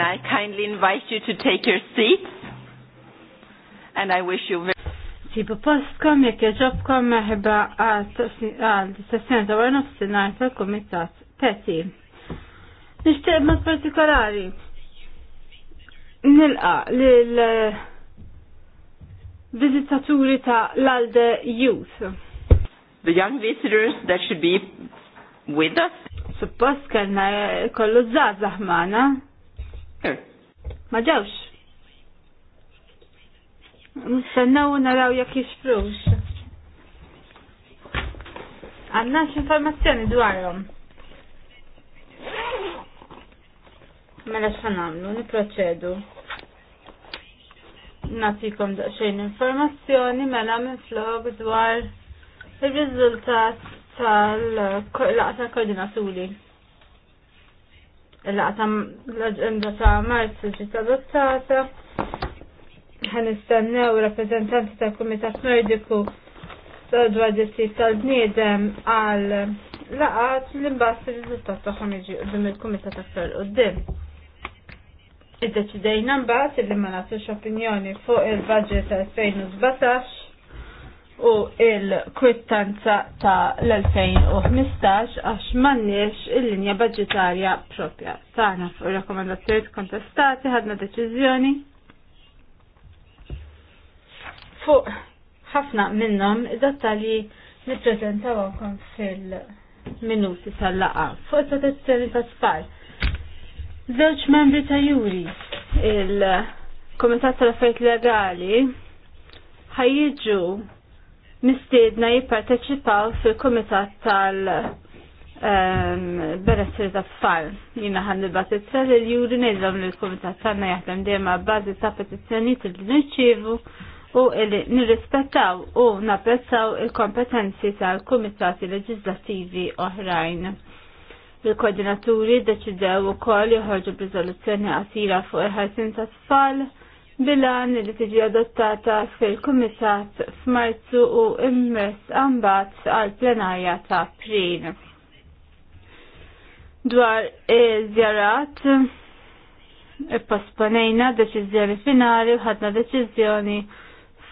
and I kindly invite you to take your seat. And I wish you very Sibu postkom jek jġobkom meħba għal-sessjoni ta' għarna f-sinar ta' komitat peti. Nishtiq mod partikolari nilqa lil-vizitaturi eh, ta' l-alde youth. The young visitors that should be with us. Suppost kellna eh, kollu zazah maħna Ma ġewx. Nistennew naraw jekk jixfrux. Għandna informazzjoni dwarhom. Mela x'ħan nagħmlu, niproċedu. Natikom daqsxejn informazzjoni mela minn flog dwar ir-riżultat tal-laqta koordinaturi l-agenda ta' marzu ġiet adottata. Ħan istennew rappreżentanti tal kumitat Mediku dwar ġittijiet tal-bniedem għal laqat li mbagħad ir-riżultat tagħhom jiġi qudiem il-kumitat aktar qudiem. Iddeċidejna mbagħad li ma nagħtux opinjoni fuq il-budget tal-2017 u il-kwittanza ta' l-2015 għax mannix il-linja budgetarja propja. Tana fuq rekomendazzjoni kontestati ħadna deċiżjoni fuq ħafna minnom id nipprezentaw għakon fil-minuti tal-laqa fuq protezzjoni ta' tfal. Żewġ membri ta' juri il-Komitat tal affajt Legali ħajjiġu mistiedna jipparteċipaw fil-Kumitat tal- ehm, benessir ta' tfal. Jina ħan nibat it-tfal il-juri nejżom li l-komitat tanna jaħdem dejjem bażi ta' petizzjonijiet til nirċievu u li nirrispettaw u napprezzaw il-kompetenzi tal-komitati leġislattivi oħrajn. Il-koordinaturi deċidew ukoll joħorġu b'riżoluzzjoni qasira fuq il-ħarsin ta' tfal bilan li tiġi adottata fil-Kumitat f'Marzu u immess ambat għal plenarja ta' April. Dwar iż-żjarat ipposponejna deċiżjoni finali u ħadna deċiżjoni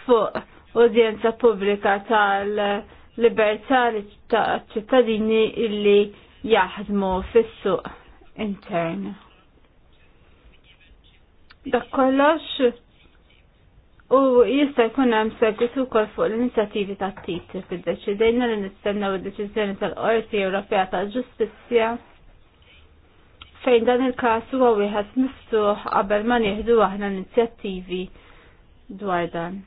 fuq udjenza pubblika tal-libertà ta' ċittadini illi jaħdmu fis-suq intern dak kollox u jista' jkun hemm segwitu wkoll fuq l-inizjattivi tat tit fid-deċidejna li nistennew id-deċiżjoni tal-Qorti Ewropea tal-Ġustizzja fejn dan il-każ huwa wieħed miftuħ qabel ma nieħdu aħna inizjattivi dwar dan.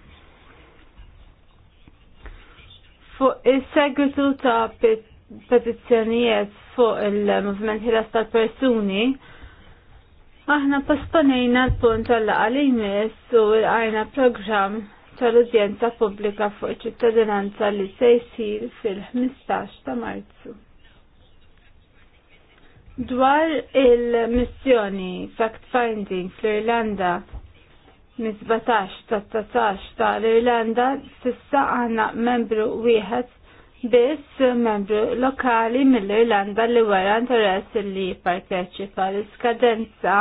Fuq is-segwitu ta' petizzjonijiet fuq il-movement ħilas tal-persuni, Aħna posponejna l-punt tal-laqa li jmiss u għajna program tal-udjenza pubblika fuq ċittadinanza li se jsir fil-15 ta' Marzu. Dwar il-missjoni fact-finding fl-Irlanda mis-17 ta' 19 ta' l-Irlanda sissa għana membru wieħed biss membru lokali mill-Irlanda li wara interess li jipparteċipa l-iskadenza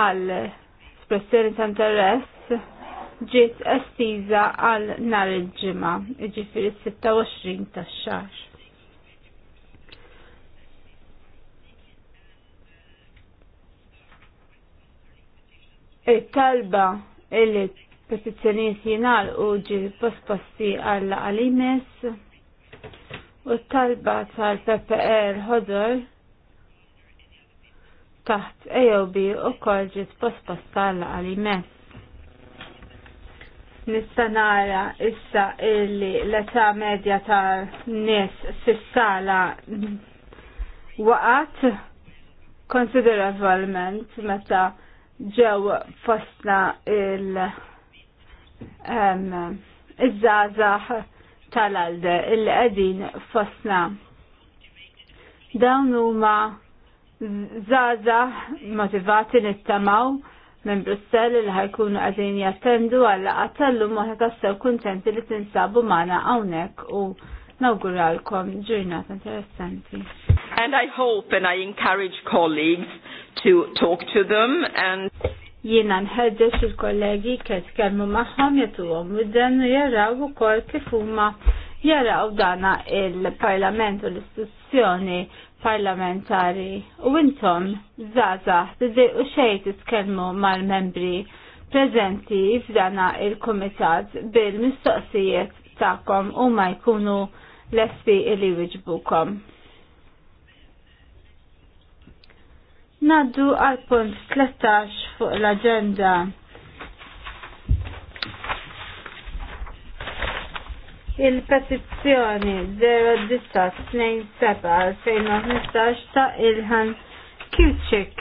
għal espressjoni ta' interess ġiet estiża għal nhar il-ġimgħa, jiġifieri 26 tax-xahar. Il-talba illi petizzjonijiet jingħal u ġi posposti għal għalimis u talba tal-PPR ħodor taħt AOB u kol ġi posposta għal għalimis. Nista' nara issa illi l-età medja tal-nies fis-sala waqat konsiderabilment meta ġew fostna il- iż-żazax tal alde il-qegħdin fosna. Dawn huma żazax motivati nittamaw minn Brussell li ħajkun qegħdin jattendu għal għattellu moħħa tassew kuntenti li tinsabu magħna hawnhekk u nawguralkom ġurnata interessanti. And I hope and I encourage colleagues to talk to them and jiena nħedġeġ il-kollegi kif kelmu magħhom jagħtuhom widen u jaraw ukoll kif huma jaraw dana il-Parlament u l-istituzzjoni parlamentari u intom zaza u xej titkellmu mal-membri preżenti f'dana il-Kumitat bil-mistoqsijiet tagħkom u ma jkunu lesti li jwiġbukom. Naddu għal punt 13 fuq l-agenda. Il-petizzjoni 0927-2015 ta' Ilhan Kilchik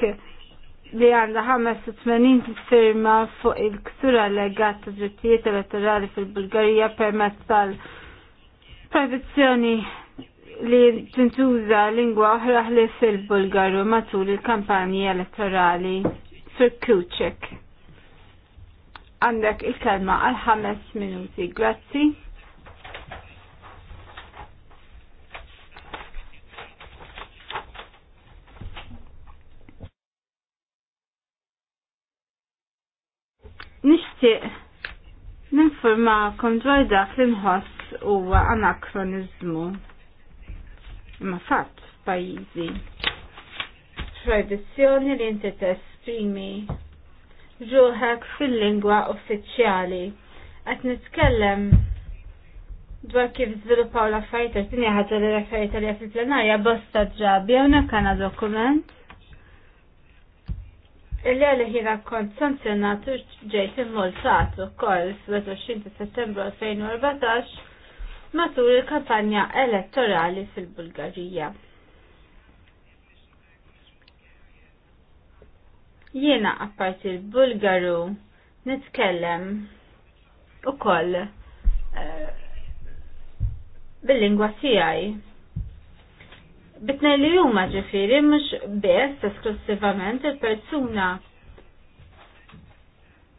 li għanda 85 firma fuq il-ksura legat drittijiet elettorali fil-Bulgarija permezz tal-proibizzjoni li tintuża lingwa oħra ħlif fil-Bulgaru matul il-kampanji elettorali Sir Kuċek. Għandek il-kelma għal ħames minuti. Grazzi. Nixtieq ninformakom dwar dak li nħoss huwa anakronizmu imma fatt f'pajjiżi. tradizjoni li inti tesprimi ġuħek fil-lingwa uffiċjali. Qed nitkellem dwar kif żviluppaw l-affarijiet il-dinja ħaġa li referita li fil-plenarja bosta ġabi hawnhekk għandna dokument. Illi għalli ħina kont sanzjonatu ġejt immoltat ukoll fil-20 settembru 2014 matul il-kampanja elettorali fil-Bulgarija. Jiena apparti l-Bulgaru nitkellem u koll eh, bil-lingwa tijaj. Bitna li juma ġifiri mux bes esklusivament il-persuna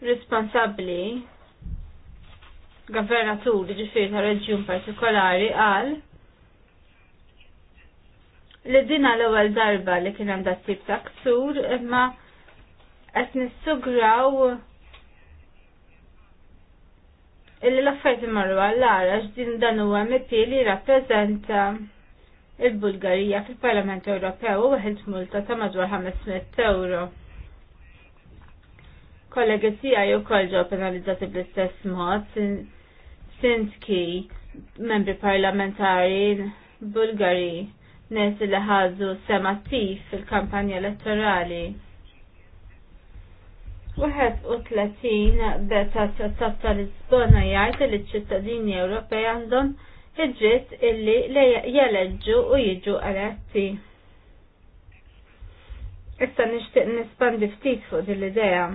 responsabli governatur ġifiri ta' reġjun partikolari għal li dina l-ewwel darba li kien hemm dat tip ta' ksur imma qed nissugraw illi l-affarijiet marru għall-ara x'din dan huwa MP li rappreżenta il-Bulgarija fil-Parlament Ewropew u waħed multa ta' madwar 500 euro kollegi tijaj u kolġo penalizzati bl-istess mod, Sinski, membri parlamentari Bulgari, nes li ħazu semattif fil-kampanja elettorali. u tletin beta trattat tal-Lisbona jgħid li ċ-ċittadini Ewropej għandhom id-dritt illi jeleġġu u jiġu eletti. Issa nixtieq nispandi ftit fuq din l-idea.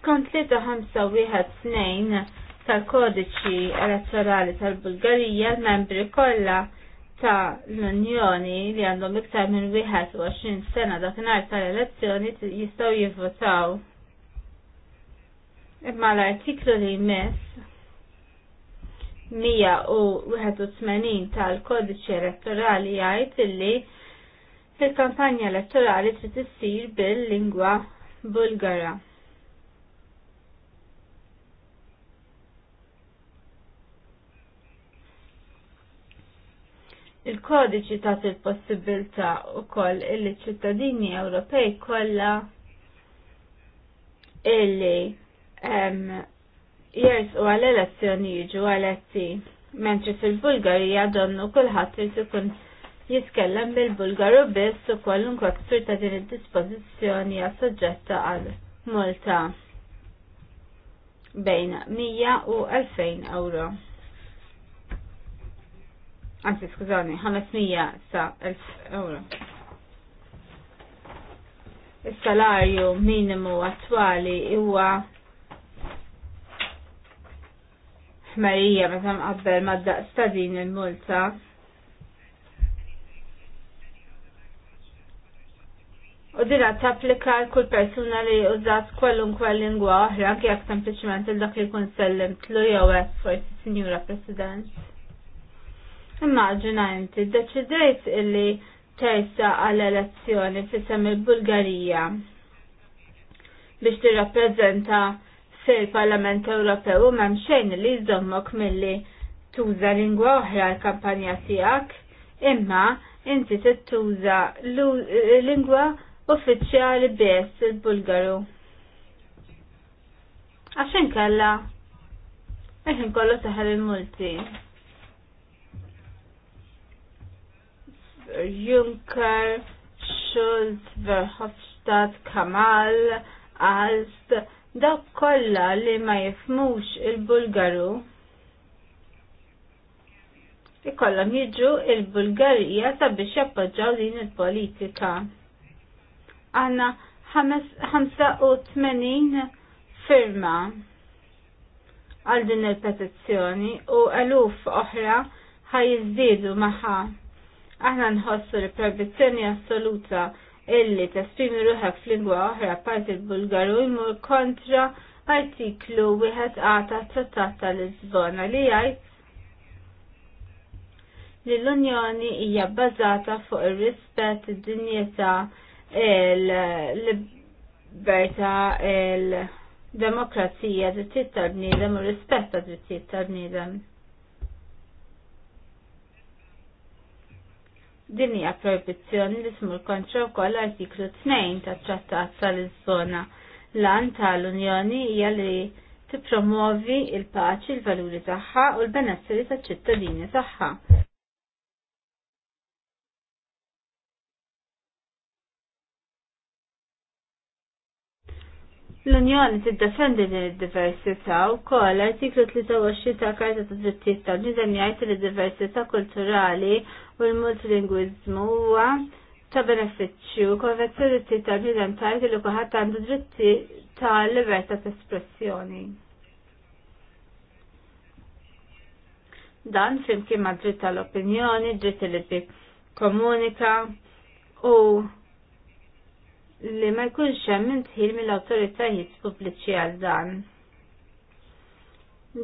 Skont li ta' 5 wieħed snejn tal-kodiċi elettorali tal-Bulgarija l-membri kollha ta' l-Unjoni li għandhom iktar minn 21 sena dakinhar tal-elezzjoni jistgħu jivvotaw. Imma l-artiklu li jmiss 181 tal-kodiċi elettorali jgħid illi il-kampanja elettorali trid issir bil-lingwa Bulgara. il-kodiċi ta' il-possibilta u koll illi ċittadini Ewropej kolla illi jers u għal elezzjoni jiġu għaletti mentri fil-Bulgarija donnu kullħat li ikun jiskellem bil-Bulgaru biss u kwalunkwa ksur ta' din id-dispożizzjoni għal soġġetta għal multa bejn 100 u 2000 euro. Anzi, skużani, 500 sa 1000 euro. Is-salarju minimu attwali huwa Marija meta mqabbel ma daqs il-multa. U dira l kull persuna li użat kwalunkwe lingwa oħra, anke jekk sempliċement il dak li jkun sellimtlu jew forsi Sinjura President. Immaġina inti, deċidejt illi tajsa għall-elezzjoni fissem il-Bulgarija biex tirrappreżenta fil-Parlament Ewropew u m'hemm xejn li jżommok milli tuża lingwa oħra l-kampanja tiegħek, imma inti tittuża lingwa uffiċjali biss il-Bulgaru. Għaxin kalla? eħin kollu taħal il-multi. Juncker, Schulz, Verhofstadt, Kamal, Alst, dak kollha li ma jifmux il-Bulgaru ikollhom jiġu il-Bulgarija sabiex jappoġġaw din il-politika. Għanna 85 firma għal din il-petizzjoni u eluf oħra ħajjiżdiedu maħħa. Aħna nħossu li prohibizzjoni assoluta illi tesprimi ruħek f'lingwa oħra parti l-Bulgaru jmur kontra artiklu wieħed għata trattat tal-Lisbona li jgħid li l-Unjoni hija bbażata fuq ir-rispett id-dinjità il-libertà il-demokrazija, drittijiet tal-bniedem u rispett ta' drittijiet tal-bniedem. Din hija proibizzjoni li smur kontra wkoll l-artiklu 2 tat-Trattat tal-Iżona. Lan tal-Unjoni hija li tippromovi il-paċi, il-valuri tagħha u l-benesseri taċ-ċittadini tagħha. L-Unjoni tiddefendi din id-diversità wkoll artiklu 23 ta' Karta ta' Drittijiet tal-Nidem jgħid li d-diversità kulturali u l-multilingwiżmu huwa ta' benefiċċju konvenzjoni drittijiet tal-nidem tajt li kulħadd għandu dritti ta' libertà ta' espressjoni. Dan flimkien ma' dritt tal-opinjoni, dritt li komunika u li ma jkunx hemm intħil mill-awtoritajiet pubbliċi għal dan.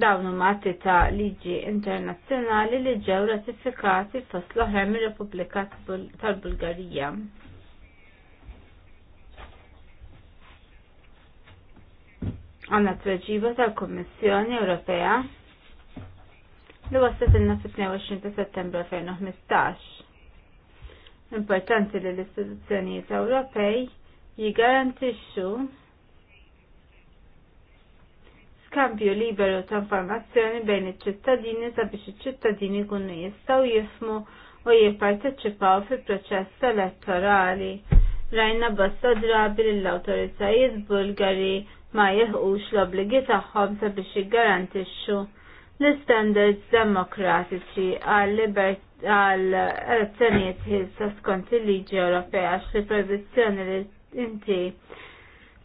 Dawn huma atti ta' liġi internazzjonali li ġew ratifikati fost l-oħra mir-Repubblika tal-Bulgarija. Għanna tweġiba tal-Kommissjoni Ewropea li waslet ilna fit-22 ta' settembru 2015. Importanti li l-istituzzjonijiet Ewropej jigarantixxu skambju liberu ta' informazzjoni bejn iċ-ċittadini sabiex iċ-ċittadini jkunu jistgħu jifhmu u jipparteċipaw fil-proċess elettorali. Rajna bosta drabi li l-awtoritajiet Bulgari ma jeħux l-obligi tagħhom sabiex jiggarantixxu l-standards demokratiċi għal libert għal elezzjonijiet ħilsa skont il-liġi Ewropea għax li li inti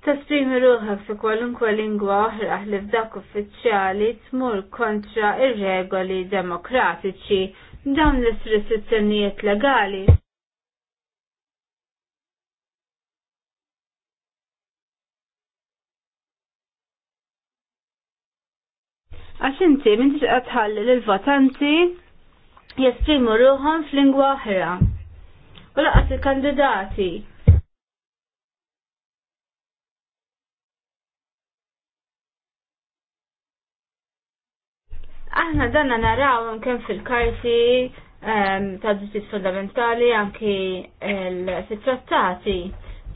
tesprimi ruħak fi kwalunkwe lingwa oħra li f'dak uffiċjali tmur kontra ir-regoli demokratiċi dawn l-istrizzjonijiet legali. Għax inti minn tixqa tħalli l-votanti jesprimu ruħom f'lingwa oħra. U laqas il-kandidati Aħna danna naraw kemm fil-karti ehm, ta' ġustiz fundamentali anki fit-trattati.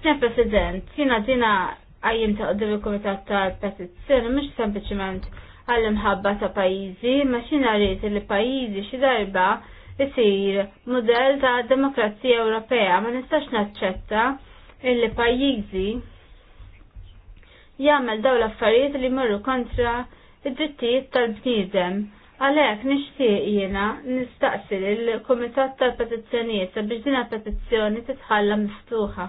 Sen President, jina dina għajjim ta' għoddim il-Komitat ta' Petizzjoni mux sempliciment għall-imħabba ta' pajjiżi, ma xina rrit li pajjiżi xi darba isir model ta' demokrazija Ewropea ma nistax naċċetta li pajjiżi jagħmel dawn l-affarijiet li jmorru kontra id-drittijiet tal-bniedem. Għalhekk nixtieq jiena nistaqsi lill-Kumitat tal-Petizzjonijiet sabiex din petizzjoni titħalla miftuħa.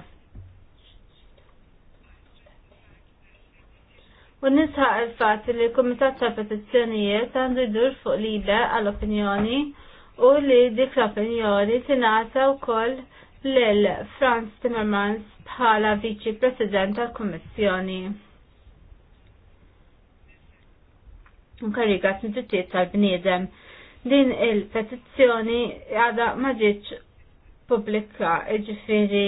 U nisħaq il-fatt li l-Kumitat tal-Petizzjonijiet għandu jdur fuq libe għall-opinjoni u li dik l-opinjoni tingħata wkoll lil Franz Timmermans bħala Viċi President tal-Kummissjoni. nkariga t-nġittiet tal-bniedem. Din il-petizzjoni għada maġiċ publika ġifiri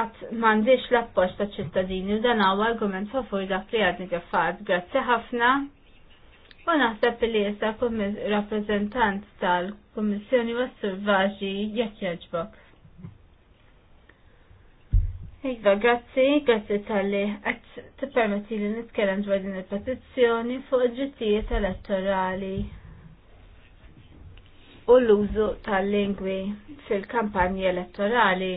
għat mandiċ l-appoċ ta' ċittadini u dan għaw argument favur dak li għadni għaffad. Grazzi ħafna. U naħseb li jessa rappresentant tal-Kommissjoni Wassurvaġi jekk jaġbok. Iva, grazzi, grazzi tal-li għed t-permetti li nitkellem dwar din il-petizzjoni fuq il-ġittijiet elettorali u l-użu tal-lingwi fil-kampanji elettorali.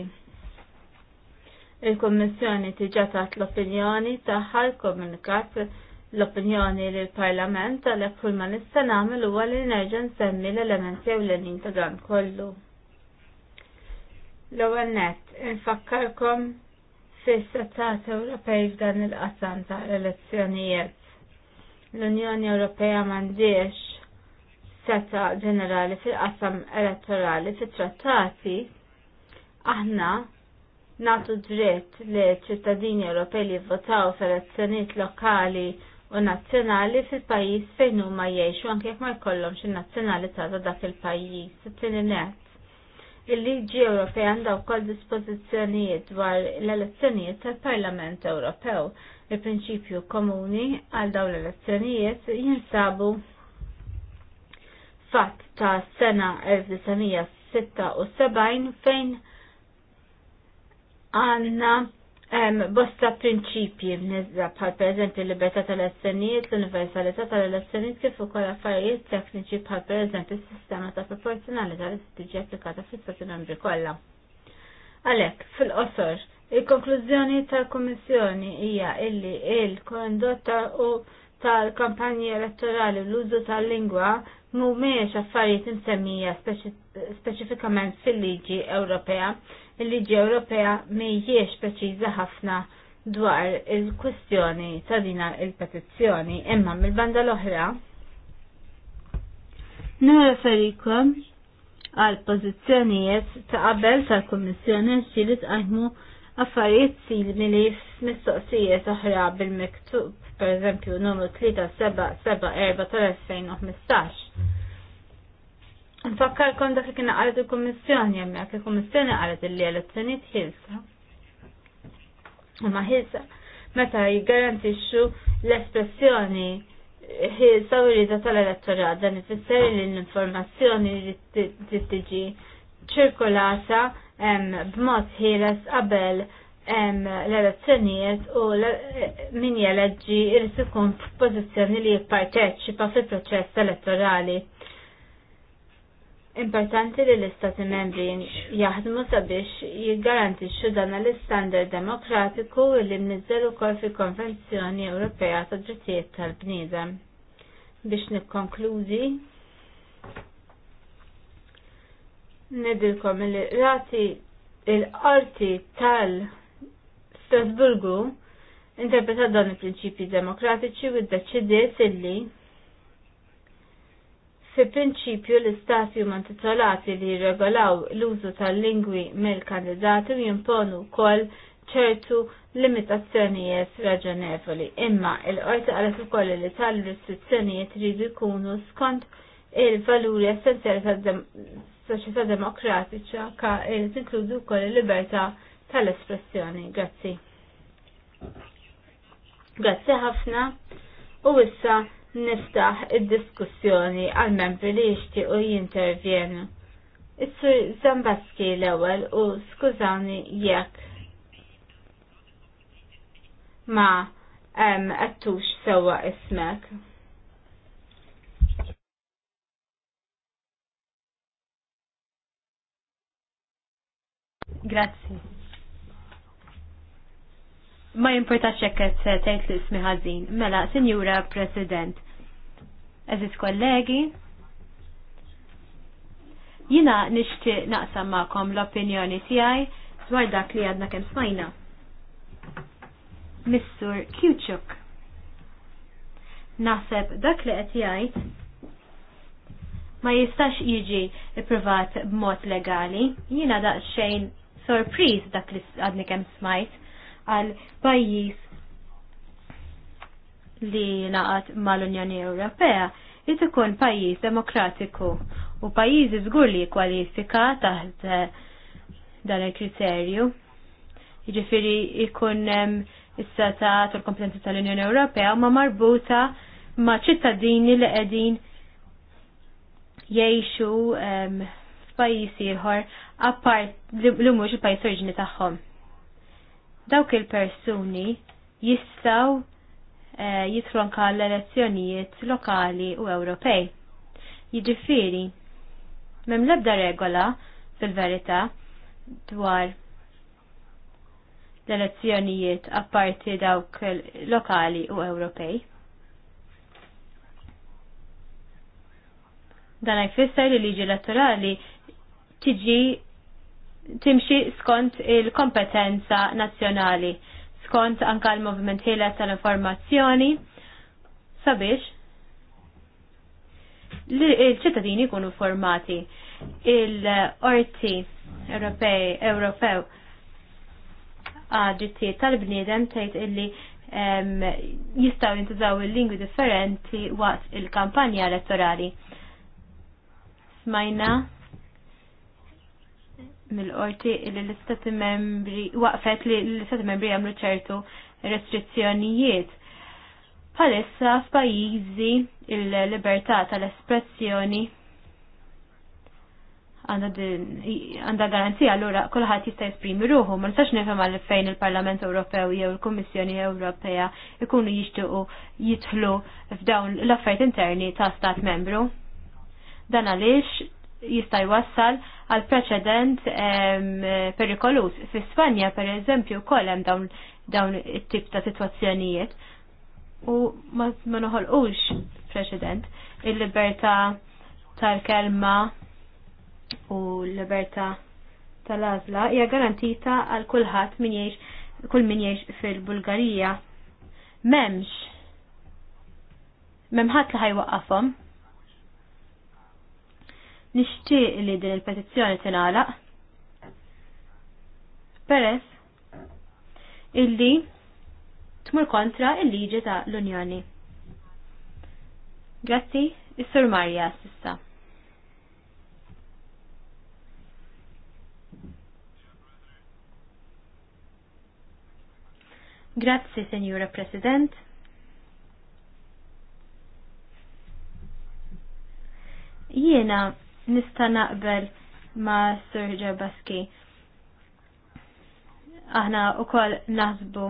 Il-Kommissjoni tiġa tat l-opinjoni taħħa l-komunikat l-opinjoni li l-Parlament għalhekk kull ma nista' nagħmel huwa li nerġa' nsemmi l-elementi ewlenin ta' dan kollu. L-ewwel nett infakkarkom fis trattat Ewropej f'dan il-qasam ta' elezzjonijiet. L-Unjoni Ewropea m'għandix seta ġenerali fil-qasam elettorali fit-trattati, aħna nagħtu dritt li ċittadini Ewropej li votaw f'elezzjonijiet lokali u nazzjonali fil-pajjiż fejn huma jgħixu anke jekk ma jkollhomx in-nazzjonalità ta' dak il-pajjiż. Tieni net Il-liġi Ewropea għandha wkoll dispożizzjonijiet dwar l-elezzjonijiet tal-Parlament Ewropew. Il-prinċipju komuni għal dawn l-elezzjonijiet jinsabu fatt ta' sena 1976 fejn għanna Hemm bosta prinċipji mniżra bħal pereżempju l-libertà tal essenijiet l-universalità tal-elezzjonijiet kif ukoll affarijiet tekniċi bħal pereżempju s-sistema ta' proporzjonalità li tiġi applikata fis-stati membri kollha. Għalhekk, fil-qosor, il-konklużjoni tal-Kummissjoni hija illi il-kondotta u tal-kampanji elettorali l-użu tal-lingwa mhumiex affarijiet insemmija speċifikament fil-liġi Ewropea il-liġi Ewropea mhijiex preċiża ħafna dwar il-kwistjoni ta' din il-petizzjoni imma mill-banda l-oħra nirreferikom għal pożizzjonijiet ta' qabel tal-Kummissjoni xi li tqajmu affarijiet simili mistoqsijiet oħra bil-miktub, per eżempju numru 3774 tal-2015 kon dak li kien qalet il-Kummissjoni hemmhekk il-Kummissjoni qalet li elezzjonijiet ħilsa. Imma ħilsa meta jiggarantixxu l-espressjoni ħilsa u rieda tal-elettorat dan ifisser li l-informazzjoni li tiġi ċirkolata b'mod ħieles qabel l-elezzjonijiet u min jeleġġi irid ikun f'pożizzjoni li jipparteċipa fil-proċess elettorali. Importanti li l-Istati membri jaħdmu sabiex jiggarantixxu dan l-istandard demokratiku li mniżel ukoll fil-Konvenzjoni Ewropea ta' Drittijiet tal-Bniedem. Biex nikkonkludi, nedilkom li rati il-qorti tal-Strasburgu interpretat dan il-prinċipji demokratiċi u d-deċidiet illi fi prinċipju l-istati u mantitolati li jirregolaw l-użu tal-lingwi mill-kandidati u jimponu wkoll ċertu limitazzjonijiet raġonevoli. Imma il-qorti qalet ukoll li tal-restrizzjonijiet rridu jkunu skont il-valuri essenzjali tal soċjetà demokratiċa ka li tinkludu wkoll il-libertà tal-espressjoni. Grazzi. Grazzi ħafna. U issa niftaħ id-diskussjoni għal membri li jixtiequ jintervjenu. Is-sur Zambaski l-ewwel u skużawni jekk ma għattux sewwa ismek. Grazzi. Ma jimportax jekk qed tgħid li ismi ħażin. Mela, Sinjura President, eżis kollegi. Jina nixtieq naqsam ma'kom l-opinjoni tiegħi dwar dak li għadna kemm smajna. Missur Kjuċuk. Naħseb dak li qed jgħid ma jistax jiġi ipprivat b'mod legali. Jina daqsxejn sorpriż dak li għadni kemm smajt għal pajjiż li naqat mal-Unjoni Ewropea jrid ikun pajjiż demokratiku u pajjiżi żgur li jikkwalifika taħt eh, dan il-kriterju. Jiġifieri jkun issa u l kompetenzi tal-Unjoni Ewropea ma marbuta ma' ċittadini li qegħdin jgħixu f'pajjiż ieħor apart li mhux il-pajjiż oriġini tagħhom. Dawk il-persuni jistgħu Eh, jitru anka l-elezzjonijiet lokali u Ewropej. Jiġifieri, m'hemm l-ebda regola fil-verità dwar l-elezzjonijiet apparti dawk lokali u Ewropej. Dan jfisser li liġi elettorali tiġi timxi skont il-kompetenza nazzjonali skont anka l-movement ħieles tal-informazzjoni sabiex il-ċittadini kunu formati il-orti Ewropej Ewropew għadġitti tal-bniedem tgħid illi jistaw jintużaw il-lingwi differenti waqt il-kampanja elettorali. Smajna mill-qorti li l-istati membri, waqfet li l-istati membri għamlu ċertu restrizzjonijiet. Palissa f'pajjiżi il-libertà tal-espressjoni għanda garanzija allura kulħadd jista' jesprimi ruħu, ma nistax nifhem għal fejn il-Parlament Ewropew jew il-Kummissjoni Ewropea ikunu jixtiequ jidħlu f'dawn l-affarijiet interni ta' stat membru. Dan għaliex jista' jwassal għal preċedent perikolus. Fi Spanja, per eżempju, wkoll hemm dawn dawn it-tip ta' sitwazzjonijiet u ma, noħolqux preċedent il-libertà tal-kelma u l-libertà tal-għażla hija garantita għal kulħadd min jgħix kull min jgħix fil-Bulgarija. Memx memħat li ħajwaqqafhom Nixtieq li din il-petizzjoni tingħalaq peress illi tmur kontra il-liġi ta' l-Unjoni. Grazzi, is-Sur Marja sissa. Grazzi, Senjura President. Jiena nista' naqbel ma' Sir Baski. Aħna wkoll naħsbu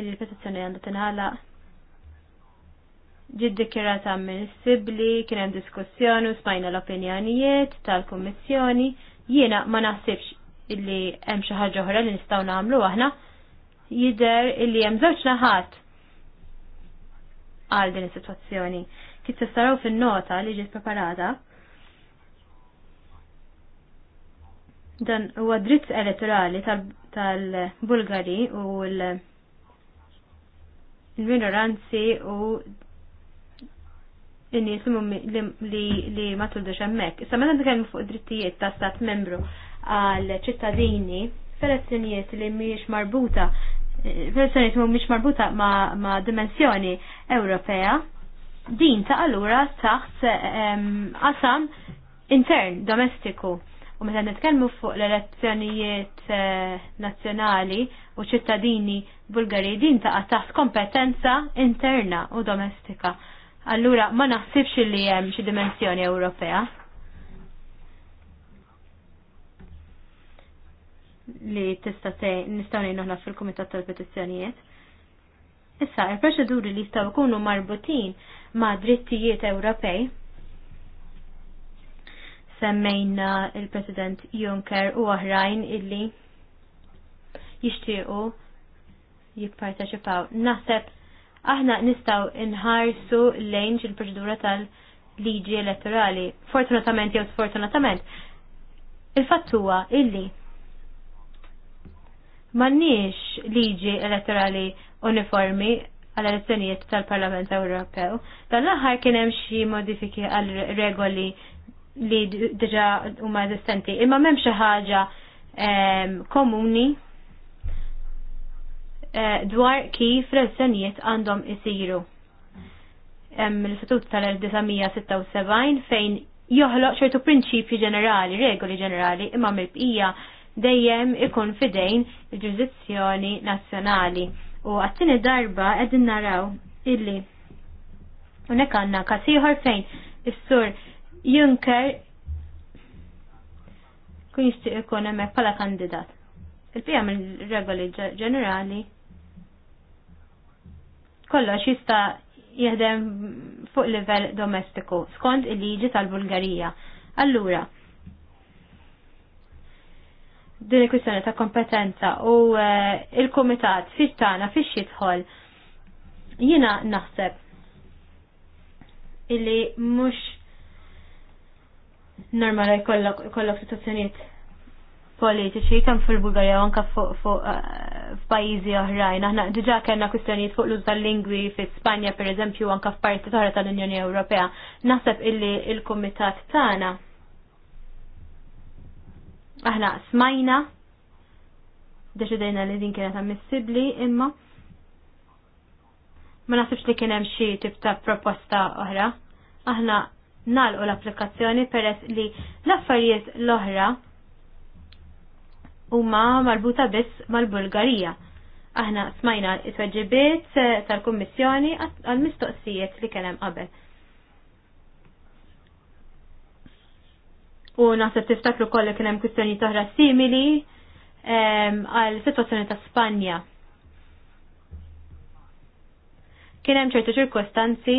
il-petizzjoni għandha tingħalaq kira ta' minn kien hemm diskussjoni u smajna l-opinjonijiet tal-Kummissjoni. Jiena ma naħsibx illi hemm xi ħaġa oħra li nistgħu nagħmlu aħna. Jidher illi hemm żewġ naħat għal din is-sitwazzjoni kif tistaraw fin-nota li ġiet preparata. Dan huwa dritt elettorali tal-Bulgari u l-minoranzi u n-nies li, ma tuldux hemmhekk. Issa meta nitkellmu fuq drittijiet ta' stat membru għal ċittadini f'elezzjonijiet li mhijiex marbuta eh, f'elezzjonijiet li mhumiex marbuta ma dimensjoni Ewropea, din ta' allura taħt qasam intern domestiku. U meta nitkellmu fuq l-elezzjonijiet eh, nazzjonali u ċittadini Bulgari din ta' taħt kompetenza interna u domestika. Allura ma naħsibx li hemm xi dimensjoni Ewropea. li tista' nistgħu ngħidu fil-Kumitat tal-Petizzjonijiet. Issa, il-proċeduri li jistaw ikunu marbutin ma' drittijiet Ewropej. Semmejna il-President Juncker u oħrajn illi jixtiequ jipparteċipaw. Naħseb aħna nistaw inħarsu lejn il-proċedura tal-liġi elettorali. Fortunatament jew sfortunatament. Il-fattuwa illi mannix liġi elettorali uniformi għal elezzjonijiet tal-Parlament Ewropew. Dan l-aħħar kien hemm xi modifiki għal regoli li diġà huma eżistenti, imma m'hemm xi ħaġa ehm, komuni eh, dwar kif l-elezzjonijiet għandhom isiru. Hemm l-Istatut tal-1976 fejn joħloq ċertu prinċipji ġenerali, regoli ġenerali, imma mill-bqija dejjem ikun fidejn il-ġurisdizzjoni nazzjonali U għattini darba għedin naraw illi unek għanna kasiħor fejn is-sur Junker kun jistiq ikun hemmhekk bħala kandidat. Il-bija il regoli ġenerali kollox jista' jihdem fuq livell domestiku skont il-liġi tal-Bulgarija. Allura, din il-kwistjoni ta' kompetenza u eh, il-komitat fix tagħna fiex jidħol jiena naħseb illi mhux normali jkollok situazzjoniet politiċi kemm fil-Bulgarja u anke eh, f'pajjiżi oħrajn. Aħna diġà kellna kwistjonijiet fuq l-uż tal-lingwi fi Spanja pereżempju anke f'parti oħra tal-Unjoni Ewropea. Naħseb illi il-Kumitat tagħna aħna smajna deċidejna li din kienet ammissibli imma ma nasibx li kien hemm xi tip ta' proposta oħra. Aħna nalqu l-applikazzjoni peress li l-affarijiet l-oħra huma marbuta biss mal-Bulgarija. Aħna smajna it-tweġibiet eh, tal-Kummissjoni għal-mistoqsijiet li kien hemm qabel. U naħseb tiftakru kollek kien hemm kwistjoni toħra simili għal sitwazzjoni ta' Spanja. Kien hemm ċertu ċirkostanzi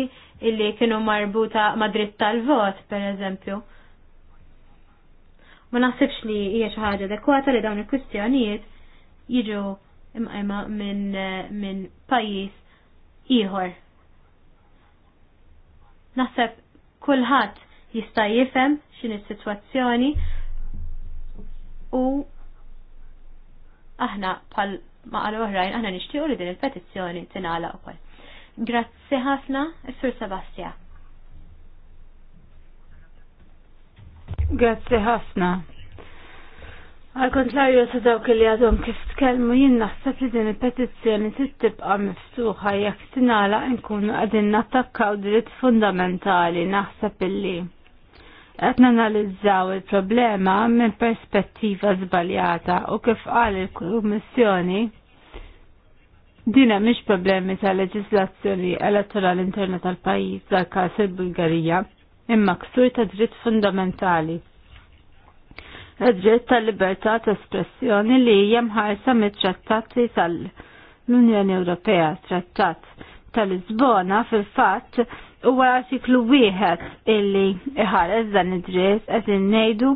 illi kienu marbuta ma' dritt tal-vot, per eżempju. Ma naħsibx li hija xi ħaġa adekwata li dawn il-kwistjonijiet jiġu imqajma minn min pajjiż ieħor. Naħseb kulħadd jista' jifhem x'inhi s-sitwazzjoni u aħna bħal ma qal oħrajn aħna nixtiequ li din il-petizzjoni tingħala wkoll. Grazzi ħafna, Sur Sebastja. Grazzi ħafna. Għal-kontrarju ta' dawk li għadhom kif tkellmu jien naħseb li din il-petizzjoni tibqa' miftuħa jekk tingħala nkunu qegħdin nattakkaw dritt fundamentali naħseb illi qed nanalizzaw il-problema minn perspettiva żbaljata u kif qal il-Kummissjoni Dina miex problemi ta' leġislazzjoni elettorali interna tal-pajjiż dal-każ il-Bulgarija, imma ksur ta' dritt fundamentali. Id-dritt tal-libertà ta' espressjoni li hija mħarsa mit-trattati tal-Unjoni Ewropea, trattat tal-Lisbona fil-fatt huwa artiklu wieħed illi iħares dan id-dritt qed ngħidu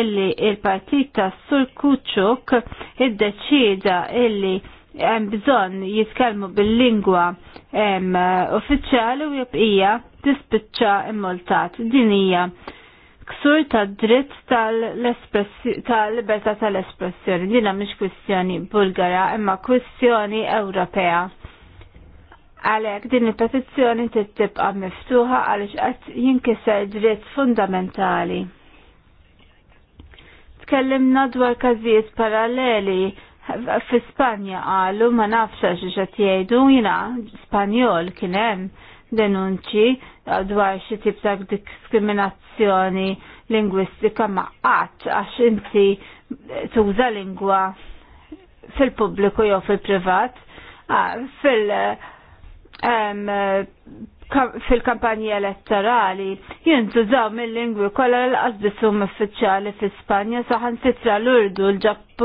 illi il-partit ta' Sur Kuċuk iddeċida illi hemm bżonn jitkellmu bil-lingwa uffiċjali u jibqija tispiċċa immoltat. Din hija ksur ta' dritt tal-libertà tal-espressjoni. Dina mhix kwistjoni Bulgara imma kwistjoni Ewropea Għalek din il-petizzjoni tibqa miftuħa għalix għat jinkiser dritt fundamentali. Tkellimna dwar kazijiet paralleli fi Spanja għalu ma nafxa xiex jajdu jina Spanjol kienem denunċi dwar xie tip ta' diskriminazzjoni lingwistika ma' qatt għax inti tuża lingwa fil-pubbliku jew fil-privat ah, fil-, -pubbliku, fil-kampanji elettorali jintużaw mill-lingwi kollha l-qasbisum uffiċjali fi Spanja saħan sitra l-Urdu,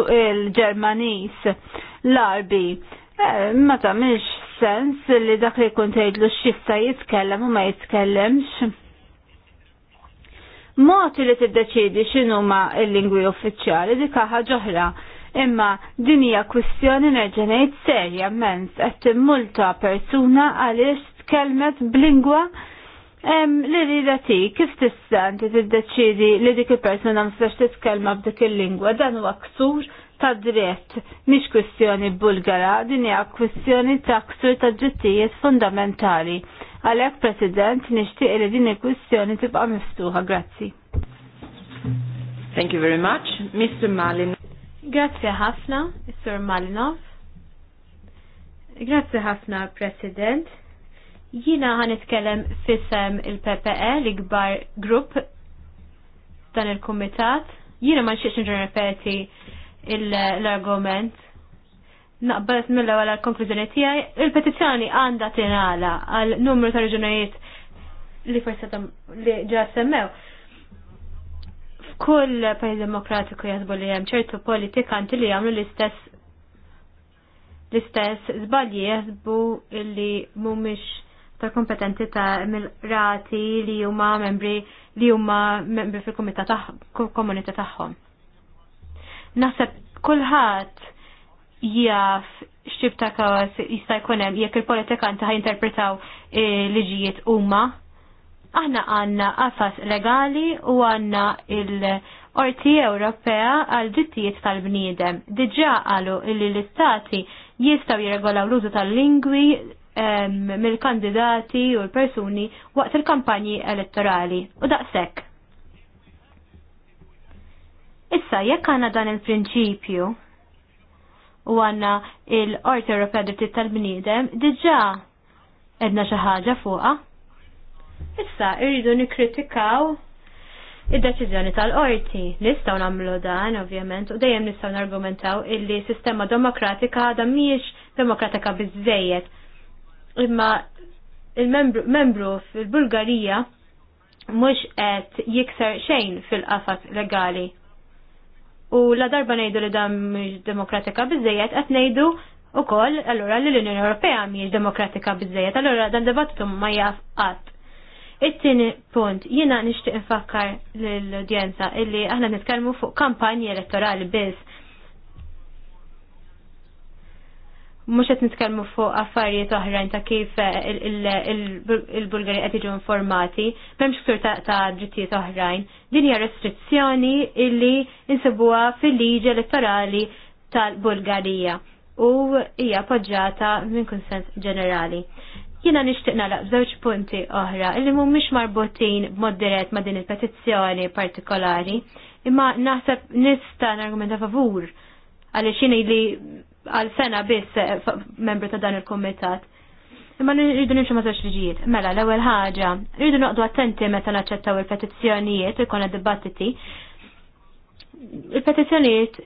l-Ġermanis, l-Arbi. E, ma minx sens li dak li kun tgħidlu xista jitkellem u ma jitkellemx. Mod li xinu x'inhuma l-lingwi uffiċjali dik ġohra. oħra Imma din hija kwistjoni nerġa' serja mens qed timmulta persuna għaliex tkellmet b'lingwa li rida ti, kif tista' inti tiddeċidi li dik il-persuna mistax titkellma b'dik il-lingwa, dan huwa ksur ta' dritt, mhix kwistjoni bulgara, din hija kwistjoni ta' ksur ta' drittijiet fundamentali. Għalhekk President, nixtieq li din il-kwistjoni tibqa' miftuħa, grazzi. Thank you very much, Mr. Malin. Grazie ħafna, Sur Malinov. Grazie ħafna, President. Jina ħanitkellem fissem il-PPE, l-gbar grupp dan il-komitat. Jina ma nxiex nirrepeti l-argument. Naqbalet mill-ewwel għall-konklużjoni tiegħi, il-petizzjoni għandha tingħala għal numru ta' reġunajiet li forse li ġa semmew kull pajis demokratiku jazbu li hemm ċertu politikanti li jagħmlu l-istess l-istess żbalji jazbu li mhumiex ta' kompetenti ta' rati li huma membri li huma membri fil-komunità komunità tagħhom. Naħseb kulħadd jaf x'tib ta' kawas jista' jkun hemm jekk il-politikanti ħajinterpretaw eh, liġijiet huma Aħna għanna qafas legali u għanna il-Orti Ewropea għal ġittijiet tal-bniedem. Diġa għalu illi l-istati jistaw jirregolaw l-użu tal-lingwi mill-kandidati u l-persuni waqt il-kampanji elettorali. U daqsek. Issa, jekk għanna dan il-prinċipju u għanna il-Orti Ewropea ġittijiet tal-bniedem, diġa edna xaħġa fuqa Issa irridu nikkritikaw id-deċiżjoni tal-qorti. Nistgħu nagħmlu dan ovvjament u dejjem nistgħu nargumentaw illi sistema demokratika għadha mhijiex demokratika bizzejet. Imma il-membru fil-Bulgarija mhux qed jikser xejn fil qafat legali. U la darba ngħidu li dan miex demokratika bizzejet, qed ngħidu u allura li l-Unjoni Ewropea mhijiex demokratika bizzejet, allora dan debattum ma jaf It-tieni punt, jiena nixtieq infakkar l-udjenza illi aħna nitkellmu fuq kampanji elettorali biss. Mhux qed nitkellmu fuq affarijiet oħrajn ta' kif il-Bulgari qed iġu informati, m'hemmx ksur ta' drittijiet oħrajn. Din hija restrizzjoni illi insibuha fil-liġi elettorali tal-Bulgarija u hija poġġata minn kunsens ġenerali. Jina nishtiq nalaq żewġ punti oħra illi mhumiex marbutin b'mod dirett ma' din il-petizzjoni partikolari, imma naħseb nista' nargumenta favur għaliex xini li għal sena biss membru ta' dan il-komitat. Imma rridu nimxu ma' liġijiet. Mela, l-ewwel ħaġa, rridu noqdu attenti meta naċċettaw il-petizzjonijiet u jkollna dibattiti. Il-petizzjonijiet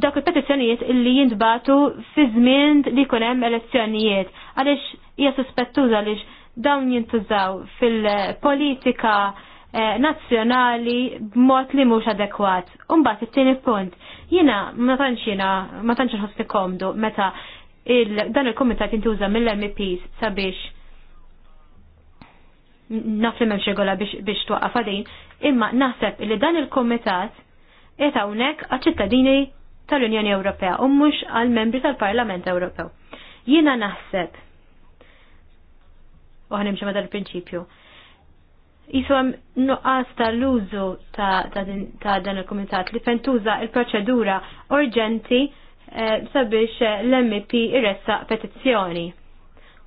dak il-petizzjonijiet illi jintbatu fi żmien li jkun hemm elezzjonijiet. Għaliex hija suspettuża għaliex dawn jintużaw fil-politika eh, nazzjonali b'mod li mhux adekwat. Umbagħad it-tieni punt, jiena ma tantx jiena ma tantx inħossni komdu meta il dan il-kumitat jintuża mill-MPs sabiex naf li memx regola biex twaqqaf għadin, imma naħseb li dan il kumitat qed hawnhekk għaċ-ċittadini tal-Unjoni Ewropea u mhux għal membri tal-Parlament Ewropew. Jiena naħseb u ħanimxi ma dal-prinċipju. Jisu nuqqas tal-użu ta' dan il-komitat li fentuża il-proċedura urġenti eh, sabiex l-MP irressa petizzjoni.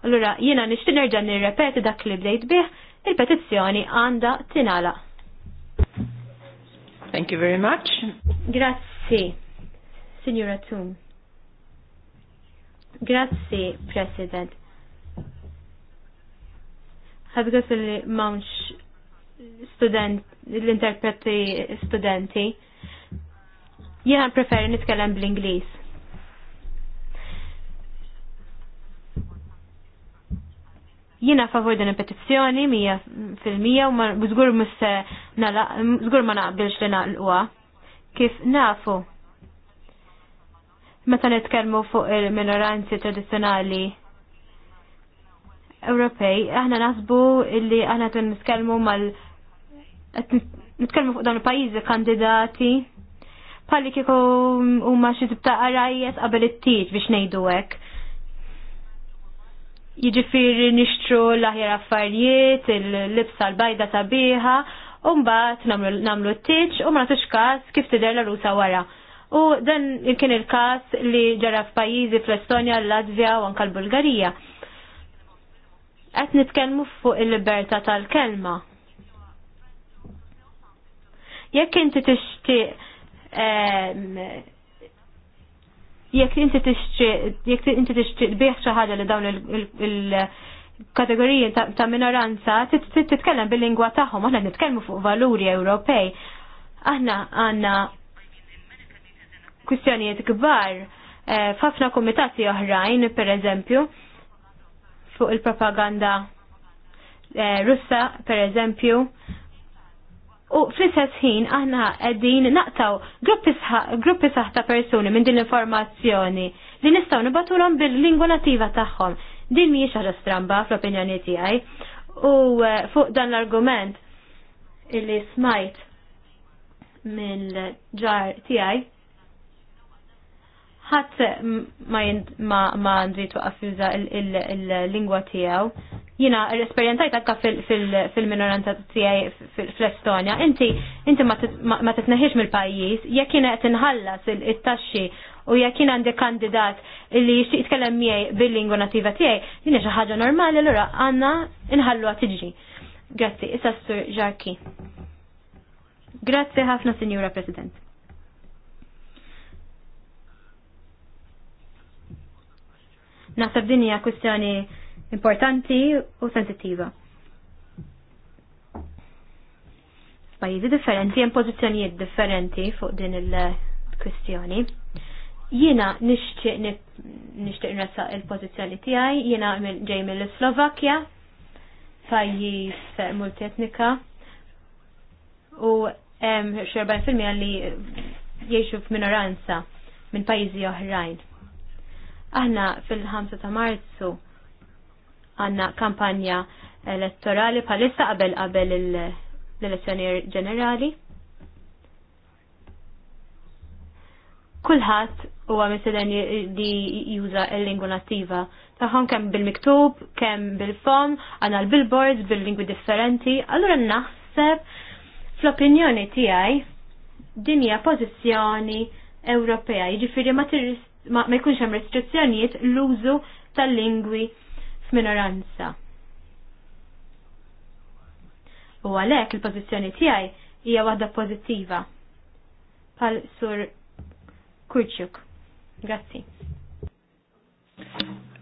Allura, jiena nishtin nerġa' nirrepeti dak li bdejt bih, il-petizzjoni għanda tinala. Thank you very much. Grazzi. Signora Tum. Grazzi, President. Ħabga li mawnx student, l-interpreti studenti. Jena preferi nitkellem bl-Inglis. Jena favor din il-petizzjoni, mija fil-mija, u zgur ma naqbilx li naqluwa. Kif nafu? meta nitkellmu fuq il-minoranzi tradizzjonali Ewropej, aħna nasbu illi aħna qed nitkellmu mal nitkellmu fuq dawn il-pajjiżi kandidati bħalli kieku huma xi tibta qarajjes qabel it-tit biex ngħidu hekk. Jiġifieri nixtru l-aħjar affarijiet, il-libsa l-bajda sabiħa, u mbagħad nagħmlu t-tieġ u ma nagħtux każ kif tidher l-rusa wara U dan kien il-kas li ġara f'pajjiżi fl-Estonja, l-Latvja u anka l-Bulgarija. Qed nitkellmu fuq il-libertà tal-kelma. Jekk inti tixtieq ehm, jekk inti tixtieq jekk inti tixtieq bih xi ħaġa li dawn il- kategoriji ta' minoranza titkellem bil-lingwa tagħhom, aħna nitkellmu fuq valuri Ewropej. Aħna għandna kwistjonijiet kbar eh, f'ħafna kumitati oħrajn, per eżempju, fuq il-propaganda eh, russa, per eżempju, u fl-istess ħin aħna qegħdin naqtaw gruppi saħ ta' persuni minn din l-informazzjoni li nistgħu nibatulhom bil-lingwa nativa tagħhom. Din mhijiex ħaġa stramba fl-opinjoni tiegħi. U eh, fuq dan l-argument illi smajt mill-ġar tiegħi ħadd ma ndrit waqaf juża il-lingwa tiegħu. Jina esperjentajt anka fil-minoranza tiegħi fl-Estonja, inti inti ma titneħiex mill-pajjiż, jekk jiena qed inħallas it-taxxi u jekk jien għandi kandidat li jixtieq jitkellem miegħi bil-lingwa nattiva tiegħi, jiena xi ħaġa normali allura għandna inħallu tiġi. Grazzi, issa Sur Ġarki. Grazzi ħafna, Sinjura President. Naħseb din hija kwistjoni importanti u sensittiva. Pajjiżi differenti hemm pożizzjonijiet differenti fuq din il-kwistjoni. Jiena nixtieq nixtieq nresaq il-pożizzjoni tiegħi, jiena ġej mill-Slovakkja, pajjiż multietnika u hemm 40% li jgħixu f'minoranza minn pajjiżi oħrajn Aħna fil-5 ta' Marzu għanna kampanja elettorali bħalissa qabel qabel l-elezzjoni ġenerali. Kulħadd huwa mislen li juża l-lingwa nattiva. tagħhom kemm bil-miktub, kemm bil-fom, għandna l-billboards bil-lingwi differenti, allura naħseb fl-opinjoni tiegħi din hija pożizzjoni Ewropea, jiġifieri ma tirris ma jkunx hemm restrizzjonijiet l-użu tal-lingwi f'minoranza. U għalhekk il-pożizzjoni tiegħi hija waħda pożittiva. Pal sur Kurċuk. Grazzi.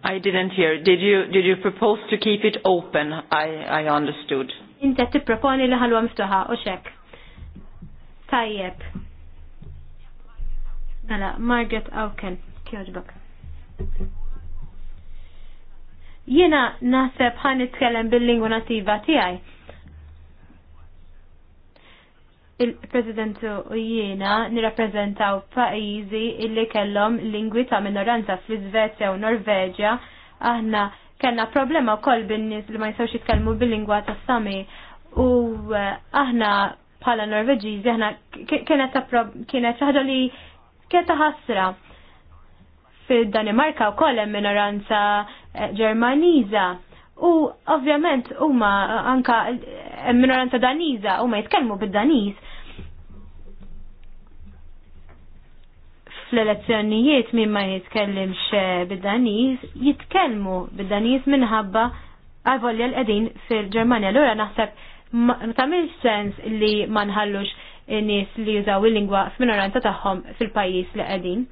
I didn't hear. Did you did you propose to keep it open? I I understood. Inta tipproponi li ħalwa miftuħa u xek. Tajjeb. Mela, Margaret Auken kjaġbak. Jena naħseb ħan nitkellem bil-lingwa nativa tiegħi. Il-Presidentu u jiena nirrappreżentaw pajjiżi illi kellhom lingwi ta' minoranza fl-Iżvezja u Norveġja aħna kellna problema wkoll bin-nies li ma jistgħux jitkellmu bil-lingwa ta' sami u eh, aħna bħala Norveġiżi aħna kienet ħaġa li kienet ħasra fil-Danimarka u kollem minoranza eh, ġermaniza. U ovvjament huma eh, anka eh, minoranza daniza huma jitkellmu bid-Daniż. Fl-elezzjonijiet min ma jitkellimx bid-Daniż jitkellmu bid-Daniż minħabba għavolja l edin fil-Ġermanja. Allura naħseb ma sens li ma nħallux nies li jużaw il-lingwa f'minoranza tagħhom fil-pajjiż li qegħdin.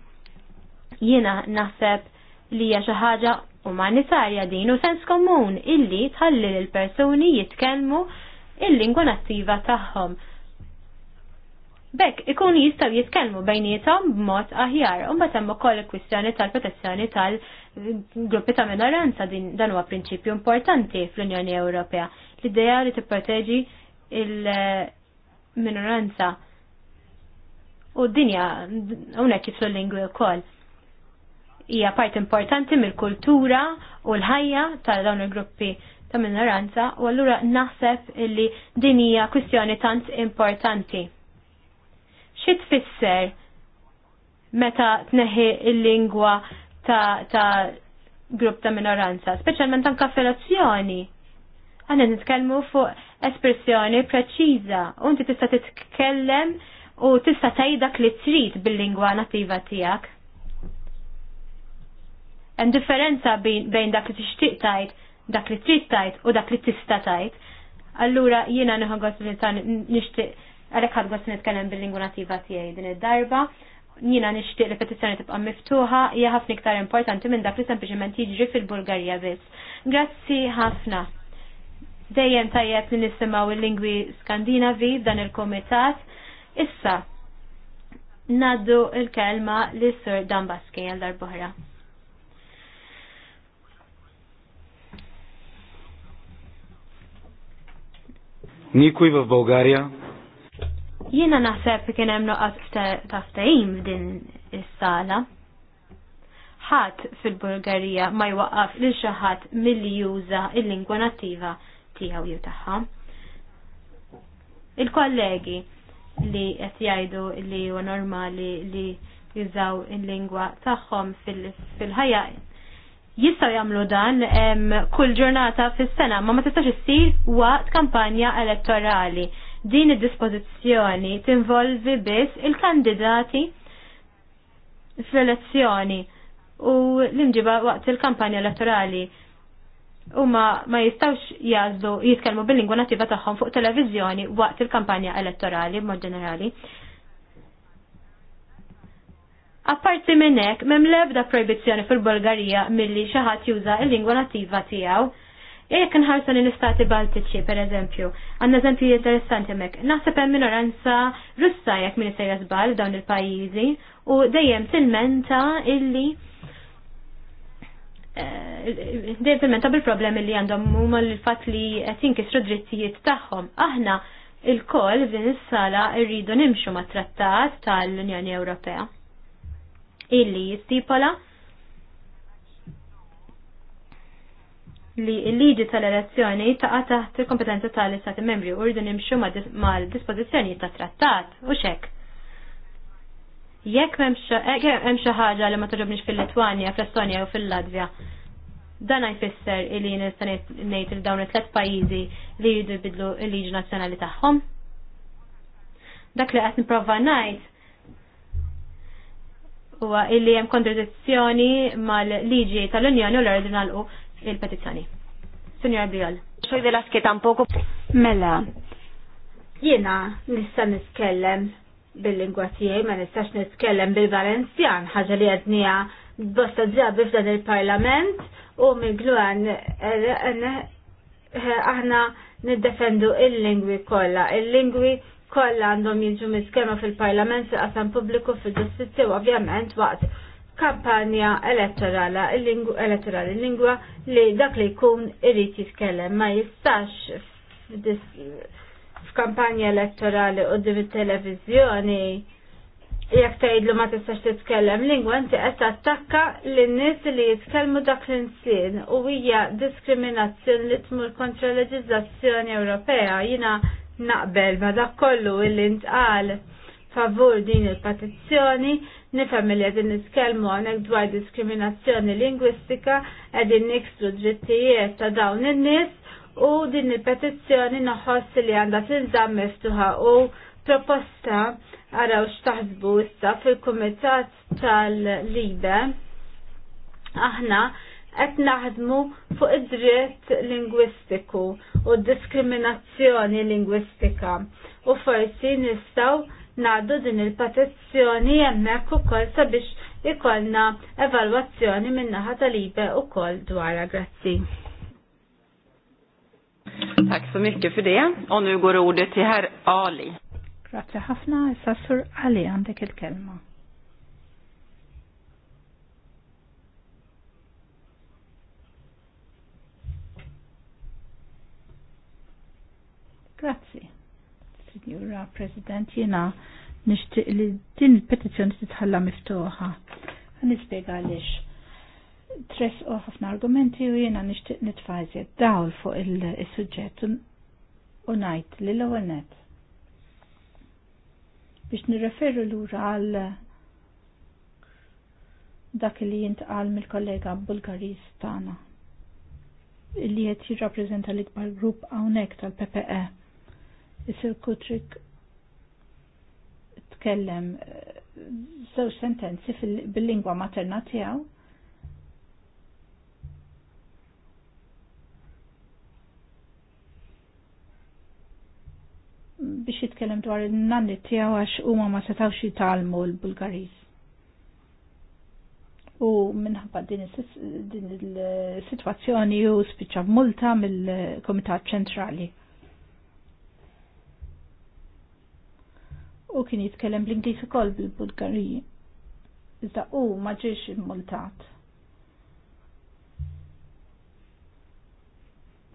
Jiena naħseb li hija xi ħaġa umanitarja din u sens komun illi tħalli l persuni jitkellmu il-lingwa nattiva tagħhom. Bekk ikun jistaw jitkellmu bejnietom b'mod aħjar, u mbagħad hemm ukoll il-kwistjoni tal-protezzjoni tal-gruppi ta' minoranza din dan huwa prinċipju importanti fl-Unjoni Ewropea. L-idea li tipproteġi il-minoranza u d-dinja hawnhekk jitlu l-lingwi wkoll hija part importanti mill-kultura u l-ħajja ta' dawn il-gruppi ta' minoranza u allura naħseb illi din hija kwistjoni tant importanti. Xi tfisser meta tneħi il-lingwa ta', ta grupp ta' minoranza, speċjalment anke felazzjoni. Għanna nitkellmu fuq espressjoni preċiża, u inti tista' titkellem u tista' tgħid dak li trid bil-lingwa nattiva tiegħek. Hemm differenza bejn dak li tixtieq tajt, dak li trid tajt u dak li tista' tajt. Allura jiena nħoggos li ta' nixtieq għalhekk ħadgos nitkellem bil-lingwa nativa tiegħi din id-darba. Jiena nixtieq li petizzjoni tibqa' miftuħa hija ħafna iktar importanti minn dak li sempliċement jiġri fil-Bulgarija biss. Grazzi ħafna. Dejjem tajjeb li nisimgħu il-lingwi Skandinavi dan il-Kumitat. Issa, naddu il-kelma li sur Dan Baski għal darbohra. Никой в bulgarija Jiena naħseb kien hemm noqgħod ta' ftehim f'din is-sala. Ħadd fil-Bulgarija ma jwaqqaf lil xi ħadd milli juża l-lingwa nattiva tiegħu jew tagħha. Il-kollegi li qed jgħidu li huwa normali li jużaw il-lingwa tagħhom fil-ħajja jistaw jamlu dan kull ġurnata fis-sena, ma ma tistax issir waqt kampanja elettorali. Din id-dispożizzjoni tinvolvi biss il-kandidati fl-elezzjoni u l-imġiba waqt il-kampanja elettorali. U ma, ma jistawx jazdu jitkelmu bil-lingwa nativa tagħhom fuq televiżjoni waqt il-kampanja elettorali b'mod ġenerali. Apparti minn hekk m'hemm l-ebda proibizzjoni fil-Bulgarija milli xi ħadd juża l-lingwa nattiva tiegħu. Ek nħarsan il istati Baltiċi, per eżempju, għandna eżempju interessanti mek, naħseb hemm minoranza russa jekk min sejra żbal dawn il-pajjiżi u dejjem tilmenta illi eh, dejjem tilmenta bil-problemi li għandhom huma l-fatt li qed jinkisru drittijiet tagħhom. Aħna il-koll f'din is-sala rridu nimxu mat-trattat tal-Unjoni Ewropea illi jistipola li l-liġi tal-elezzjoni taqa taħt il-kompetenza tal-istati membri u rridu nimxu mal-dispozizjoni ta' trattat u xek. Eh, jekk hemm xi ħaġa li ma toġobniex fil-Litwanja, fl-Estonja u fil-Latvja, dan jfisser illi nista' ngħid il dawn it tlet pajjiżi li jridu jbidlu l-liġi nazzjonali tagħhom. Dak li qed nipprova ngħid huwa illi hemm kontradizzjoni mal-liġi tal-Unjoni u l-ordin nagħlqu il-petizzjoni. Sinjor Briol. Xoj dela tampoco. Mela, jiena nista' niskellem bil-lingwa tiegħi ma nistax nitkellem bil-Valenzjan, ħaġa li għadnija bosta drabi f'dan il-Parlament u mill-gluan eh, eh, eh, aħna niddefendu il-lingwi kollha, il-lingwi il lingwi kollha il lingwi kollha għandhom jiġu miskema fil-Parlament se qasam pubbliku fil-ġustizzja u ovvjament waqt kampanja elettorala elettorali lingwa li dak li jkun irid jitkellem ma jistax f'kampanja elettorali u dim it-televiżjoni jekk tgħidlu ma tistax titkellem lingwa inti qed tattakka lin-nies li jitkellmu dak l-insien u hija diskriminazzjoni li tmur kontra leġiżlazzjoni Ewropea. Jiena naqbel ma dak kollu illi ntqal favur din il-petizzjoni nifhem li qegħdin nitkellmu hawnhekk dwar diskriminazzjoni lingwistika qegħdin nikstru drittijiet ta' dawn in-nies u din il-petizzjoni noħoss li għandha tinżamm miftuħa u proposta għaraw xtaħsbu issa fil-Kumitat tal-Libe aħna qed naħdmu fuq id-dritt lingwistiku u d diskriminazzjoni lingwistika u forsi nistgħu ngħaddu din il-petizzjoni hemmhekk ukoll sabiex ikollna evalwazzjoni min-naħa tal-ibe ukoll dwarha grazzi. Tack så mycket för det. Och nu går ordet till herr Ali. Grazie ħafna, Sassur Ali għandek il-kelma. Grazzi. Signora President, jena nishtiq li din il-petizjoni titħalla miftuħa. Nispjega għaliex. Tres u ħafna argumenti u jena nishtiq nitfajzi dawl fuq il-sujġet u najt li l għonet net. Biex l lura għal dak li jintqal mill-kollega Bulgaris tagħna li qed jirrappreżenta l-ikbar grupp hawnhekk tal-PPE Isir Kutrik tkellem żewġ eh, sentenzi bil-lingwa materna tiegħu. biex jitkellem dwar il-nanni tiegħu għax huma ma setgħux jitalmu l-Bulgariż. U minħabba din il-sitwazzjoni eh, u spiċċa multa mill-Komitat Ċentrali u kien jitkellem bl-Ingliż ukoll bil-Bulgariji. Iżda u ma ġiex immultat.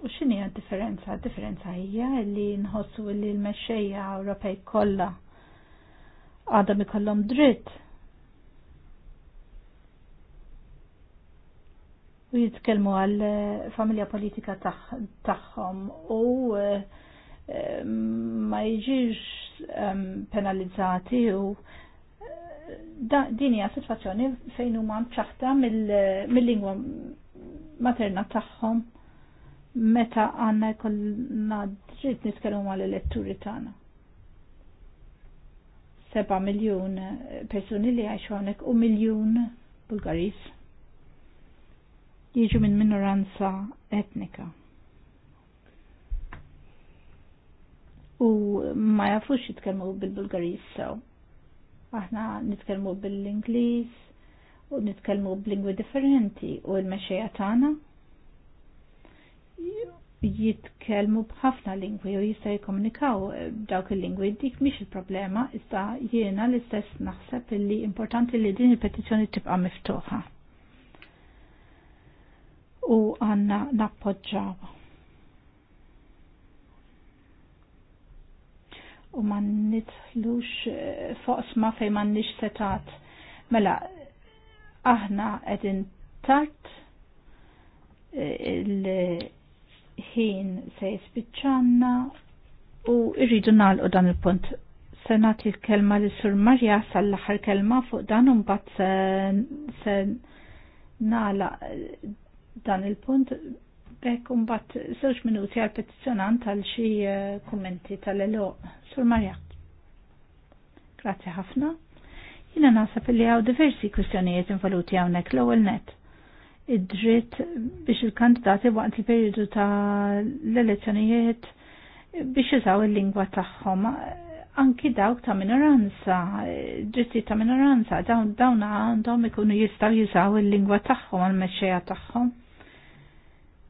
U x'inhi differenza? Differenza hija li nħossu li l-mexxejja Ewropej kollha għadhom ikollhom dritt u jitkellmu għal familja politika tagħhom u uh, ma jiġix penalizzati u eh, din hija sitwazzjoni fejn huma ċaħta mill-lingwa materna tagħhom meta għandna jkollna dritt nitkellmu mal letturi tagħna. Seba' miljun eh, persuni li għajxu għanek u miljun Bulgaris jiġu minn minoranza etnika. u ma jafux jitkellmu bil bulgariż sew. Aħna nitkellmu bil-Ingliż u nitkellmu b'lingwi differenti u l-mexxejja tagħna jitkellmu b'ħafna lingwi u jista' jikkomunikaw dawk il-lingwi dik mhix il-problema, iżda jiena l-istess naħseb li importanti li din il-petizzjoni tibqa' miftuħa. U għandna nappoġġaw u ma nitħlux eh, sma fej ma nix setat. Mela, aħna edin tart eh, il-ħin se jispiċċanna u irridu nalqu dan il-punt. Se nagħti kelma li sur Marja sal-aħħar kelma fuq dan u mbagħad se nala eh, dan il-punt Ek bat zoċ minuti għal petizjonant għal xi eh, kummenti tal-elo sur Marja. Grazie ħafna. Jina nasab li għaw diversi kwistjonijiet involuti għawnek l ewwel net. Id-dritt biex il-kandidati waqt il-periodu ta' l-elezzjonijiet biex jużaw il-lingwa tagħhom anki dawk ta' minoranza, dritti ta' minoranza, dawn għandhom ikunu jistaw jużaw il-lingwa tagħhom għal-mexxejja tagħhom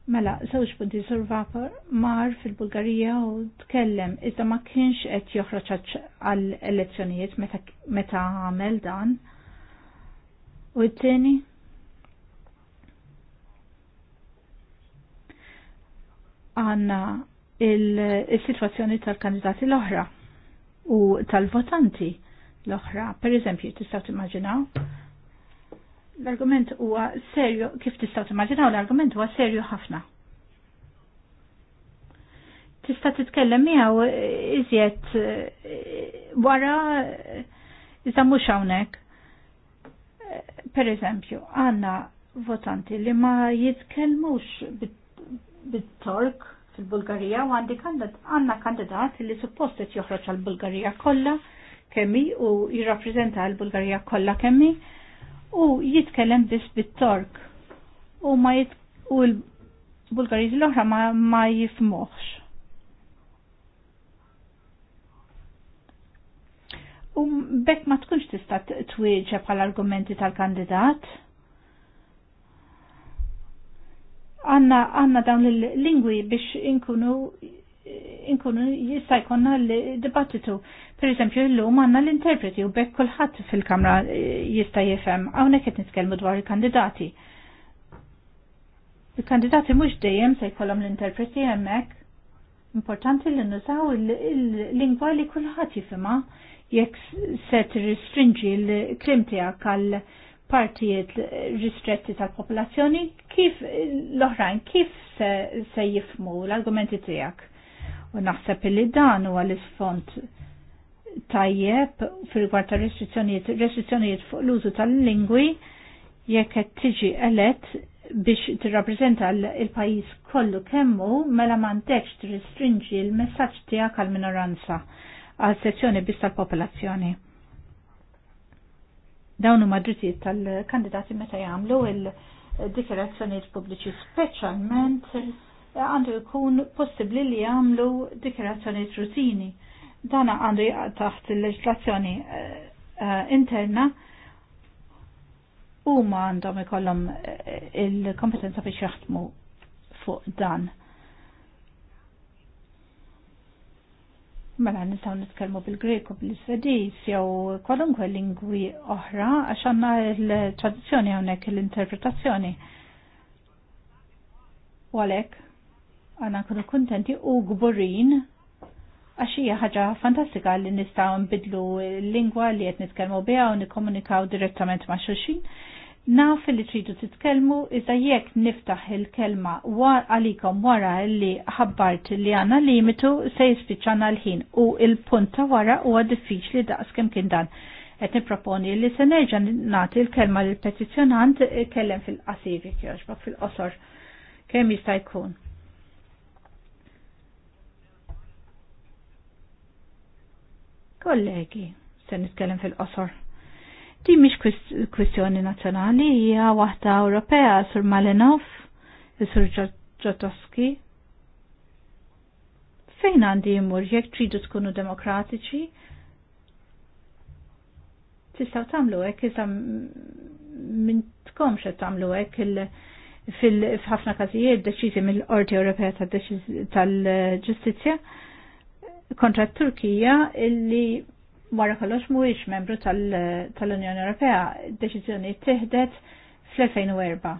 Mela, żewġ punti sur vapor mar fil-Bulgarija u tkellem iżda ma kienx qed joħroġ għal elezzjonijiet meta għamel dan. U t-tieni? Għanna il-situazzjoni tal-kandidati l-oħra u tal-votanti l-oħra. Per eżempju, tistaw timmaġinaw L-argument huwa serju, kif tistaw timmaġinaw l-argument huwa serju ħafna. Tista' titkellem miegħu eh, iżjed eh, wara eh, iżda mhux hawnhekk. Per eżempju, għandna votanti li ma jitkellmux bit-tork fil-Bulgarija u għandi għandna kandidat li suppost qed joħroġ għall-Bulgarija kollha kemmi u jirrappreżenta l-Bulgarija kollha kemmi u jitkellem biss bit-Tork u ma jit u l-Bulgariż l-oħra ma, ma jifmoħx. U bekk ma tkunx tista' twieġeb bħal argumenti tal-kandidat. Għanna għanna dawn il-lingwi biex inkunu inkunu jista' jkollna l-dibattitu Per eżempju, illum għanna l-interpreti u bekk kulħadd fil-kamra eh, jista' jifhem hawnhekk qed nitkellmu dwar il-kandidati. Il-kandidati mhux dejjem se jkollhom l-interpreti hemmhekk. Importanti li nużaw il-lingwa li kulħadd jifema jekk se tirristrinġi l-krim tiegħek għal partijiet ristretti tal-popolazzjoni, kif l-oħrajn kif se, se jifmu l-argumenti tiegħek. U naħseb li dan huwa l-isfond tajjeb fil-rigward ta' restrizzjonijiet, restrizzjonijiet fuq l-użu tal-lingwi jekk qed tiġi elett biex tirrappreżenta l-pajjiż kollu kemmu mela m'għandekx tirrestrinġi l-messaġġ tiegħek għall minoranza għal sezzjoni biss tal-popolazzjoni. Dawn huma drittijiet tal-kandidati meta jagħmlu il-dikjerazzjonijiet pubbliċi speċjalment għandu jkun possibbli li jagħmlu dikjerazzjonijiet rutini Dana għandu taħt il-leġislazzjoni eh, eh, interna u ma għandhom ikollhom eh, il-kompetenza biex jaħdmu fuq dan. Mela nistgħu nitkellmu bil-Grek u bil-Svediż jew kwalunkwe lingwi oħra għax għandna l-tradizzjoni hawnhekk l-interpretazzjoni. U għalhekk għandna nkunu kuntenti u gburin għax hija ħaġa fantastika li nistgħu nbidlu l-lingwa li qed nitkellmu biha u nikkomunikaw direttament ma' xulxin. Naf li tridu titkellmu iżda jekk niftaħ il-kelma għalikom wara li ħabbart li għandna limitu se jispiċċana l-ħin u il-punta wara huwa diffiċli daqs kemm kien dan. Qed nipproponi li se nerġa' nagħti l-kelma lill petizzjonant eh, kellem fil qasivi kjoġbok fil-qosor kemm jista' jkun. kollegi, se nitkellem fil-qosor. Di mhix kwistjoni nazzjonali, hija waħda Ewropea sur Malinov, sur Ġotoski. Fejn għandi jmur jekk tridu tkunu demokratiċi? Tistgħu tagħmlu hekk iżda minn tkomx qed tagħmlu hekk il- fil-ħafna każijiet deċiżi mill-Qorti Ewropea tal-Ġustizzja. tal ġustizzja kontra Turkija illi wara kollox mhuwiex membru tal-Unjoni Ewropea. Deċiżjoni teħdet fl-2004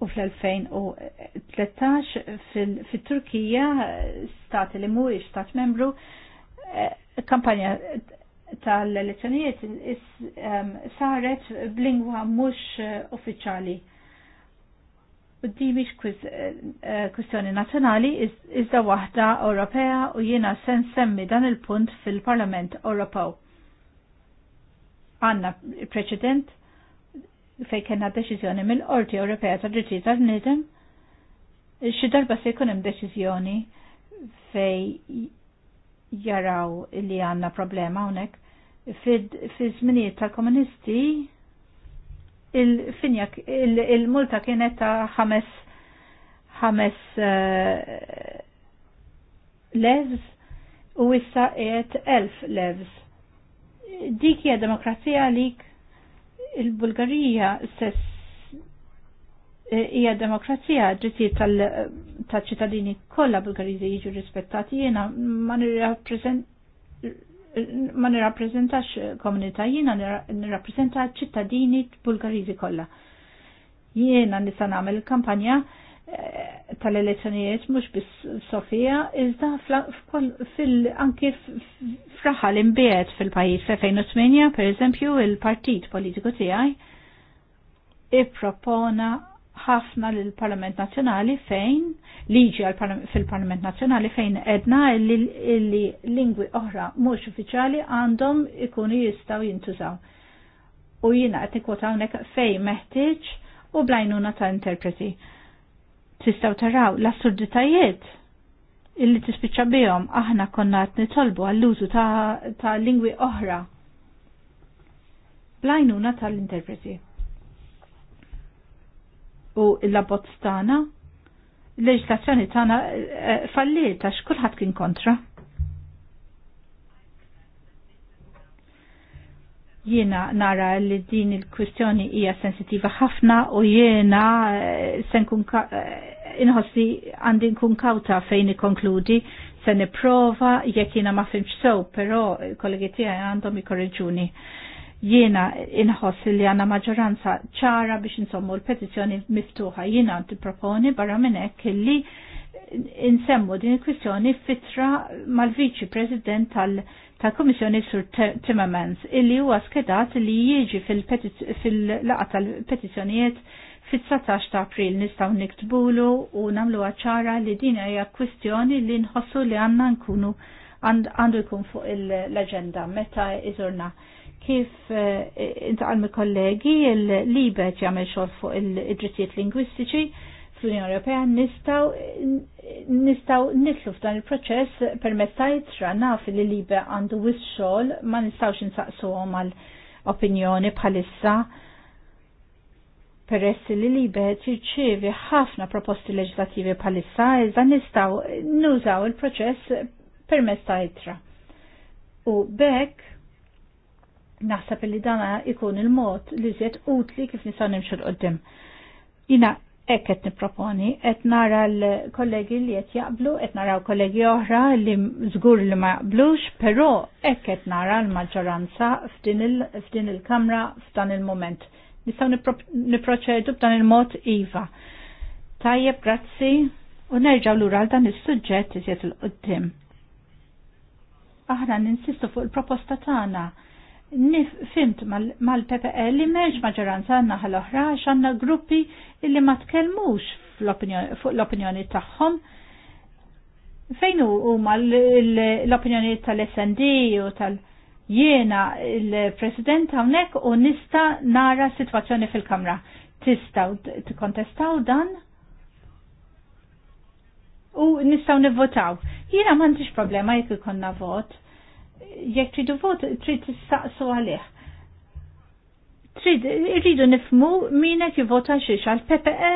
u fl-2013 fit-Turkija stati li mhuwiex stat membru eh, kampanja tal-elezzjonijiet saret b'lingwa mhux eh, uffiċjali U di miex eh, eh, kwistjoni nazjonali, iżda waħda Ewropea u jiena sen semmi dan il-punt fil-Parlament Ewropew. Għanna preċedent fej kena deċizjoni mill-Qorti Ewropea ta' Dritti tal-Nidem, xi darba se jkun hemm deċiżjoni fej jaraw li għanna problema hawnhekk. Fi żminijiet tal-komunisti il-finja il-multa kienet ta' ħames ħames eh, levs u issa qiegħed elf levs. Dik hija demokrazija għalik il-Bulgarija stess eh, hija demokrazija ġitiet tal-ċittadini eh, kollha Bulgariżi jiġu rispettati jiena ma nirrappreżent ma nirrappreżentax komunità, jiena nirrappreżenta ċittadini bulgariżi kollha. Jiena nista' nagħmel kampanja eh, tal-elezzjonijiet mhux biss Sofija, iżda anki fraħa l-imbiet fil-pajjiż fl-2008, pereżempju, il-partit politiku tiegħi ippropona ħafna l-Parlament Nazzjonali fejn, liġi fil-Parlament Nazzjonali fejn edna li lingwi oħra mhux uffiċjali għandhom ikunu jistgħu jintużaw. U jiena qed nikkwota hawnhekk fejn meħtieġ u blajnuna ta' interpreti. Tistgħu taraw l-assurditajiet illi tispiċċa bihom aħna konna qed nitolbu għall-użu ta lingwi oħra. Blajnuna tal-interpreti u l-abbozz tagħna leġislazzjoni tagħna eh, eh, fallita x'kulħadd kien kontra. Jiena nara li din il-kwistjoni hija sensittiva ħafna u jiena eh, se nkun inħossi għandi nkun kawta fejn ikkonkludi se nipprova jekk jiena ma fimx sew, però kollegi tiegħi għandhom ikorreġuni jiena inħoss li għanna maġoranza ċara biex insommu l-petizjoni miftuħa jiena t proponi barra minnek li insemmu din il-kwistjoni fitra mal-Viċi President tal- tal-Komissjoni Sur Timmermans illi huwa skedat li jiġi fil-laqa tal-petizjonijiet fit-19 ta' april nistaw niktbulu u namlu ċara li din hija kwistjoni li nħossu li għanna nkunu għandu jkun fuq l-agenda meta iżurna kif eh, intaqal għalmi kollegi il-libet jagħmel xogħol fuq il-drittijiet lingwistiċi fl-Unjoni Ewropea nistgħu nistgħu nitlu f'dan il-proċess permezz ta' itra naf li libe għandu wis xogħol ma nistgħux insaqsuhom għal opinjoni bħalissa peress li libet jirċievi ħafna proposti leġislativi bħalissa, iżda nistaw nużaw il-proċess permezz ta' itra. U bekk naħseb li dana ikun il-mod li ziet utli kif nisan nimxu l-qoddim. Jina ekket qed niproponi, qed nara l-kollegi li qed jaqblu, qed nara kollegi oħra li żgur li ma jaqblux, però ek qed nara l-maġġoranza f'din il-kamra f'dan il-moment. Nisan niproċedu b'dan il-mod iva. Tajjeb, grazzi, u nerġaw lura għal dan is-suġġett iżjed il-qoddim. Aħna ninsistu fuq il-proposta tagħna Nifimt mal-PPE li meġ maġoranza għanna ħal-oħra għanna gruppi li ma tkellmux fuq l-opinjoni tagħhom. Fejn huma l-opinjoni tal-SND u tal- jiena il-President hawnhekk u nista nara situazzjoni fil-Kamra. Tistgħu tikkontestaw dan? U nistaw nivvotaw. Jiena m'għandix problema jekk ikonna vot jekk tridu vot trid tistaqsu għalih. Trid irridu nifmu min qed jivvota xiex għal PPE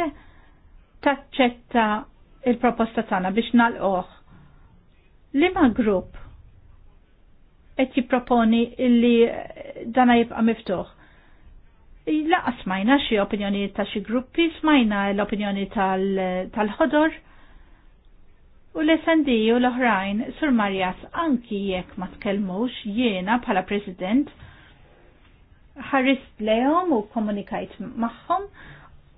taċċetta il-proposta tagħna biex nal-oħ. Lima grupp qed jipproponi illi dana jibqa' miftuħ. Laqqa smajna xi opinjoni ta' xi gruppi, smajna l-opinjoni tal-ħodor. Tal U l-SND u l-oħrajn, Sur Marjas, anki jekk ma tkellmux jiena bħala president, ħarrist lehom u komunikajt magħhom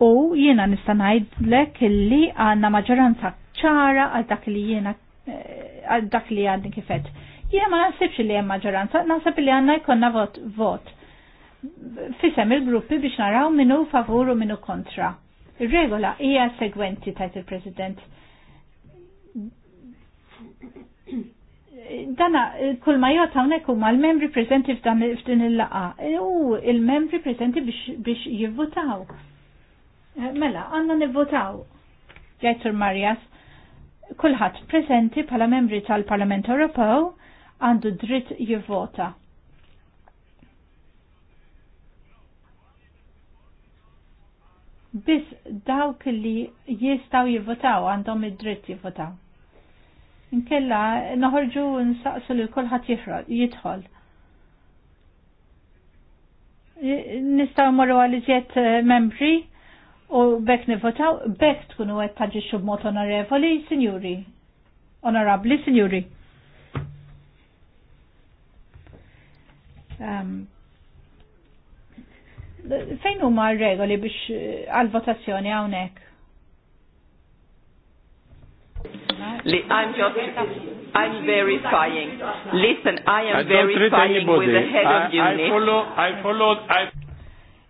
u jiena nista' ngħidlek illi għandna maġġoranza ċara għal dak li jiena eh, għal dak li għandi kifet. Jiena ma naħsibx li hemm maġġoranza, naħseb li għandna jkollna vot vot fisem il-gruppi biex naraw minu favur u minu kontra. Ir-regola hija segwenti tajt il-President dana kull ma jgħat hawnhekk huma l-membri preżenti f'din il-laqa e, u il-membri preżenti biex jivvotaw. Eh, mela, għandna nivvotaw. Jgħid Marjas, kulħadd preżenti bħala membri tal-Parlament Ewropew għandu dritt jivvota. Biss dawk li jistgħu jivvotaw għandhom id-dritt jivvotaw. Inkella naħorġu nsaqsu li kulħadd jidħol. Nistgħu morru għal iżjed eh, membri u bekk nivotaw, bekk tkunu qed taġixxu b'mod onorevoli, sinjuri. Onorabbli, signori. Ehm, fejn huma regoli biex eh, għal votazzjoni hawnhekk? Li, I'm just, I'm verifying. Listen, I am I verifying with the head I, of unit. I follow, I follow, I...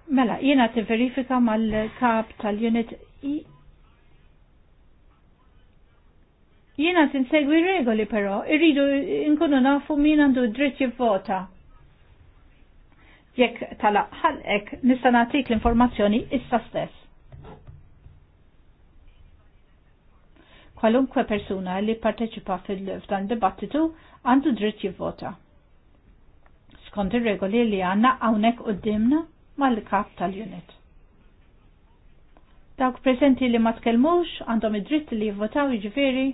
Mela, jena t-verifika mal-kap tal-unit I. Jena t segwi regoli però irridu inkunu nafu min għandu dritt jivvota. Jekk tala ħalqek nista' nagħtik l-informazzjoni issa stess. kwalunkwe persuna li parteċipa fil-fdan dibattitu għandu dritt jivvota. Skont ir-regoli li għanna hawnhekk qudiemna mal-kap tal-unit. Dawk prezenti li ma tkellmux għandhom id-dritt li jivvotaw jiġifieri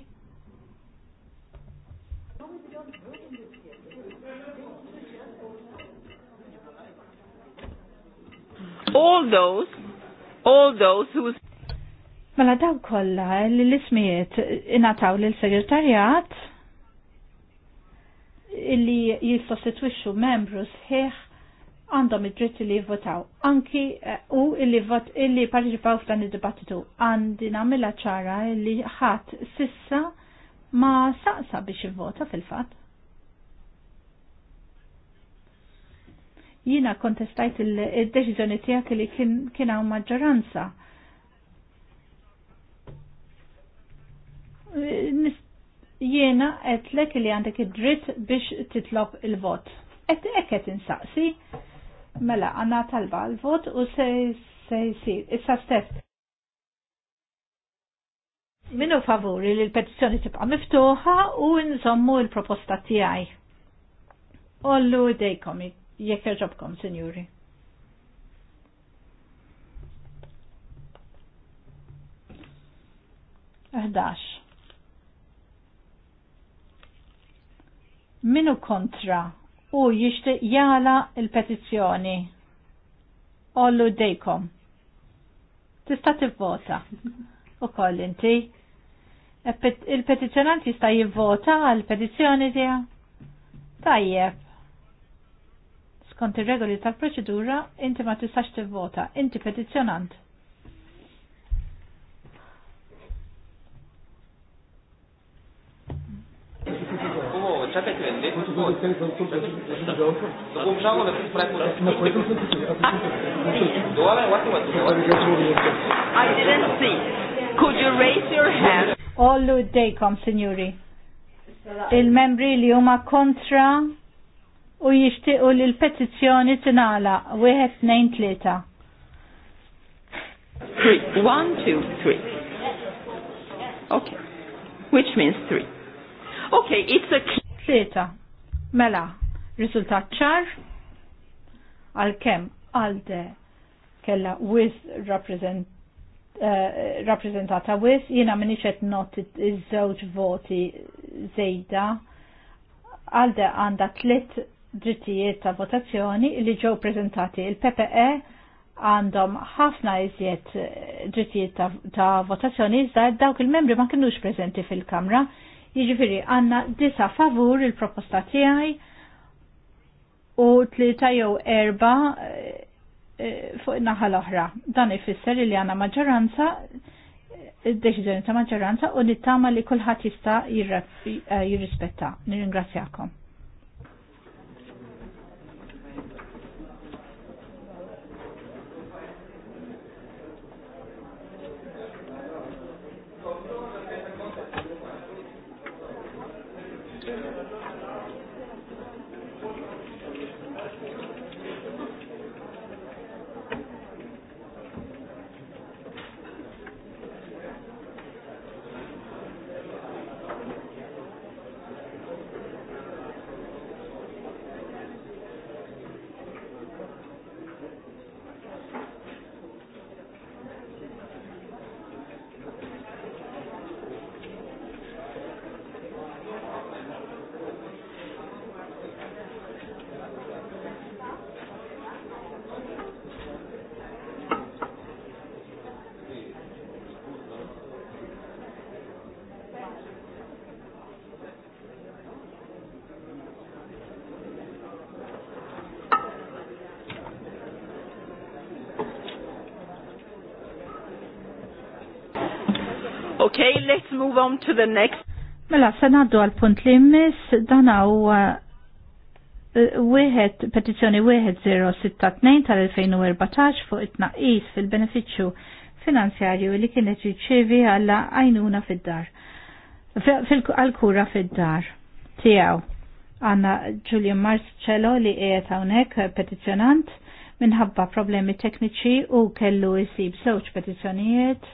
All those, all those who Mela daw kollha li l-ismijiet ingħataw lill segretarjat illi jissostitwixxu membru ħieħ għandhom id-dritt li jivvotaw. Anki eh, u illi vot illi f'dan id-dibattitu għandi nagħmilha ċara illi ħadd sissa ma saqsa biex jivvota fil-fatt. Jina kontestajt il-deċiżjoni tiegħek li kien hawn maġġoranza jiena għetlek li għandek id-dritt biex titlob il-vot. Et ekket insaqsi, mela għanna talba l-vot u se jisir, issa stess. Minu favuri li l-petizjoni tibqa miftuħa u nżommu l-proposta tijaj. Ollu dejkom, jekk joġobkom, senjuri. Ehdax. Minu kontra u jixtieq jala il-petizzjoni. Ollu dejkom. Tista' tivvota. koll inti. E Il-petizzjonant jista' jivvota għal petizzjoni tija. Tajjeb. Skont ir-regoli tal-proċedura, inti ma tistax tivvota, inti petizzjonant. Ah, I didn't see. Could you raise your hand? day, come, signori. Il-membri li huma kontra u jishtiqu li l-petizzjoni tingħala wieħed tnejn tlieta. Three. One, two, three. Okay. Which means three. Okay, it's a key. Tlieta. Mela, riżultat ċar għal-kem għalde kella wis eh, rappresentata wis, jina minniċet not iż-żewġ voti zejda, għalde għanda tlet drittijiet ta' votazzjoni li ġew prezentati il-PPE għandhom ħafna iżjed drittijiet ta', votazzjoni iżda dawk il-membri ma kinux prezenti fil-Kamra Jiġifieri għandna disa favur il-proposta tiegħi u tlieta jew erba eh, eh, fuq naħa l-oħra. Dan ifisser li għandna maġġoranza id-deċiżjoni ta' maġġoranza u nittama li kulħadd jista' eh, jirrispetta. Nirringrazzjakom. Okay, let's move on to the next. Mela, se għal punt li miss dan huwa eh, wieħed petizzjoni 1062 tal-2014 fuq it-tnaqqis fil-benefiċċju finanzjarju li kienet riċevi għalla għajnuna fid-dar. Għal-kura fid-dar tijaw. Għanna Julian Marcello li qiegħed hawnhekk eh, petizzjonant minħabba problemi tekniċi u kellu jisib żewġ petizzjonijiet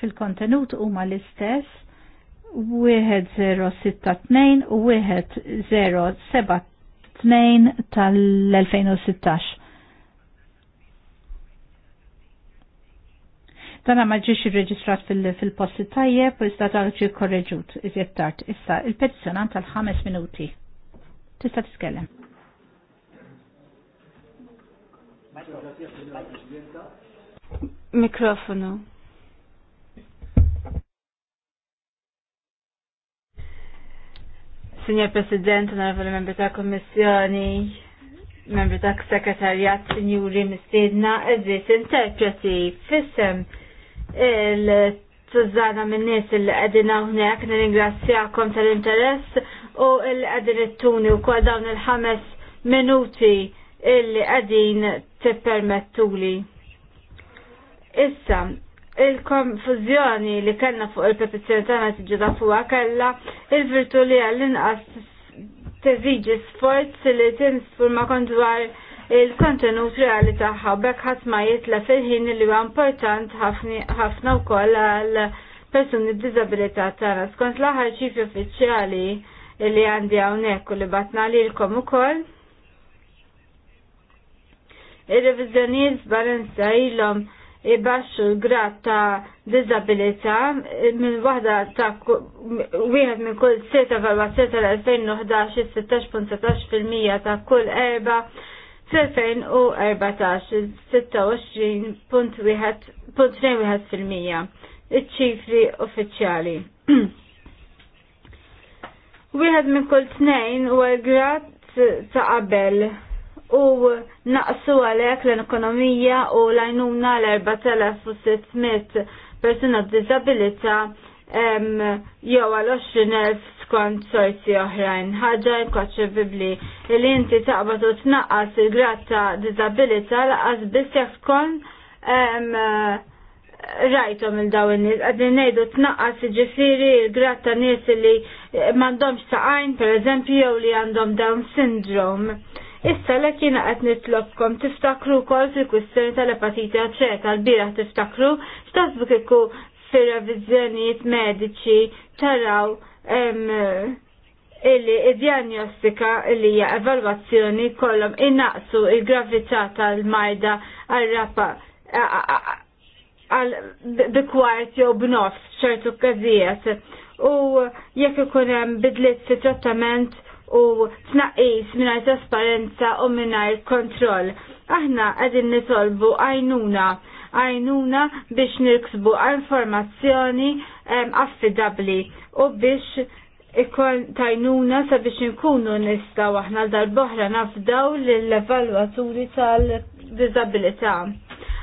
fil-kontenut huma l-istess 1062 u 1072 tal-2016. Dana maġġiex irreġistrat fil-posti fil tajjeb u iżda dan korreġut iżjed tard. Issa il-petizzjonant tal-ħames minuti. Tista' tiskellem. Mikrofonu. Signor President, onorevoli membri ta' Kommissjoni, membri ta' Sekretarjat, Signori Mistidna, eżis interpreti fissem il-tużana minnis il-għedina unek, nir-ingrazzjakom tal-interess u il edin it-tuni u kol dawn il-ħames minuti il edin t-permettuli. Issa, il-konfuzjoni li kellna fuq il-petizzjoni tagħna tiġġeda fuqha kellha il-virtu li għallinqas inqas teżiġi sforz li t-insfurma kontwar il-kontenut reali ta' bekk ħadd ma jitla fil-ħin li huwa important ħafna wkoll għal persuni b'diżabilità tagħna. Skont l-aħħar ċifi uffiċjali li għandi hawnhekk u li batna lilkom ukoll. Ir-reviżjonijiet balenza ilhom ibaxxu l-grad ta' disabilità minn waħda ta' wieħed minn kull set evalwazzjoni tal-2011 16.17% ta' kull erba fl-2014 26.21% iċ-ċifri uffiċjali. Wieħed minn kull tnejn huwa l-grad ta' qabel u naqsu għalek l-ekonomija u lajnuna l-4600 persuna disabilita jew għal 20.000 skont sorsi oħrajn. ħaġa inkonċevibli li inti taqbad u tnaqqas il grat ta' disabilita laqas biss jekk tkun rajtom il-daw nis għadin nejdu tnaqqas ġifiri il-grat ta' nis li mandomx ta' għajn, per eżempju, jew li għandhom Down syndrome. Issa l kiena qed nitlobkom tiftakru wkoll fil-kwistjoni tal-epatiti ċe tal-bieraħ tiftakru x'tasbu kieku fir-reviżjonijiet mediċi taraw illi id-diagnostika illi hija evalwazzjoni kollhom innaqsu il-gravità tal majda għal-rapa għal bikwart jew b'nofs ċertu każijiet. U jekk ikun hemm bidliet fi trattament u tnaqis minar trasparenza u minar kontroll. Aħna għedin nitolbu għajnuna, għajnuna biex nirksbu informazzjoni affidabli u biex ikon tajnuna sabiex nkunu nistaw aħna dal-boħra nafdaw l-evalwaturi tal-disabilità.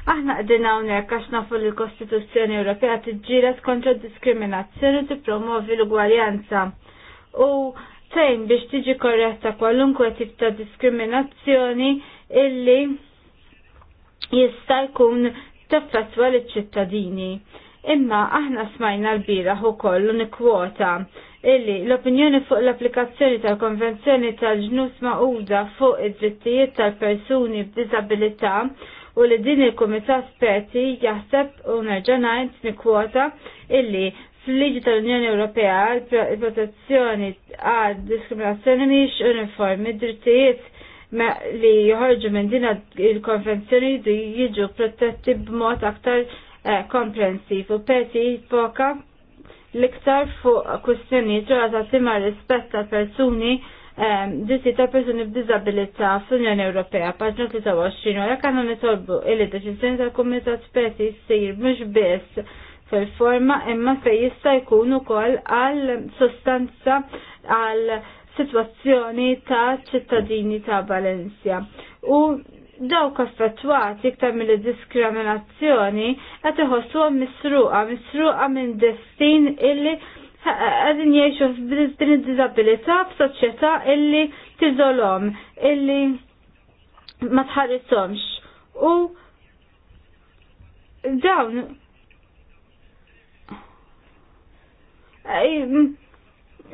Aħna qegħdin hawnhekk għax nafu l-Kostituzzjoni Ewropea t-ġirat kontra d diskriminazzjoni u tippromovi l-ugwaljanza. U sejn biex tiġi korretta kwalunkwe tip ta' diskriminazzjoni illi jista' jkun teffettwa l-ċittadini. Imma aħna smajna l-biraħ ukoll kwota illi l-opinjoni fuq l-applikazzjoni tal-Konvenzjoni tal-ġnus ma'uda fuq id-drittijiet tal-persuni b'disabilità u li din il komitat Peti jaħseb u nerġanajt nikwota illi Fil-liġi tal-Unjoni Ewropea il-protezzjoni għad diskriminazzjoni miex uniformi drittijiet li joħorġu minn din il-konvenzjoni jridu jiġu protetti b'mod aktar eh, komprensiv u peti foka l-iktar fuq kwistjoni ġorata ma' rispett tal persuni eh, Dissi ta' persuni b'dizabilità fl-Unjoni Ewropea, paġna 23, u għalhekk għandna nitolbu illi deċiżjoni tal-Kumitat Peti sir mux biss Performa imma se jista' jkun ukoll għal sostanza għal situazzjoni ta' ċittadini ta' Valencia. U dawk affettwati iktar mill-diskriminazzjoni qed iħossuhom misruqa, misruqa minn destin illi għadin jiexu din id-disabilità f'soċjetà illi tiżolhom, illi ma tħarrishomx. U dawn Eh,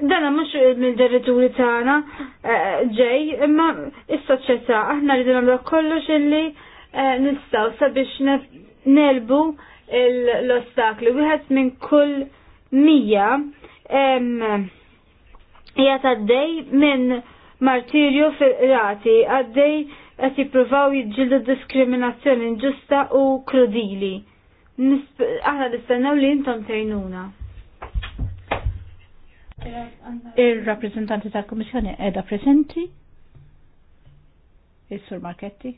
dana mux mill-ġerrituri tagħna eh, ġej, imma is-soċjetà aħna rridu nagħmlu kollox illi eh, nistaw sabiex nelbu l-ostakli. Wieħed minn kull mija jgħat għaddej minn martirju fil-rati, għaddej qed jippruvaw jġildu diskriminazzjoni ġusta u krudili. Aħna nistennew li intom tgħinuna. Il-rappresentanti tal-Komissjoni edha presenti. Il-Sur Marchetti?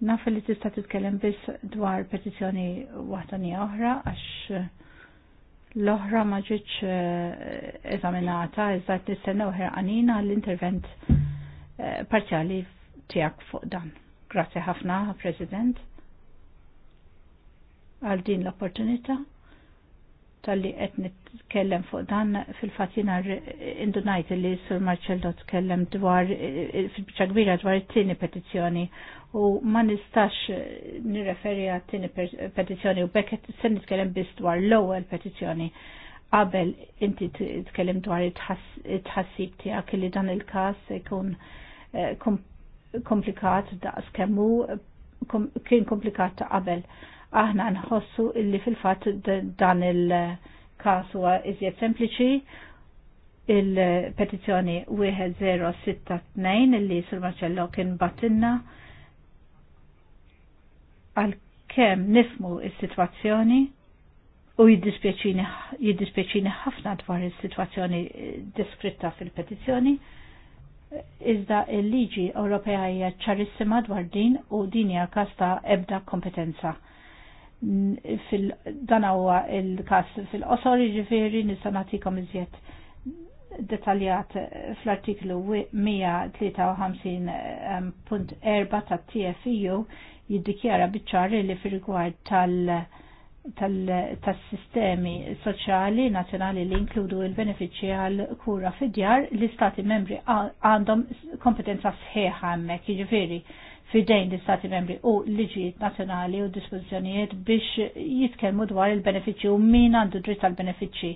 Naf li tista' titkellem biss dwar petizzjoni waħda oħra għax l-oħra ma ġietx eh, eżaminata iżda nistenna nistennew għanina l-intervent eh, parzjali tiegħek fuq dan. Grazzi ħafna, President għal din l-opportunità tal-li qed nitkellem fuq dan fil-fatt jiena indunajt li Sur Marcello tkellem dwar fil-biċċa kbira dwar it-tieni petizzjoni u ma nistax nirreferi għat tieni petizzjoni u bekk se nitkellem biss dwar l-ewwel petizzjoni qabel inti tkellem dwar it-tħassib tiegħek li dan il-każ se jkun eh, komplikat daqs kemmu kien komplikat ta' qabel aħna nħossu illi fil-fatt dan il-kas huwa iżjed sempliċi il petizzjoni 1062 illi Sur Marcello kien battinna għal kem nifmu il-situazzjoni u jiddispieċini ħafna dwar il-situazzjoni eh, diskritta fil petizzjoni iżda il-liġi Ewropea hija ċarissima dwar din u din hija kas ta' ebda kompetenza fil-dan huwa il-kas fil-qosor ġifiri nista' nagħtikom iżjed detaljat fl-artiklu 153.4 tat TFU jiddikjara biċċar li fil-rigward tal- tal-sistemi soċjali nazzjonali li inkludu il-benefiċċji għal kura fid-djar, l-istati membri għandhom kompetenza sħiħa hemmhekk, jiġifieri fidejn l-Istati membri u liġijiet nazzjonali u dispożizzjonijiet biex jitkellmu dwar il-benefiċċji u min għandu dritt għal benefiċċji.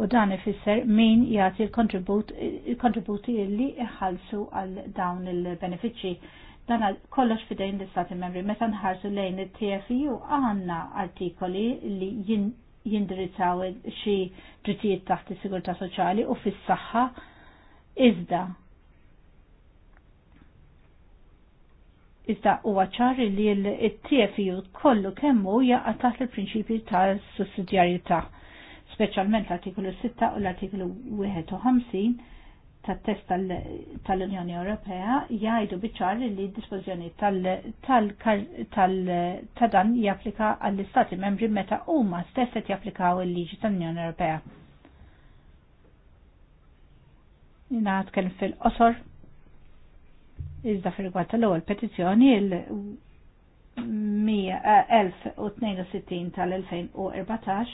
U dan ifisser min jagħti l-kontributi li iħalsu għal dawn il-benefiċċji. Dan kollox fidejn l-Istati membri meta nħarsu lejn it-TFU għandna artikoli li jindirizzaw xi drittijiet taħt is-sigurtà soċjali u fis-saħħa iżda Iżda huwa ċari li l-TFU kollu kemmu jaqa' taħt il-prinċipju tal sussidjarjetà speċjalment l-artikolu 6 u l-artikolu 51 tat-test tal-Unjoni Ewropea jgħidu biċar li dispożjoni tal-dan japplika għall-Istati membri meta huma stess qed japplikaw il-liġi tal-Unjoni Ewropea. Jina tkellem fil-qosor Iżda fil rigward l-ewwel petizzjoni il-1062 eh, tal-2014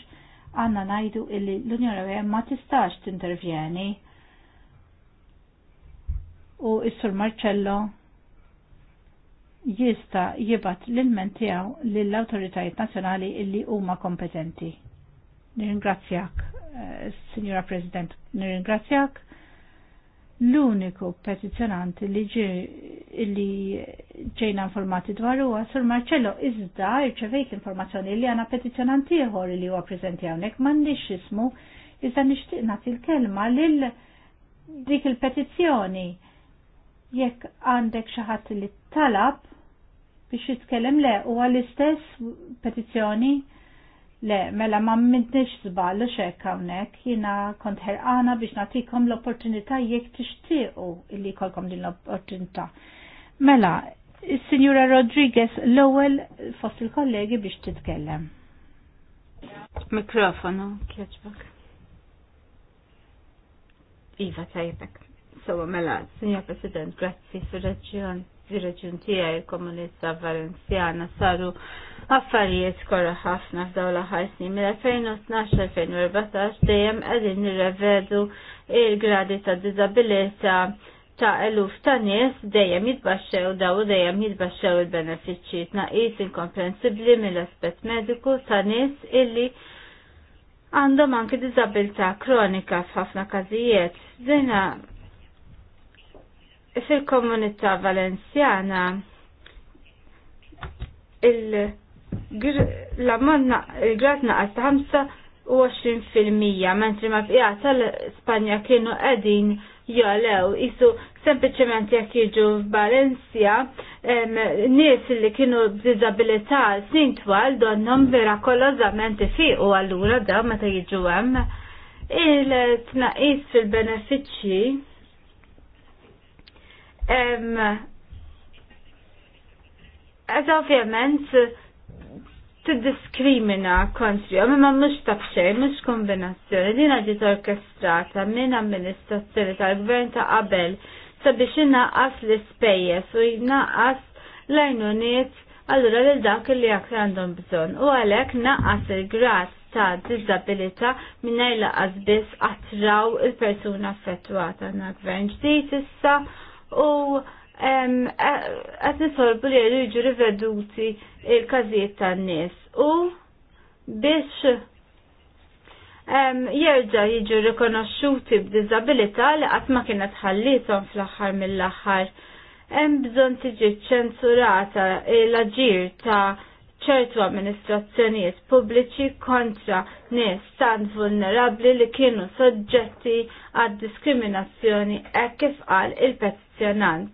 għanna najdu illi l-Unjoni Ewropea ma tistax tintervjeni u s-Sur Marcello jista jibat l-ilment tiegħu l awtoritajiet nazzjonali illi huma kompetenti. Nirringrazzjak, eh, Signora President, nirringrazzjak l-uniku petizjonant li li ġejna informati dwar huwa Sur Marcello iżda rċevejt l-informazzjoni li għana petizjonant ieħor li huwa preżenti hawnhekk m'għandix ismu iżda nixtieq nagħti l-kelma lil dik il-petizzjoni jekk għandek xi ħadd li talab biex jitkellem le huwa l-istess petizzjoni Le, mela ma mintniex zbal li xek hawnhekk, jiena kont herqana biex nagħtikom l-opportunità jekk tixtiequ illi jkollkom din l-opportunità. Mela, il signora Rodriguez l-ewwel fost il-kollegi biex titkellem. Mikrofono kieċbak. Iva tajbek. So mela, Signor President, grazzi fir reġjon fir reġjon tiegħi il komunista Valenciana, saru affarijiet korra ħafna f'daw l-aħħar snin. Mill-2012-2014 dejjem qegħdin nirrevedu il-gradi ta' diżabilità ta' eluf ta' nies dejjem jitbaxxew daw dejjem jitbaxxew il-benefiċċji tnaqis inkomprensibbli mill-aspett mediku ta' nies illi għandhom anki diżabilità kronika f'ħafna każijiet. Dina fil-komunità valenzjana il- l-ammanna il-grat naqas ta' 25% mentri ma' bqija tal-Spanja kienu qegħdin jolew isu sempliċement jekk jiġu f'Valencia nies li kienu b'diżabilità snin twal donhom mirakolosament ifiqu allura da meta jiġu hemm il-tnaqis fil-benefiċċji Eż ovvjament tiddiskrimina kontri, imma mhux mux xejn, mhux kombinazzjoni, din ġiet orkestrata minn amministrazzjoni tal-gvern ta' qabel sabiex inaqqas l-ispejjeż u jnaqqas l-għajnuniet allura lil dak li aktar għandhom bżonn u għalhekk naqqas il grat ta' disabilita mingħajr laqas biss għatraw il-persuna affettwata na' gvern ġdid issa u għat nisolbu li iġu riveduti il-kazijiet tan-nies u biex jerġa jiġu rikonoxxuti b'diżabilità li qatt ma kienet ħallithom fl-aħħar mill-aħħar. Hemm bżonn tiġi ċensurata l-aġir ta' ċertu amministrazzjonijiet pubbliċi kontra nies tant vulnerabbli li kienu soġġetti għad diskriminazzjoni hekk kif qal il pet impressjonant.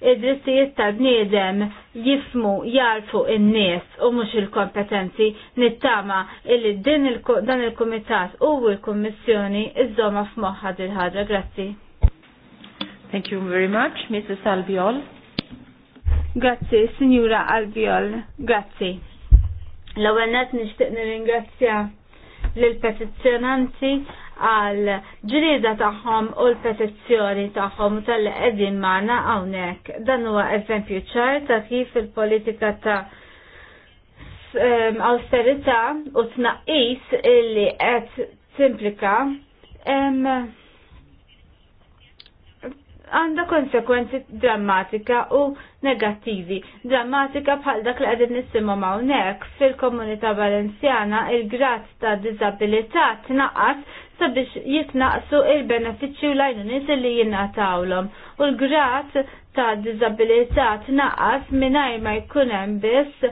Id-drittijiet ta' bniedem jifmu jarfu n nies u mhux il-kompetenzi nittama illi din il dan il-kumitat u l-kummissjoni iżoma f'moħħa dil ħaġa Grazzi. Thank you very much, Mrs. Albiol. Grazzi, Signora Albiol. Grazzi. L-ewwel nett nixtieq nirringrazzja lill-petizzjonanti għal ġrida tagħhom u l-petizzjoni tagħhom u tal edin magħna hawnhekk. Dan huwa eżempju ċar ta' kif il-politika ta' austerita u tnaqqis illi qed simplika għanda konsekwenzi drammatika u negattivi. Drammatika bħal dak li għedin nissimu mawnek fil-komunità valenzjana il-grat ta' disabilità tnaqqas sabiex jitnaqsu il-benefiċċju l-għajnunis li jinnatawlom u l-grat ta' disabilità tnaqas minnaj ma jkunem biss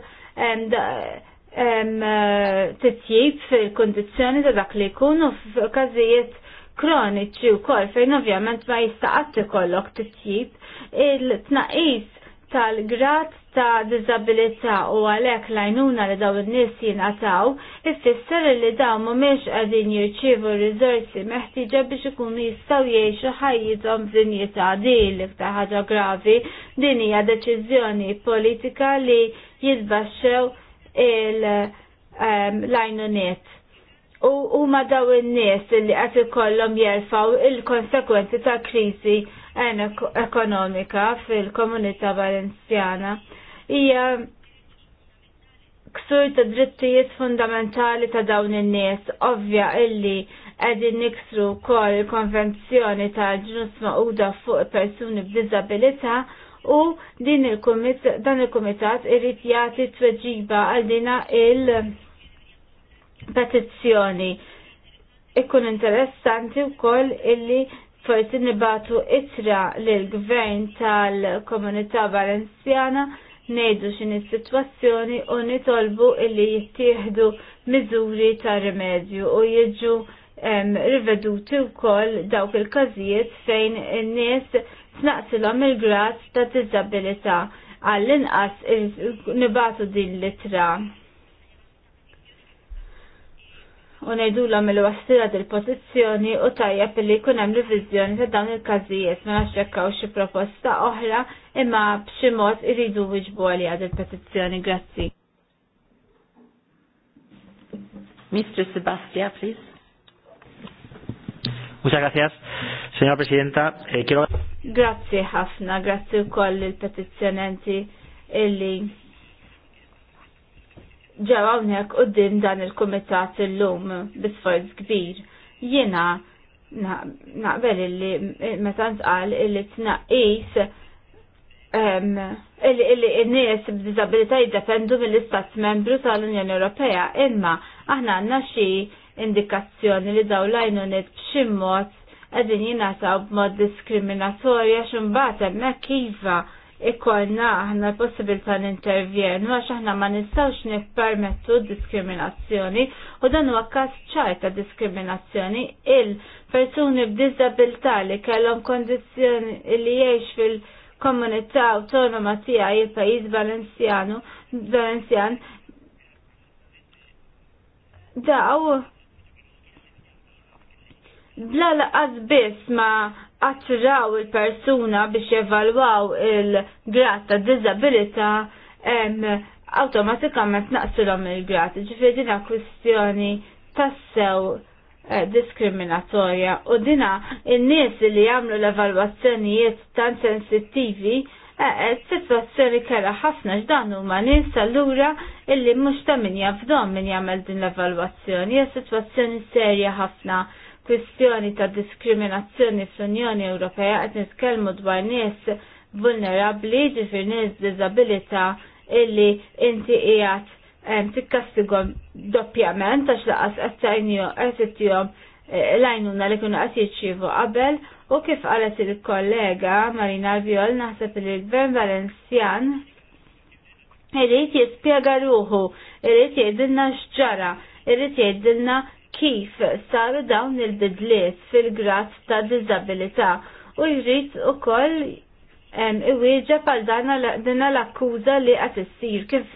titjib fil-kondizjoni ta' dak li jkunu f'każijiet kroniċi u kol fejn ovvjament ma jistaqat ikollok titjib il-tnaqis tal-grad ta' disabilità u għalhekk l-għajnuna li daw in-nies jingħataw ifisser li dawn mhumiex qegħdin jirċievu r meħtieġa biex ikunu jistgħu jgħixu ħajjithom f'dinjità din l-iktar ħaġa gravi din hija deċiżjoni politika li jitbaxxew il ehm, l-għajnuniet. U huma daw in-nies li qed ikollhom jerfgħu il-konsekwenzi ta' kriżi ekonomika fil-komunità valenziana hija ksur ta' drittijiet fundamentali ta' dawn in-nies, ovvja illi qegħdin niksru wkoll il-konvenzjoni ta' ġnus maquda fuq persuni b'diżabilità u din il dan il-kumitat irid jagħti tweġiba għal dina il-petizzjoni. Ikkun interessanti wkoll illi forsi nibatu itra l-gvern tal-komunità valenzjana nejdu xin is-sitwazzjoni u nitolbu illi jittieħdu miżuri ta' rimedju u jiġu riveduti wkoll dawk il-każijiet fejn in-nies snaqsilom il-grad ta' diżabilità għall-inqas nibatu din l-itra u ngħidulhom il wastira il-pożizzjoni u tajja li jkun hemm riviżjoni ta' dawn il-każijiet ma naċċekkaw xie xi proposta oħra imma b'xi mod iridu wiġbu għalija il-petizzjoni. Grazzi. Mr. Sebastia, please. Muchas gracias, señora presidenta. Eh, quiero... Grazie ħafna, grazie u koll il-petizjonenti illi ġew hawnhekk quddiem dan il-kumitat illum bisforz kbir. Jiena naqbel illi meta ntqal illi tnaqqis illi n-nies b'diżabilità jiddependu mill-istat membru tal-Unjoni Ewropea, imma aħna għandna xi indikazzjoni li daw lajnuniet b'xi mod qegħdin jingħataw b'mod diskriminatorja x'imbagħad hemmhekk iva ikollna aħna l n-intervjenu għax aħna ma nistgħux nippermettu diskriminazzjoni u dan huwa każ ċar ta' diskriminazzjoni il-persuni b'diżabilità li kellhom kondizzjoni li jgħix fil- komunità autonoma tiegħi il-pajjiż Valenzjanu Valenzjan daw bla laqas biss ma attraw il-persuna biex jevalwaw il grat ta' disabilita automatikament naqsilom il grat Ġifieri dina kwistjoni tassew eh, diskriminatorja u dina il nies li jagħmlu l-evalwazzjonijiet tan sensittivi eh, eh, situazzjoni kera ħafna x'dan huma nies allura illi mhux ta' min jafdom min jagħmel din l-evalwazzjoni, situazzjoni sitwazzjoni serja ħafna kwistjoni ta' diskriminazzjoni fl-Unjoni Ewropea qed nitkellmu dwar nies vulnerabbli ġifir nies disabilità illi inti qiegħed tikkastigom doppjament għax laqas qed l eh, lajnuna li kienu qed jiċċievu qabel u kif qalet il-kollega Marina Viol naħseb li l-Gvern Valenzjan irrid jispjega ruħu, irrid jgħidilna x'ġara, irrid jgħidilna kif saru dawn il-bidliet fil-grad ta' dizabilita u jrid ukoll iwieġa pal dana l-akkuża li qed issir kif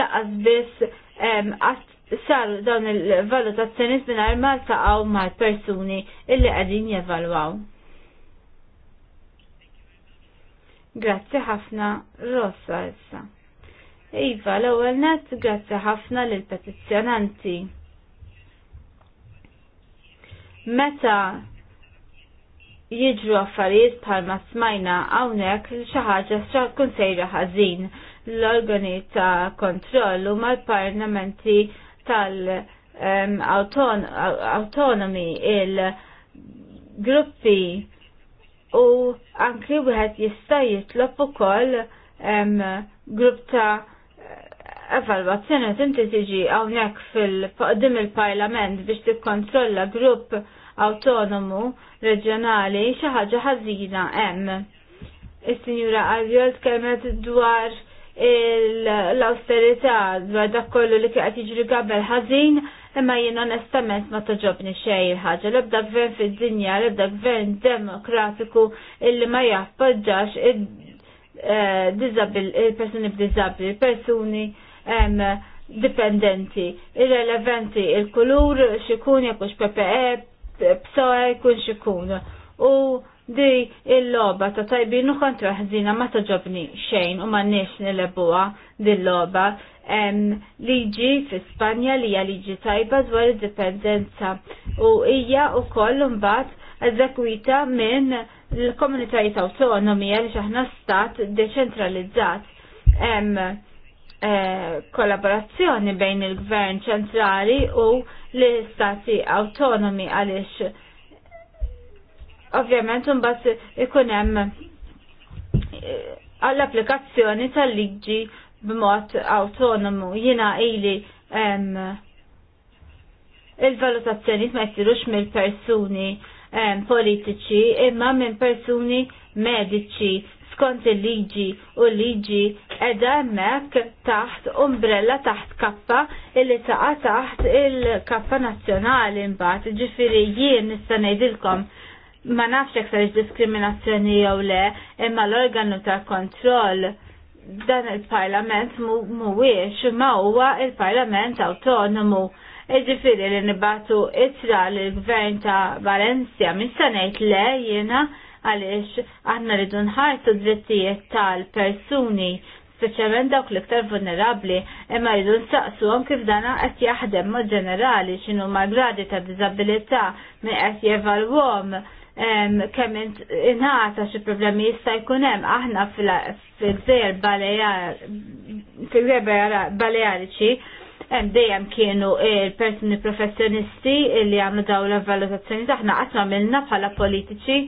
laqas biss saru dawn il-valutazzjoni mingħajr ma taqgħu mal-persuni illi qegħdin jevalwaw. Grazzi ħafna Rossa issa. Iva, l-ewwel net grazzi ħafna lill petizzjonanti meta jiġru affarijiet ma' smajna hawnhekk xi ħaġa tkun sejra ħażin l-organi ta' kontroll u mal-parlamenti tal-autonomi il-gruppi u anki wieħed jista' jitlob ukoll grupp ta' evalwazzjoni tinti tiġi hawnhekk fil-qdim il-Parlament biex tikkontrolla grupp autonomu reġjonali xi ħaġa ħażina hemm. Is-Sinjura Arjol tkellmet dwar l-austerità dwar dak kollu li kieqed jiġri qabel ħażin, imma jien onestament ma toġobni xejn ħaġa. L-ebda gvern fid-dinja, l-ebda gvern demokratiku illi ma jappoġġax eh, il-persuni b'dizabli, persuni dipendenti, irrelevanti, il-kulur xikun jekk hux PPE, psoe jkun xikun. U di il-loba ta' tajbin u kontra ma ma ġobni xejn u ma nix nilebuha dil-loba liġi fi Spanja li hija liġi tajba dwar id-dipendenza u hija wkoll imbagħad eżekwita minn l-komunitajiet autonomi għaliex aħna stat deċentralizzat. Eh, kollaborazzjoni bejn il-gvern ċentrali u l-istati autonomi għaliex ovvjament un ikun hemm għall-applikazzjoni eh, tal-liġi b'mod autonomu. Jiena ili il-valutazzjoni ma jsirux mill-persuni politiċi imma minn persuni mediċi skont il-liġi u liġi edha emmek taħt umbrella taħt kappa illi taqa taħt il-kappa nazjonali mbagħad ġifiri jien nista' ngħidilkom ma nafx jekk sarix diskriminazzjoni jew le imma l-organu ta' kontroll dan il-parlament mhuwiex ma huwa il-parlament autonomu. Ġifieri li nibatu itra l-gvern ta' Valencia mistanajt le jiena għaliex aħna rridu nħarsu drittijiet tal-persuni speċjalment dawk l-iktar vulnerabbli, imma rridu nsaqsuhom kif dana qed jaħdem mod ġenerali x'inhu ma' gradi ta' diżabilità min qed jevalwhom kemm inħata xi problemi jista' jkun hemm aħna fil-gżejjer balearici hemm dejjem kienu il-persuni professjonisti li għamlu dawn l-valutazzjoni taħna qatt ma minna bħala politiċi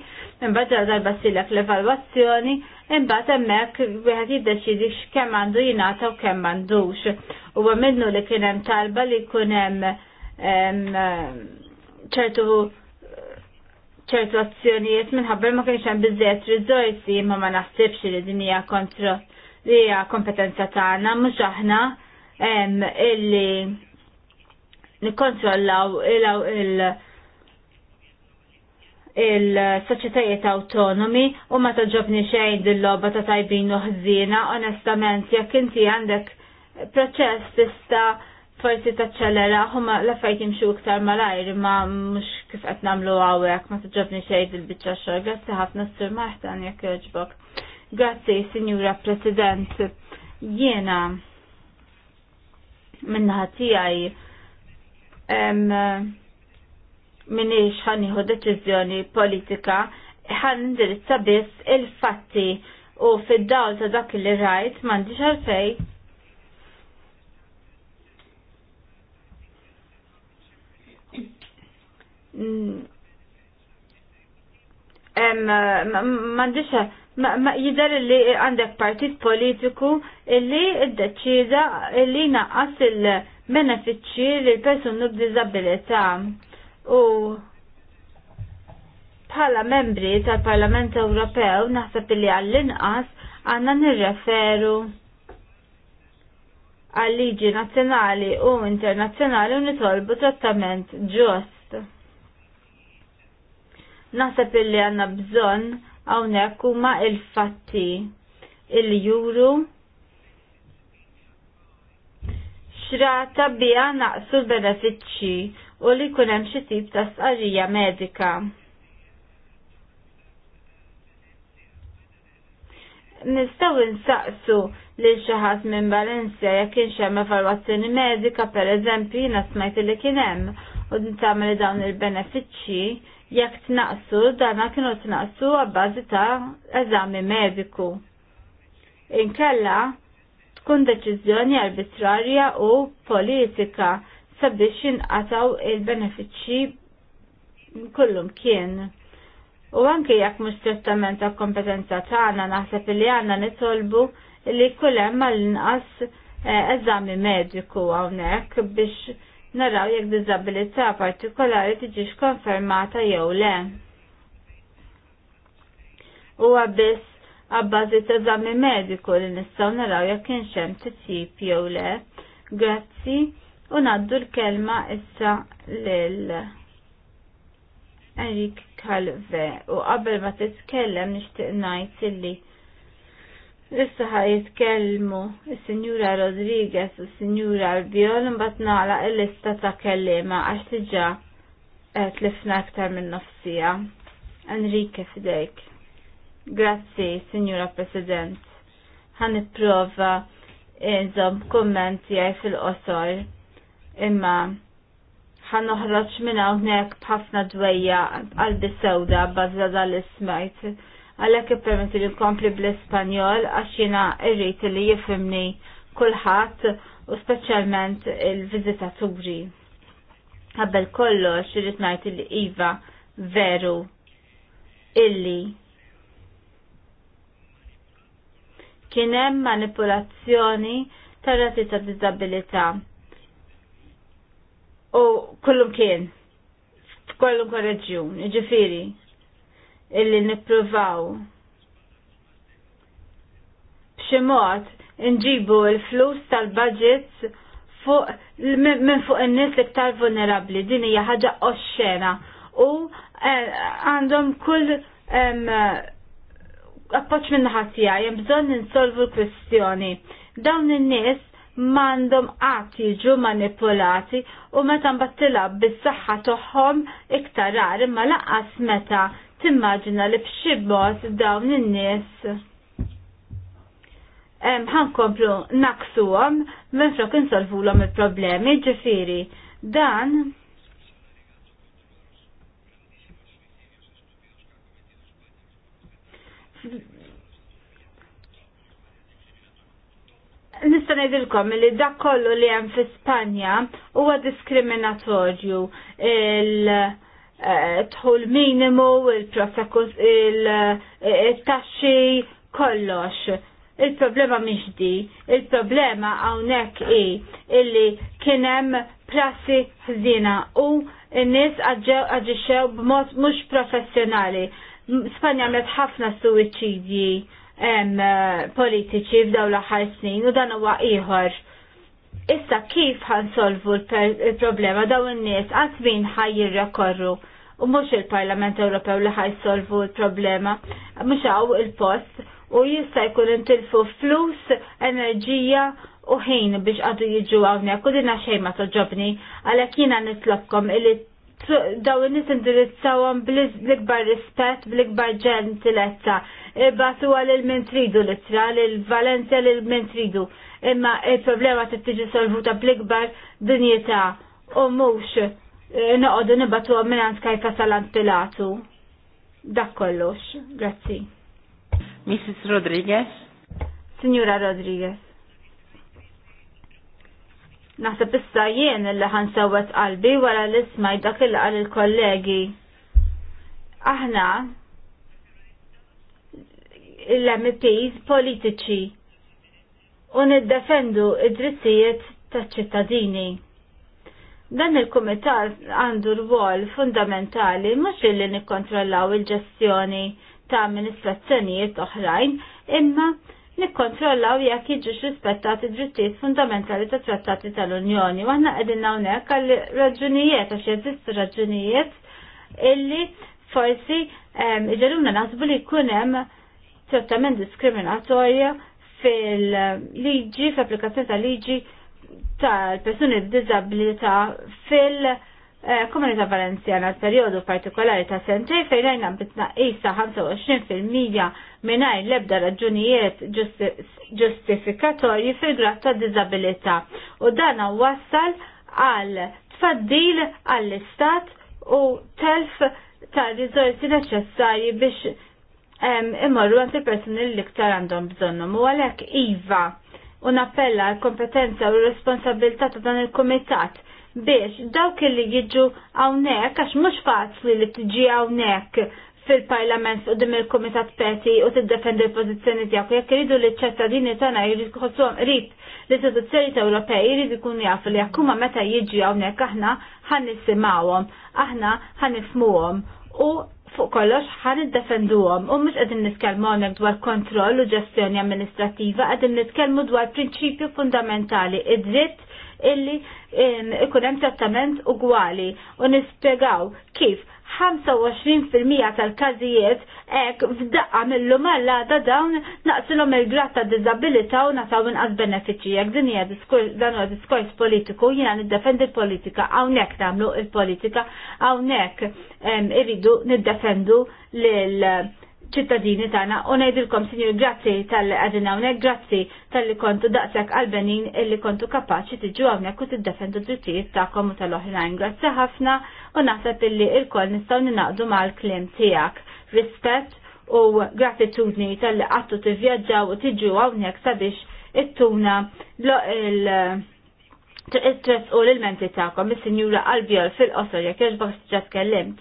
imbagħad ġara darba silek l-evalwazzjoni, imbagħad hemmhekk wieħed jiddeċidi x'kemm għandu jingħata u kemm m'għandux. U għamilnu li kien hemm talba li jkun hemm ċertu ċertu azzjonijiet minħabba ma kienx hemm biżżejjed riżorsi ma ma naħsibx li din hija kontra li hija kompetenza tagħna mhux aħna illi nikkontrollaw il-, il, il il-soċetajiet autonomi u ma taġobni xejn dil-loba ta' tajbin u ħżina, onestament, jekk inti għandek proċess tista forsi taċċelera, huma l jimxu iktar malajr, ma mux kif qed namlu għawek, ma taġobni xejn dil-bicċa xor, grazzi ħafna s-sur maħtan jekk joġbok. Grazzi, Signora President, jiena minnaħatijaj minix ħanniħu deċiżjoni politika ħan indirizza biss il-fatti u fid-dawl ta' dak li rajt m'għandix għalfej. M'għandix jidar li għandek partit politiku illi iddeċida illi naqas il-benefiċċji lil persuni b'diżabilità u bħala membri tal-Parlament Ewropew naħseb li għall-inqas għanna nirreferu għal liġi nazzjonali u internazzjonali u nitolbu trattament ġust. Naħseb illi għanna bżon għawnek huma il-fatti il-juru xrata bija naqsu l-benefiċċi u li jkun hemm xi tip ta' sqarrija medika. Nistgħu insaqsu lil xi ħadd minn Valencia jekk kienx hemm evalwazzjoni medika pereżempju jiena smajt li kien hemm u tagħmel dawn il-benefiċċji jekk tnaqsu dana kienu tnaqsu għabbażi ta' eżami mediku. Inkella tkun deċiżjoni arbitrarja u politika sabiex jinqataw il-benefiċċji kullum kien. U anke jekk mhux trattament ta' kompetenza tagħna naħseb li għandna nitolbu li kull hemm għall-inqas eh, eżami mediku hawnhekk biex naraw jekk diżabilità partikolari tiġix konfermata jew le. Huwa biss għabbażi ta' eżami mediku li nistgħu naraw jekk kienx hemm tip jew le. Grazzi u l-kelma issa lil Enrik Kalve u qabel ma titkellem nixtieq ngħid illi issa ħa jitkellmu is-Sinjura Rodriguez u s-Sinjura Albion imbagħad nagħlaq il-lista ta' kellima għax diġà tlifna aktar minn nofsija. Enrique fidejk. Grazzi, Signora President. Għan prova nżom kommenti għaj fil-qosor imma ħan noħroġ minn hawnhekk b'ħafna dwejja għalbi sewda bbażla dal-ismajt. Għalhekk ippermetti li kompli bl-Ispanjol għax jiena li jifhimni kulħadd u speċjalment il-viżitaturi. Qabel kollox xirrit najt li iva veru illi kien hemm manipulazzjoni tar-rati ta' diżabilità u kullum kien f'kollum korreġjun, ġifiri, illi nippruvaw b'xi mod nġibu l-flus tal-budgets fuq minn fuq in-nies l-iktar vulnerabbli. Din hija ħaġa oxxena u eh, għandhom kull appoġġ minn ħatija, jem bżon bżonn l-kwestjoni. Dawn in-nies mandom għati jiġu manipulati u meta mbattilab bis-saħħa tagħhom iktar rar imma laqas meta timmaġina li b'xi dawn in-nies ħankomplu naqsuhom minn flok insolvulhom il-problemi, ġifiri, dan nista' ngħidilkom li dak kollu li hemm fi Spanja huwa diskriminatorju il eh, tħul minimu, il-prosekus, eh, il-taxxi, kollox. Il-problema mhix di, il-problema hawnhekk hi illi kien hemm prassi ħżina u n-nies aġixxew b'mod mhux professjonali. Spanja għamlet ħafna suwiċidji Eh, politiċi f'daw l-aħħar snin u dan huwa ieħor. Issa kif solvu l-problema daw in-nies għad min ħajjirrekorru u mhux il-Parlament Ewropew li ħaj solvu l-problema, mhux għaw il-post u jista' jkun intilfu flus, enerġija u ħin biex għadu jiġu hawnhekk u dinna xejn ma toġobni għalhekk jiena nitlobkom illi daw n-nis indirizzawhom bl-ikbar rispett, bl-ikbar ġentilezza batu għal il-min tridu l-ittra, l valenza l-min tridu. Imma il-problema t-tiġi solvuta bl-ikbar dinjeta u mux eh, noqodu nibatu għam minn kajfa salant Pilatu. Dak kollox, grazzi. Mrs. Rodriguez. Signora Rodriguez. Naħseb issa jien illi sawet qalbi wara l-ismaj dak il-qal il-kollegi. Aħna l-MPs politiċi u niddefendu id-drittijiet taċ ċittadini. Dan il-Kumitat għandu rwol fundamentali mhux li nikkontrollaw il-ġestjoni ta' amministrazzjonijiet oħrajn, imma nikkontrollaw jekk jiġu rispettati drittijiet fundamentali ta' trattati tal-Unjoni. Waħna qegħdin hawnhekk għal raġunijiet għax jeżistu raġunijiet illi forsi ehm, ġeruna nasbu li jkun hemm trattament diskriminatorja fil-liġi, fl-applikazzjoni tal-liġi tal-persuni b'dizabilità fil-Komunità Valenzjana periodu partikolari ta' sentej fejn bitna isa 25% mingħajr l-ebda raġunijiet ġustifikatorji fil grat ta' diżabilità u dan wassal għal tfaddil għall-istat u telf ta' rizorsi neċessarji biex Immorru għant il-personi li iktar għandhom bżonnu. U għalek Iva, un-appella l-kompetenza u l-responsabilità ta' dan il-komitat biex dawk li jiġu għawnek, għax mux faċli li tġi għawnek fil-parlament u dim il-komitat peti u t defend l-pozizjoni tijak u jek rridu li ċettadini tana jridu għom rrit l-istituzzjoni Ewropej jridu jkunu jafu li jakkuma meta jiġi għawnek aħna ħan nisimawom, aħna ħan nifmuwom u fuq kollox ħan id-defenduhom u mhux qegħdin nitkellmu hawnhekk dwar kontroll u ġestjoni amministrattiva qegħdin nitkellmu dwar prinċipju fundamentali id-dritt illi ikun hemm trattament ugwali u nispjegaw kif 25% tal-każijiet hekk f'daqqa mill-lum għallada dawn naqsilhom il gratta ta' diżabilità u nataw inqas benefiċċji jekk din hija dan huwa diskors politiku jiena niddefendi l-politika hawnhekk tagħmlu l-politika hawnhekk iridu niddefendu lil ċittadini tagħna u ngħidilkom sinjur grazzi tal-li qegħdin hawnhekk, grazzi tal-li kontu daqshekk għalbenin illi kontu kapaċi tiġu hawnhekk u tiddefendu d-drittijiet tagħkom u tal-oħrajn. Grazzi ħafna u naħseb illi il-koll nistaw ninaqdu mal-klim tijak. Rispett u gratitudni tal-li għattu t-vjaġġaw u t-ġu għawnek sabiex it-tuna il-tres u l-menti ta'kom, il-sinjura għal-bjol fil-qosor, jek jaġbak s-ġat kellimt.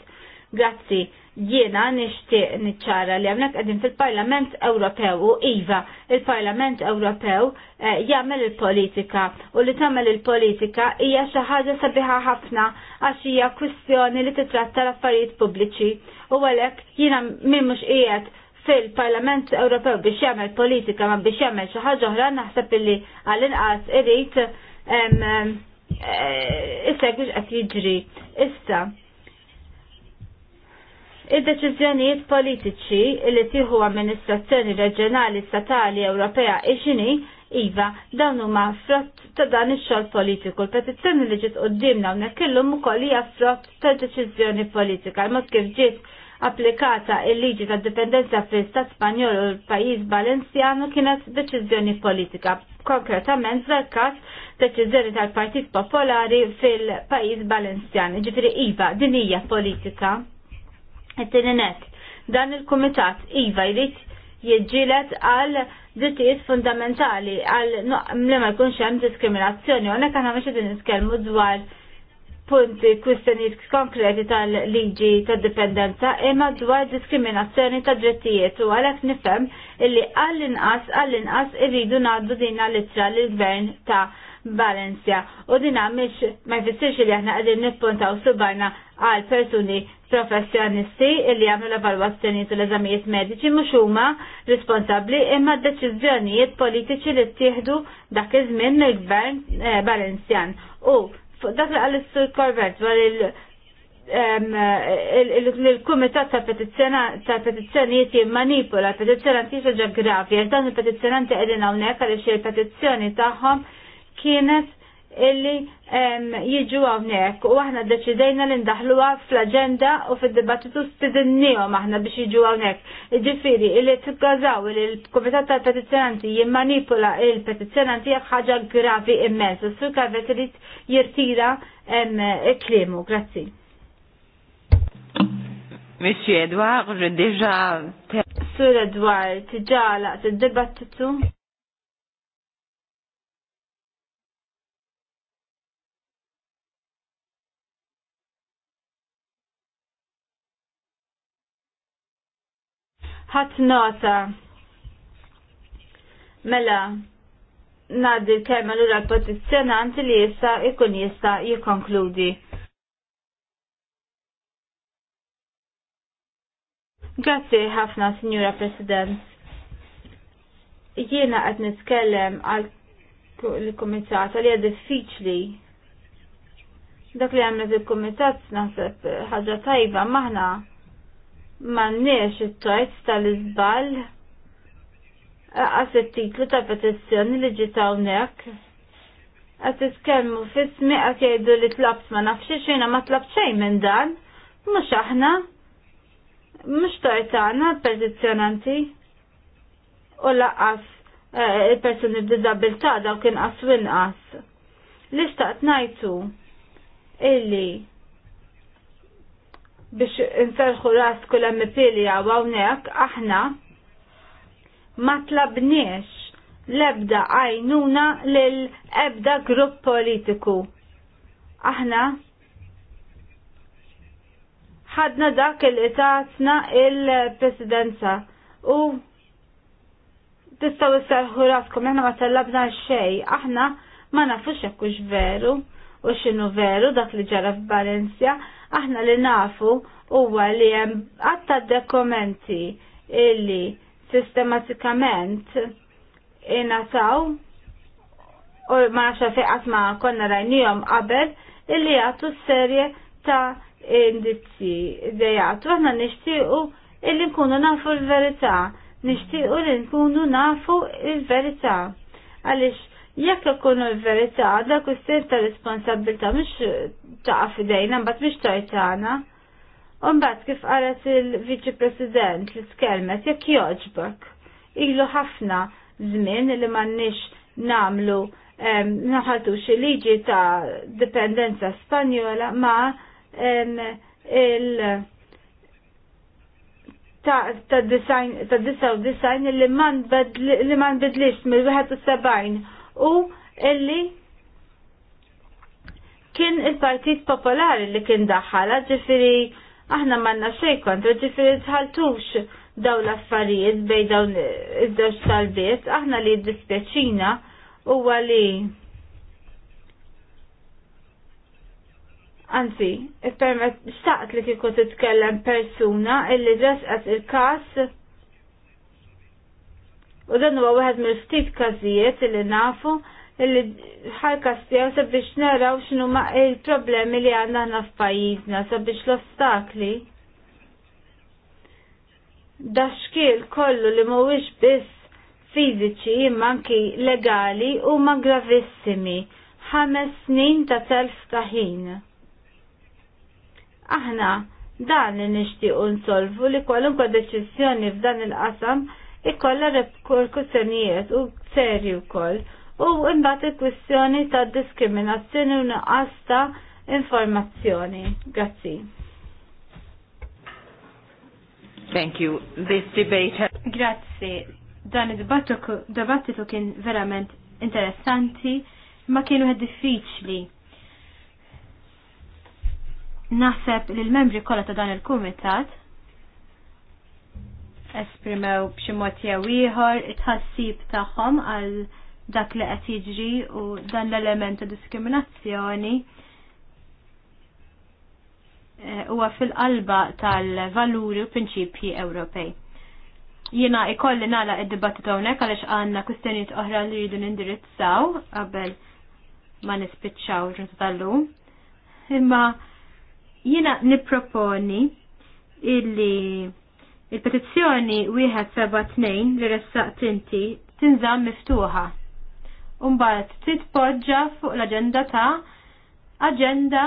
Grazzi jiena nixtieq niċċara li hawnhekk qegħdin fil-Parlament Ewropew u iva il-Parlament Ewropew eh, jagħmel il-politika u li tagħmel il-politika hija xi ħaġa sabiħa ħafna għax hija kwistjoni li titratta l-affarijiet pubbliċi u għalhekk jiena min mhux qiegħed fil-Parlament Ewropew biex jagħmel politika ma biex jagħmel xi ħaġa oħra naħseb illi għall-inqas irid eh, issa biex qed jiġri issa Id-deċiżjonijiet politiċi li tieħu amministrazzjoni reġjonali, statali, Ewropea ixini Iva, dawn huma frott ta' dan ix-xogħol politiku. L-petizzjoni li ġiet qudiemna hawnhekk illum ukoll hija frott ta' deċiżjoni politika. Mod kif ġiet applikata il-liġi ta' dipendenza fl-Istat Spanjol u l-pajjiż Valenzjanu kienet deċiżjoni politika. Konkretament fil-każ deċiżjoni tal-Partit Popolari fil-pajjiż Valenzjan. Ġifieri iva, din hija politika. Et-tininet, dan il-komitat Iva jrid jiġġilet għal drittijiet fundamentali għal li ma jkunx hemm diskriminazzjoni. Hawnhekk aħna mhux din nitkellmu dwar punti kwistjonijiet konkreti tal-liġi tad-dipendenza imma dwar diskriminazzjoni ta' drittijiet u għalhekk nifhem illi għall-inqas għall-inqas irridu ngħaddu din l-ittra lill-gvern ta' Valencia u dina mhix ma jfissirx li aħna qegħdin nippuntaw subarna għal persuni professjonisti li għamlu l-evalwazzjoni u l-eżamijiet mediċi mhux huma responsabbli imma d-deċiżjonijiet politiċi li ttieħdu dak iż-żmien mill-Gvern eh, Valencian. U fuq dak li is-Sur Korvert dwar il- il-Kumitat tal-Petizzjonijiet jimmanipula l-petizzjonanti xaġa gravi, għax dan il-petizzjonanti qegħdin hawnhekk għaliex il-petizzjoni tagħhom kienet illi jiġu għawnek u aħna deċidejna li ndaħluwa fl-agenda u fil-dibattitu stidinnijom aħna biex jiġu għawnek. Ġifiri, illi t-gazaw illi l-Komitat tal-Petizjonanti jimmanipula il-petizjonanti ħaġa gravi immens. Sur kalvet li jirtira klimu. Grazzi. Monsieur Edward, je Sur Sur t-ġala t-dibattitu? ħadd nota. Mela, ngħaddi l-kelma lura l pozizjonant li jista' ikun jista' jikkonkludi. Grazzi ħafna, Signora President. Jiena qed nitkellem għal l-Kumitat li għad diffiċli dak li għamlet il kumitat naħseb ħaġa tajba maħna m'għandniex it tajt tal izbal għas it-titlu ta' petizzjoni li ġiet hawnhekk. Qed titkellmu fismi qed jgħidu li tlabt ma nafx xejn ma tlab xejn minn dan, mhux aħna. Mhux tajt għandna petizzjonanti u laqqas eh, il-persuni b'diżabilità daw kien qas qas Li xtaqt ngħidu illi biex nferħu ras kull emmipilja u hawnhekk aħna ma tlabniex l-ebda għajnuna l ebda grupp politiku. Aħna ħadna dak il-itatna il-presidenza u tistaw istarħu raskom, aħna ma tallabna xej, aħna ma nafux jekk veru u xinu veru dak li ġara f'Balenzja, Aħna li nafu huwa li hemm għatta dokumenti illi sistematikament inataw u ma naxa fiqas ma konna rajnijom qabel illi jgħatu serje ta' indizzi dejatu għanna nishtiqu illi nkunu nafu l-verita nishtiqu li nkunu nafu l-verita għalix jekk ikunu l-verità dak is-sens ta' responsabilità mhux taqa' f'idejna mbagħad mhix tajtana. U mbagħad kif qalet il-Viċi President li skelmet jekk joġbok ilu ħafna żmien li m'għandniex namlu naħaltu xi liġi ta' dipendenza Spanjola ma' il- ta' ta' design ta' disaw design li man bidlix mill-71 u illi kien il-Partit Popolari li kien daħħala ġifiri aħna manna xej kontra ġifiri tħaltux daw l-affarijiet bej dawn iż-żewġ talbiet, aħna li dispjaċina huwa li Anzi, permet, xtaqt li kiko titkellem persuna illi ġesqat il-kas U dan huwa wieħed mill-ftit każijiet li nafu illi ħarkas tiegħu sabiex naraw x'inhu ma il-problemi li għandna aħna f'pajjiżna sabiex l-ostakli. Daxkil kollu li mhuwiex biss fiżiċi imma anki legali huma gravissimi. Ħames snin ta' telf ta' ħin. Aħna dan li nixtiequ nsolvu li kwalunkwe deċiżjoni f'dan il-qasam ikolla kussjonijiet u serju wkoll. U imbat il-kwistjoni ta' diskriminazzjoni u nuqqas ta' informazzjoni. Grazzi. Thank you. This debate has... Grazzi. Dan id-dibattitu kien verament interessanti, ma kienu għed diffiċli. Naħseb li l-membri kollha ta' dan il-kumitat esprimew b'xi mod jew ieħor it-ħassib tagħhom għal dak li qed jiġri u dan l-element ta' diskriminazzjoni eh, huwa fil-qalba tal-valuri u prinċipji Ewropej. Jiena ikolli nagħlaq id dibattit hawnhekk għaliex għandna kwistjonijiet oħra li jridu nindirizzaw qabel ma nispiċċaw ġunta tal-lum. Imma jiena nipproponi illi Il-petizzjoni 172 li ressaq tinti tinżam miftuħa. Umbat titpoġġa fuq l-agenda ta' agenda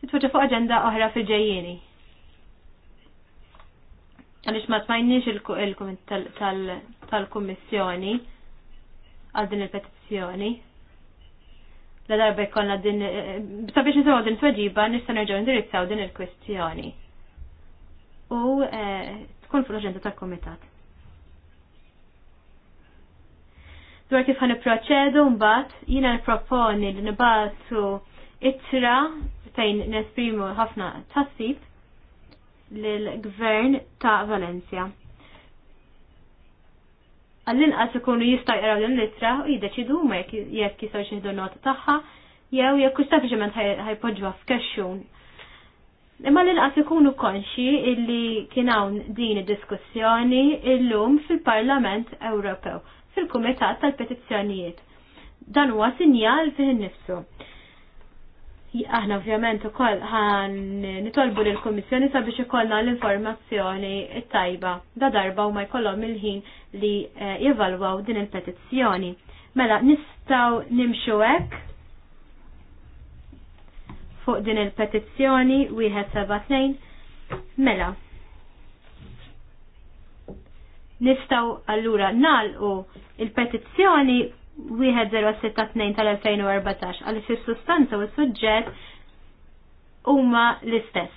titpoġġa fuq agenda oħra fil-ġejjieni. Għalix ma tmajniex il-komment tal-kommissjoni għal din il-petizzjoni la darba jkollna din, eh, sabiex nisimgħu din tweġiba nista' nerġgħu indirizzaw din il-kwestjoni u eh, tkun fuq l-aġenda tal-Komitat. Dwar kif ħan proċedu mbagħad jiena nipproponi li nibatu ittra fejn nesprimu ħafna tassib lill-Gvern ta' Valencia. Għallin għas ikunu jistaj għaraw din l-ittra u jiddeċidu huma jekk jistgħu n nota tagħha jew jekk sempliċement ħajpoġġuha f'kexxun Imma l-inqas ikunu konxi illi kien hawn din id-diskussjoni illum fil-Parlament Ewropew, fil-Kumitat tal-Petizzjonijiet. Dan huwa sinjal fih innifsu. Aħna ovvjament ukoll ħan nitolbu lill kummissjoni sabiex ikollna l-informazzjoni t tajba da darba u ma jkollhom il-ħin li eh, jevalwaw din il-petizzjoni. Mela nistgħu nimxu hekk fuq din il-petizzjoni wieħed mela. Nistaw allura u il-petizzjoni 1062 tal-2014 għaliex is-sustanza u s-suġġett huma l-istess.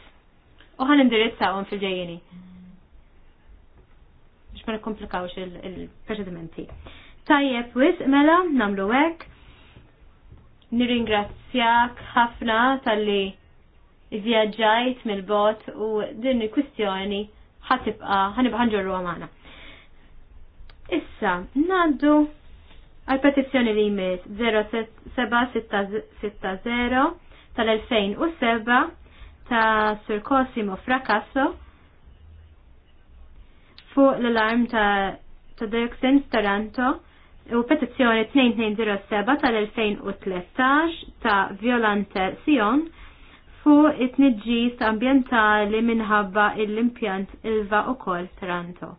U ħan indirizzawhom fil-ġejjeni. Biex ma nikkomplikawx il-proċedimenti. Tajjeb, wis, mela, namlu hekk Nirringrazzjak ħafna tal-li vjaġġajt mill-bot u din il-kwistjoni ħatibqa ħanibqa għamana. Issa, naddu għal petizzjoni li jmiss 0760 tal-2007 ta' Sir Cosimo Fracasso fuq l-alarm ta' ta' Dirksen Taranto u petizzjoni 2207 tal-2013 ta' Violante Sion fuq it nidġis ambientali minħabba l-impjant Ilva u kol Taranto.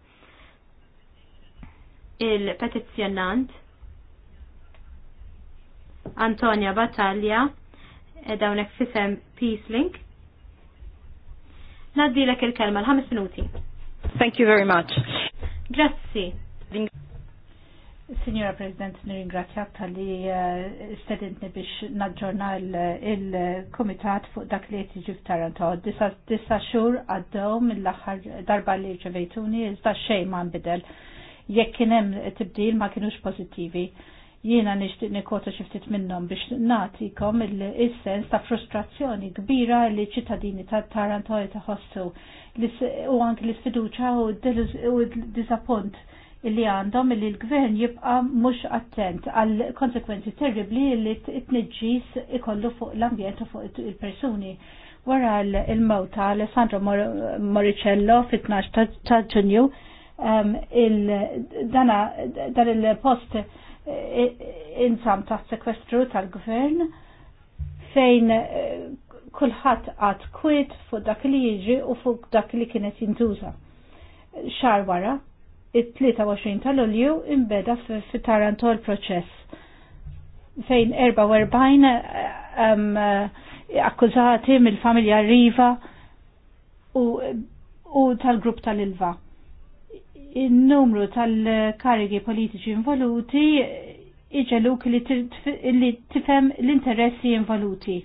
Il-petizzjonant Antonia Battaglia e dawnek fisem Peace Link. Naddilek il-kelma l ħamis minuti. Thank you very much. Grazzi. Signora President, nirringrazzjak tal-li eh, stedintni biex naġġorna il-Komitat fuq dak li jtiġi f'Taranto. Disa xur għaddew mill-axar darba li ġevejtuni, iżda xej ma nbidel. Jekk kien hemm tibdil ma kienux pożittivi. Jiena nixtieq nikota xi ftit minnhom biex nagħtikom il-sens ta' frustrazzjoni kbira li ċittadini ta' Taranto jtaħossu u anke l-isfiduċa u d-diżappunt Illi għandhom li l-gvern jibqa mhux attent għal konsekwenzi terribli li t-tniġġis ikollu fuq l-ambjent u fuq il-persuni. Wara l-mewt ta' Alessandro Moricello fit-12 ta' ġunju, um, dan il-post eh, insam ta' sekwestru tal-gvern fejn eh, kulħadd għad kwit fuq dak li jiġi u fuq dak li kienet jintuża. Xar wara, it-23 tal-Ulju imbeda fit-Taranto l-proċess fejn 44 eh, akkużati mill-familja Riva u, tal-grupp tal-Ilva. Il-numru tal-karigi politiċi involuti iġeluk li tifem l-interessi involuti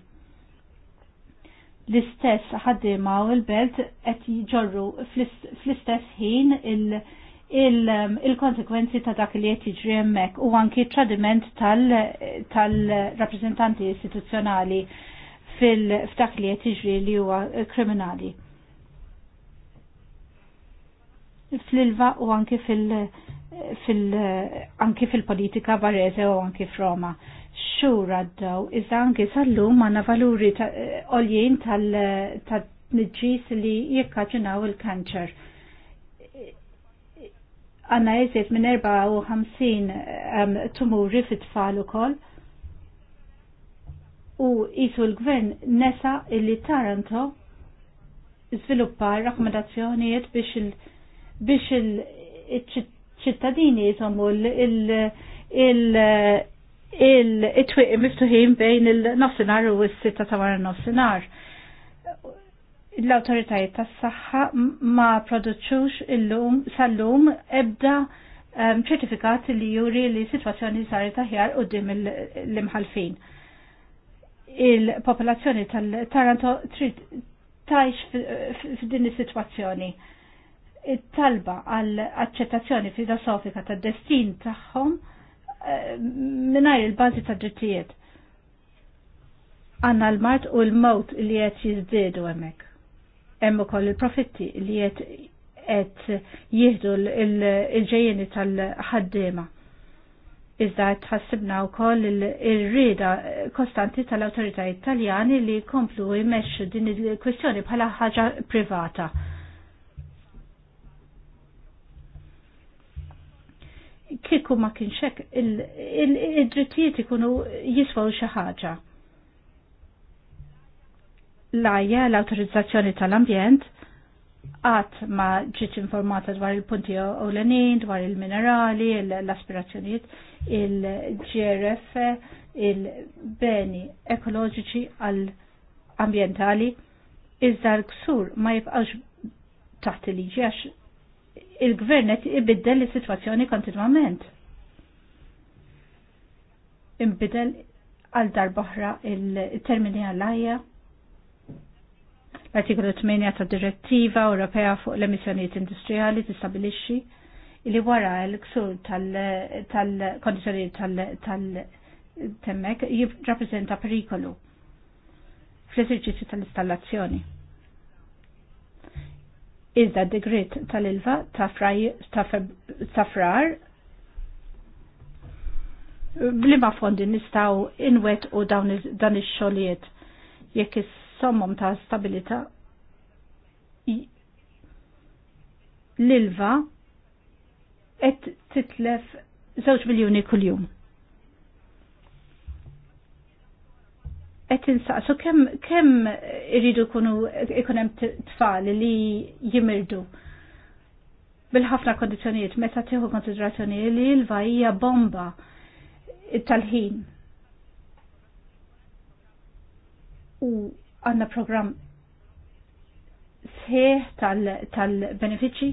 l-istess ħaddimaw u l-belt qed jġorru fl-istess ħin il- Um, il-konsekwenzi ta' dak li qed jiġri hemmhekk u anki tradiment tal-rappreżentanti istituzzjonali f'dak li qed jiġri li huwa kriminali. Fl-ilva u anki fil- fil anki fil-politika barese u anki f'Roma. Xur għaddaw, iżda anki sal-lum għanna valuri eh, oljien tal-nġis li jikkaġunaw il-kanċer għanna jizet minn 54 tumuri fit-tfal u koll. U jisu l-gvern nesa illi Taranto sviluppa rakkomandazzjonijiet biex il- biex il-ċittadini jisomu il- il- il-twiq miftuħin bejn il-nofsinar u s-sitta ta' il nofsinar l-autoritajiet tas-saħħa ma produċċux illum sal-lum ebda ehm, ċertifikat li juri li situazzjoni saret aħjar u dim l-imħalfin. Il-popolazzjoni tal-Taranto trid tajx f'din is-sitwazzjoni. It-talba għal accettazzjoni filosofika tad-destin tagħhom ehm, mingħajr il-bażi tad-drittijiet għanna l-mart u l-mot li qed jiżdiedu hemmhekk hemm ukoll il-profitti li qed qed jieħdu l-ġejjeni tal-ħaddiema. Iżda tħassibna wkoll ir-rieda kostanti tal-awtoritajiet Taljani li komplu jmexxu din il-kwistjoni bħala ħaġa privata. Kieku ma kienx hekk, id-drittijiet ikunu jisfaw xi ħaġa l-ajja l-autorizzazzjoni tal-ambjent għat ma ġiċ informata dwar il-punti ewlenin, dwar il-minerali, l-aspirazzjoniet, il-GRF, il-beni ekoloġiċi għal-ambientali, iżda l-ksur ma jibqax taħt il-liġi għax il-gvernet ibiddel l-situazzjoni kontinuament. Imbidel għal darboħra il-termini għal-ajja L-artikolu 8 ta' direttiva Ewropea fuq l-emissjonijiet industrijali tistabilixxi li wara l-ksur tal-kondizjonijiet tal-temmek jirrappreżenta perikolu fl eserġizzju tal-installazzjoni. Iżda d-degrit tal-ilva ta' frar blima fondi nistaw inwet u dan il-xoliet jekk is sommum ta' stabilita l-ilva et titlef 2 miljoni kull-jum. Et insaqsu kem, kem iridu kunu ikunem tfal li jimirdu bil-ħafna kondizjonijiet meta tieħu konsiderazzjoni li l-ilva hija bomba tal-ħin. U għanna program sħiħ tal-benefiċi.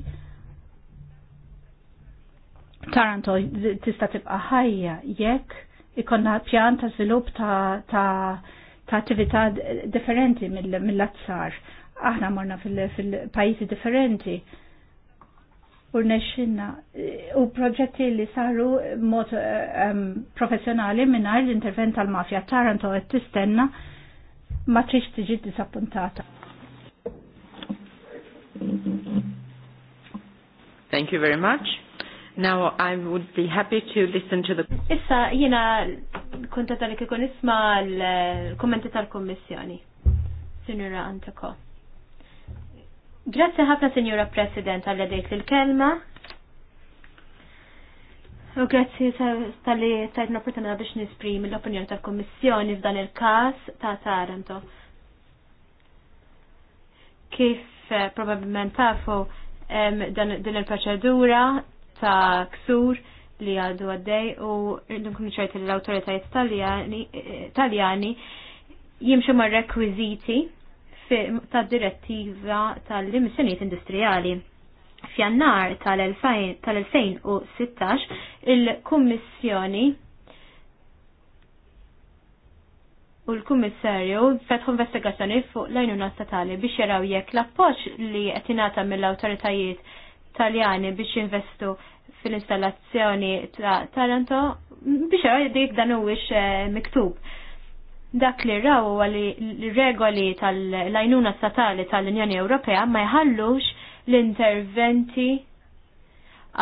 Taranto tista tibqa ħajja jekk ikonna pjan ta' svilup ta', ta, attività differenti mill-azzar. Aħna morna fil-pajjiżi differenti. Urnexxinna u proġetti li saru mod eh, professjonali mingħajr l-intervent tal-mafja. Taranto qed tistenna ma trix tiġi disappuntata. Thank you very much. Now I would be happy to listen to the... Issa, jina kunta tal kikun isma l-kommenti tal-kommissjoni. Signora Antako. Grazie ħafna, Signora President, għal dejt l-kelma. U grazzi tal-li tajt n opportunità biex nisprim l-opinjoni tal-Kommissjoni f'dan il-kas ta' Taranto. Kif eh, probabilment tafu din il-proċedura ta' ksur li għaddu għaddej u nkunu ċerti l autoritajt eh, taljani jimxu ma' rekwiziti ta' direttiva tal immissjoniet industrijali. Fjannar tal-2016 tal 2016 il kummissjoni u l-Kummissarju fetħu investigazzjoni fuq l-għajnuna statali biex jaraw jekk l-appoġġ li qed jingħata mill-awtoritajiet Taljani biex investu fil-installazzjoni ta' Taranto biex jaraw dik dan huwiex eh, miktub dak li raw għalli regoli tal-lajnuna statali tal-Unjoni Ewropea ma jħallux l-interventi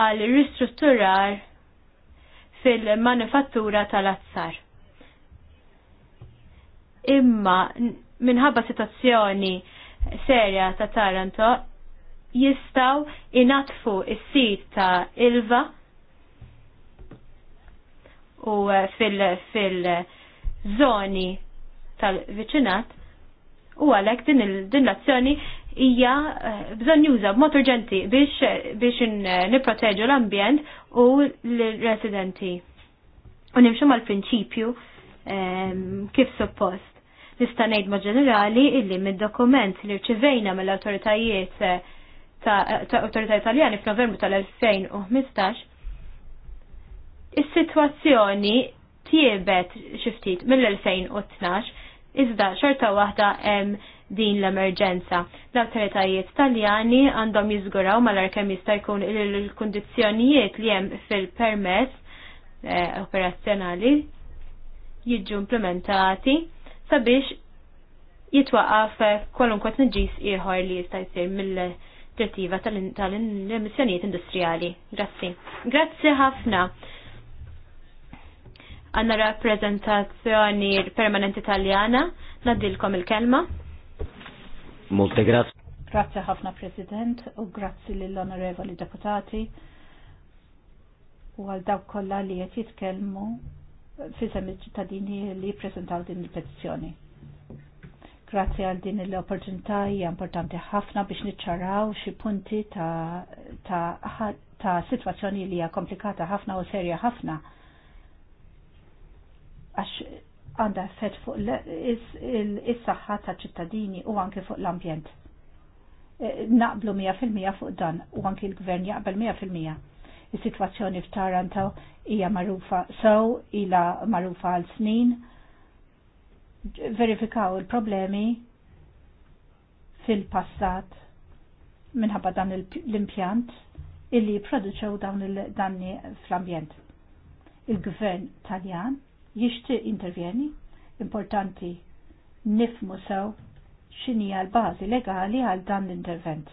għal ristrutturar fil manufattura tal-azzar. Imma minħabba situazzjoni serja ta' Taranto jistaw inatfu is-sit ta' Ilva u eh, fil-zoni fil tal-viċinat u għalek din l-azzjoni hija eh, bżonn juża b'mod urġenti biex biex nipproteġu l-ambjent u l-residenti. U nimxu mal-prinċipju ehm, kif suppost. Nista' ngħid ma' ġenerali illi mid-dokument li rċivejna mill-awtoritajiet eh, ta' awtorità Italjani f'Novembru tal-2015 is-sitwazzjoni tiebet xi ftit mill-2012 iżda xorta waħda hemm din l-emerġenza. L-autoritajiet taljani għandhom jizguraw mal-arkem jista' jkun il-kondizjonijiet li hemm fil-permess eh, operazzjonali jiġu implementati sabiex jitwaqaf kwalunkwe tniġis ieħor li jista' jsir mill-direttiva tal-emissjonijiet industrijali. Grazzi. Grazzi ħafna għanna rappresentazzjoni permanenti italjana, nadilkom il-kelma. Molte grazie. Grazie ħafna President u grazzi lill-onorevoli deputati u għal dawk kollha li qed jitkellmu fisem il-ċittadini li jippreżentaw din il-petizzjoni. Grazzi għal din l-opportunità hija importanti ħafna biex niċċaraw xi punti ta', ta, ta, sitwazzjoni li hija komplikata ħafna u serja ħafna għandha effett fuq is-saħħa ta' ċittadini u anke fuq l-ambjent. E, naqblu 100% fuq dan u anke l-gvern jaqbel 100%. Is-sitwazzjoni f'Taranta' hija magħrufa sew ila magħrufa għal snin. Verifikaw il-problemi fil-passat minħabba dan l-impjant illi produċew dawn il-danni fl-ambjent. Il-gvern Taljan jixti intervjeni, importanti nifmu sew xinija l-bazi legali għal dan l-intervent.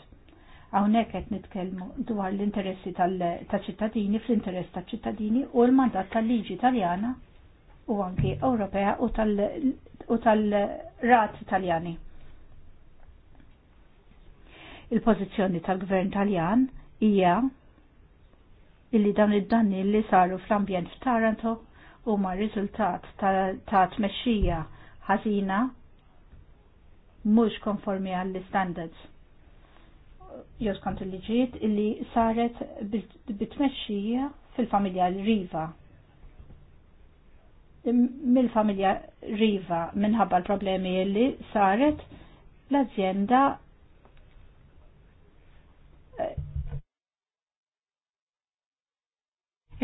Hawnhekk qed nitkellmu dwar l-interessi tal-ċittadini fl-interess tal-ċittadini u l-mandat tal-liġi Taljana u anki Ewropea u tal-rat Taljani. Il-pożizzjoni tal-Gvern Taljan hija illi dawn id-danni li saru fl-ambjent f'Taranto huma riżultat ta' tmexxija ħażina mhux konformi għall-standards jew skont il-liġijiet illi saret bitmexxija fil-familja riva mill-familja riva minħabba l-problemi illi saret l-azienda eh,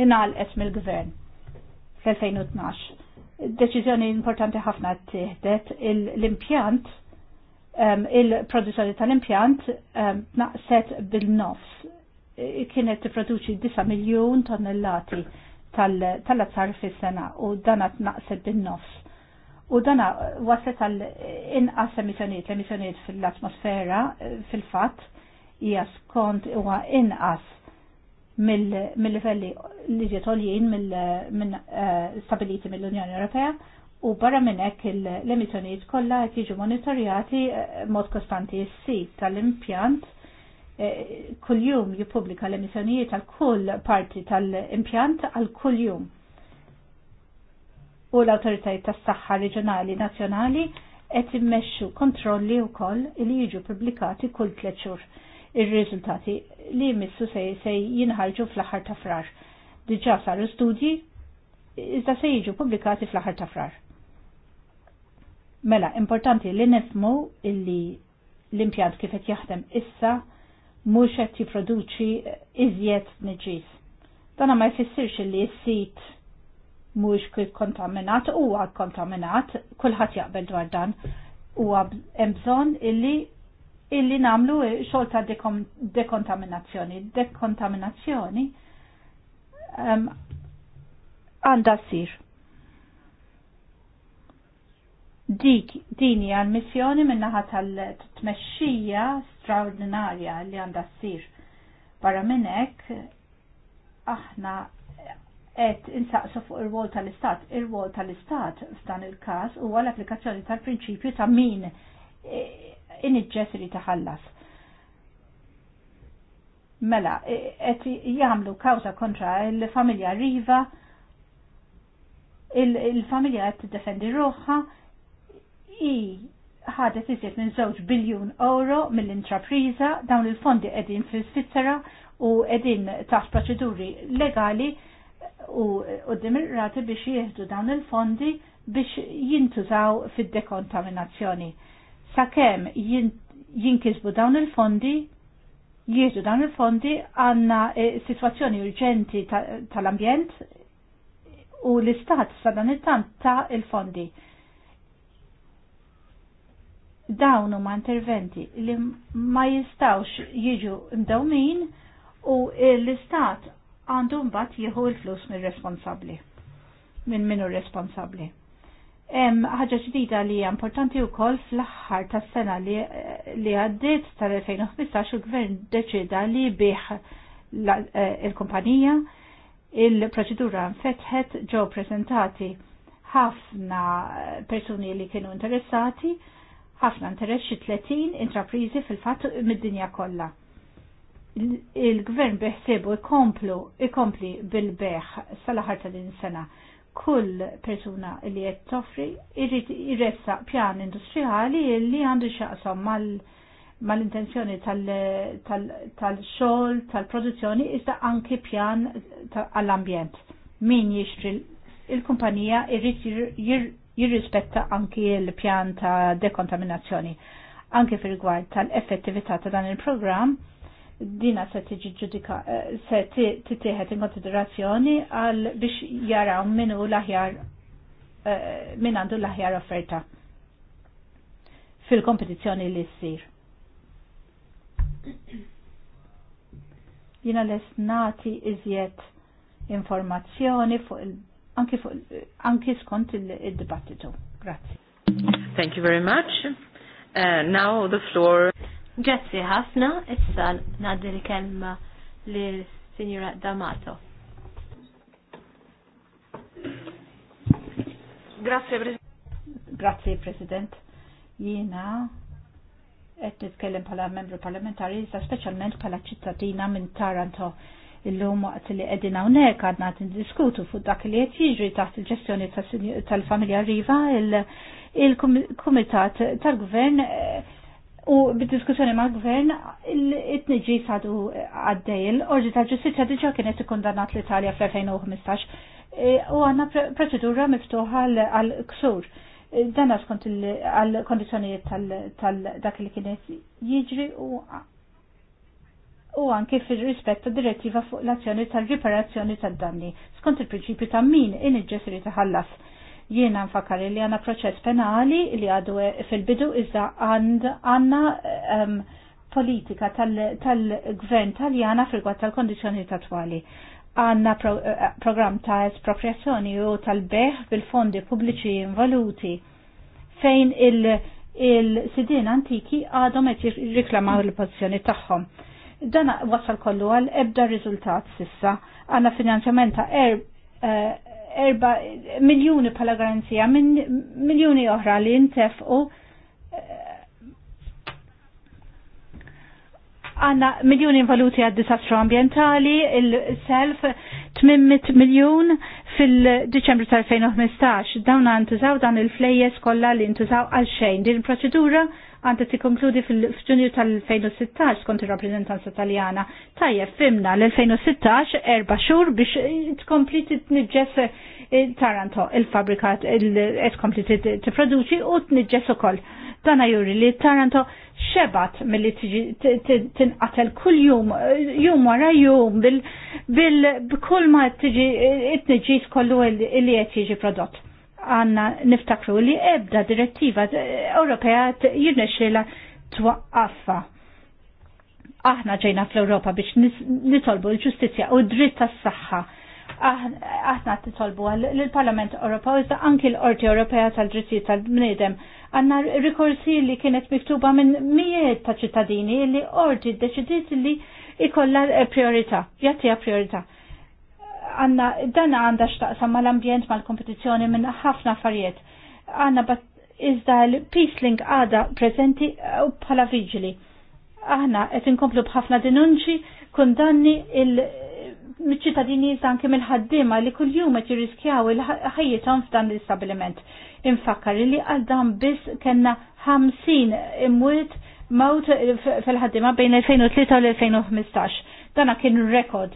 inqalqet mill-gvern. 2012 Deċiżjoni importanti ħafna tieħdet l-impjant il-produzzjoni tal-impjant naqset bil-nofs. Kienet tipproduċi 9 miljun tonnellati tal-azzar fis-sena u dana naqset bil-nofs. U dana waset tal inqas emissjoniet, l-emissjoniet fil-atmosfera eh, fil-fat hija skont huwa inqas mill-livelli li ġiet għoljien eh, stabiliti mill-Unjoni Ewropea u barra minn hekk l-emissjonijiet kollha qed jiġu monitorjati eh, mod kostanti s-sit tal-impjant eh, kuljum jippubblika l-emissjonijiet għal kull parti tal-impjant għal kuljum. U l-autoritajiet tas-saħħa reġjonali nazzjonali qed immexxu kontrolli wkoll li jiġu pubblikati kull tliet xhur. Ir-riżultati li missu se jinħarġu fl-aħħar ta' frar. Diġà saru studji iżda se jiġu pubblikati fl-aħħar ta' frar. Mela, importanti li nifmu illi l-impjant kif qed jaħdem issa mhux qed jipproduċi iżjed niġis. Dana ma jfissirx li s-sit mhux kontaminat huwa kontaminat, kulħadd jaqbel dwar dan huwa hemm bżonn illi illi namlu xogħol ta' dekontaminazzjoni. Dekontaminazzjoni għandha um, ssir. Dik dini għal missjoni minnaħa tal-tmexxija straordinarja li għandha sir. Barra minn hekk aħna qed insaqsu fuq ir-wol tal-Istat. Ir-wol tal-Istat f'dan il-każ huwa l-applikazzjoni tal-prinċipju ta' min inġess li taħallas. Mela, e, et jagħmlu kawża kontra il-familja riva, il-familja qed tiddefendi roħħa, i ħadet iżjed minn żewġ biljun euro mill-intrapriża dawn il-fondi qegħdin fil-Svizzera u qegħdin taħt proċeduri legali u għoddim il rati biex jieħdu dawn il-fondi biex jintużaw fid-dekontaminazzjoni sakemm jinkisbu dawn il-fondi jieħdu dawn il-fondi għanna e, situazzjoni urġenti tal-ambjent u l-istat sa dan tant ta' il-fondi. Dawn huma interventi li ma jistawx jiġu mdawmin u l-istat għandu mbagħad jieħu l-flus mir-responsabbli minn minnu responsabbli ħagġa ħaġa ġdida li hija importanti wkoll fl-aħħar tas-sena li għaddiet tal-2015 il-Gvern deċida li biħ eh, il-kumpanija il-proċedura nfetħet ġo prezentati ħafna persuni li kienu interessati, ħafna interessi 30 intraprizi fil fat mid-dinja kollha. Il-gvern beħsibu ikomplu ikompli bil-beħ sal ħar ta' din sena kull persuna li qed toffri irrid irressaq pjan industrijali li għandu x'aqsam mal-intenzjoni tal-xogħol, tal-produzzjoni iżda anki pjan għall-ambjent. Min jixtri il-kumpanija irrid jirrispetta anki il-pjan ta' dekontaminazzjoni. Anki fil-gwar tal-effettività ta' dan il-programm, dina se tiġi ġudika eh, se titieħed in konsiderazzjoni għal biex jaraw hu l-aħjar eh, min għandu l-aħjar offerta fil-kompetizzjoni li ssir. Jina les nati iżjed informazzjoni fuq il anki skont il-dibattitu. Grazie. Thank you very much. Uh, now the floor. Grazzi ħafna, issa ngħaddi kelma li Signora D'Amato. Grazie President. Grazie President. Jiena qed nitkellem bħala membru parlamentari, iżda speċjalment bħala ċittadina minn Taranto illum waqt li qegħdin hawnhekk għadna niddiskutu fuq dak li qed jiġri taħt il-ġestjoni tal-familja Riva il-Kumitat tal-Gvern eh, U bid-diskussjoni mal gvern it-nġi sadu għaddej, l-orġi tal-ġustizja diġa kienet kondannat l-Italja fl-2015 e, u għanna proċedura miftuħa għal-ksur. E, dan skont għal kondizjoniet tal-dak li kienet jiġri u anke fil-rispett ta' direttiva fuq l-azzjoni tal-riparazzjoni tad-danni skont il-prinċipju ta' min in-ġessiri taħallas. Jiena nfakar li għanna proċess penali li għadu fil-bidu iżda għanna um, ehm, politika tal-gvern tal taljana fil tal-kondizjoni tatwali. Għanna pro, uh, program ta' espropriazzjoni u tal-beħ bil-fondi pubbliċi involuti fejn il-sidin il antiki għadhom qed jirriklamaw il-pozzjoni tagħhom. Dan wasal kollu għal ebda riżultat sissa. Għanna finanzjament ta' er, uh, erba miljoni pala garanzija miljoni oħra li u għanna miljoni valuti għad disastru ambientali, il-self 800 miljon fil-Deċembru tal-2015. Dawn għantużaw dan il-flejjes kollha li ntużaw għal xejn. Din proċedura ti tikkonkludi fil-ġunju tal-2016 konti ir-rappreżentanza Taljana. Tajjeb fimna l-2016 erba' xhur biex eh, tkompli titniġġes eh, Taranto il-fabrika kompliti t tipproduċi u tniġġes ukoll. Dana juri li Taranto xebat mill-li tinqatel kull jum, eh, jum wara jum, bil-kull ma tiġi it-nġis kollu li qed jiġi prodott għanna niftakru li ebda direttiva Ewropea jirnexxila twaqqaffa. Aħna ġejna fl-Ewropa biex nitolbu l-ġustizja u dritt tas-saħħa. Aħna titolbu l-Parlament Ewropa u anki l-Qorti Ewropea tal-Drittijiet tal-Bniedem għanna rikorsi li kienet miktuba minn mijiet ta' ċittadini li ordi deċidiet li ikolla priorità, jattija priorità għanna dan għanda xtaqsam mal-ambjent mal-kompetizjoni minn ħafna affarijiet. Għanna bat iżda l-peacelink għada prezenti u bħala vigili. Aħna qed inkomplu bħafna denunċi kundanni il ċittadini iżda anke mill ħaddima li kuljum qed jirriskjaw il-ħajjithom f'dan l-istabiliment. Infakkar li għal dan biss kellna 50 imwiet mawt fil ħaddima bejn 2003 u l-2015. Dana kien rekord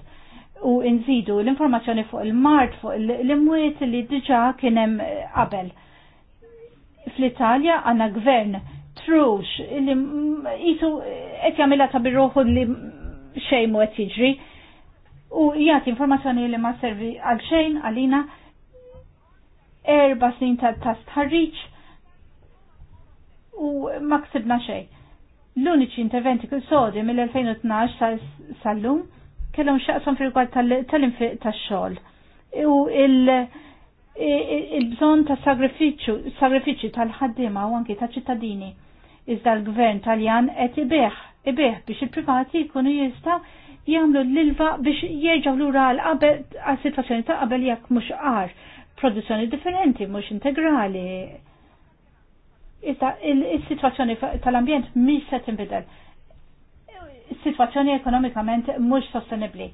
u nżidu l-informazzjoni fuq il-mart, fuq l-imwiet li diġa kienem eh, qabel. Fl-Italja għanna gvern trux li jisu eh, qed jagħmilha ta' birruħu li xejn mu qed jiġri u jagħti informazzjoni li ma servi għal xejn għalina erba' snin ta' stħarriġ u ma ksibna xejn. L-uniċi interventi kull sodi mill-2012 sal-lum sal kellhom xaqsom fil rigward tal-infiq tax-xogħol. U il-bżonn ta' sagrifiċċju, sagrifiċċju tal-ħaddiema u anki ta' ċittadini. Iżda l-gvern Taljan qed ibeħ, ibeħ biex il-privati jkunu jista' jagħmlu l-ilva biex jerġgħu lura għal-qabel għas-sitwazzjoni ta' qabel jekk mhux qar produzzjoni differenti, mhux integrali. Iżda il-sitwazzjoni tal-ambjent mhix se tinbidel situazzjoni ekonomikament mhux sostenibbli.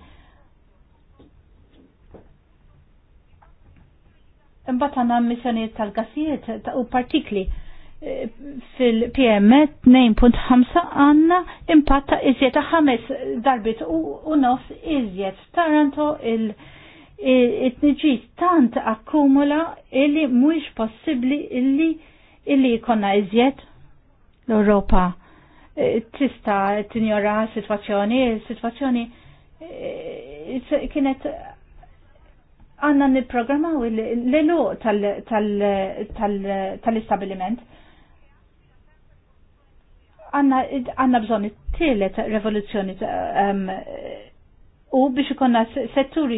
Imbagħad għandna missjonijiet tal-gassijiet u partikli e, fil-PM 2.5 e għanna impatta iżjed ta' ħames darbit u nofs iżjed. Taranto il- it tant akkumula illi mhuwiex possibbli illi illi jkollna iżjed l-Ewropa tista tinjora situazzjoni, situazzjoni eh, kienet għanna niprogrammaw l lu tal-istabiliment. Għanna bżon it-tielet revoluzzjoni ehm, u biex ikonna setturi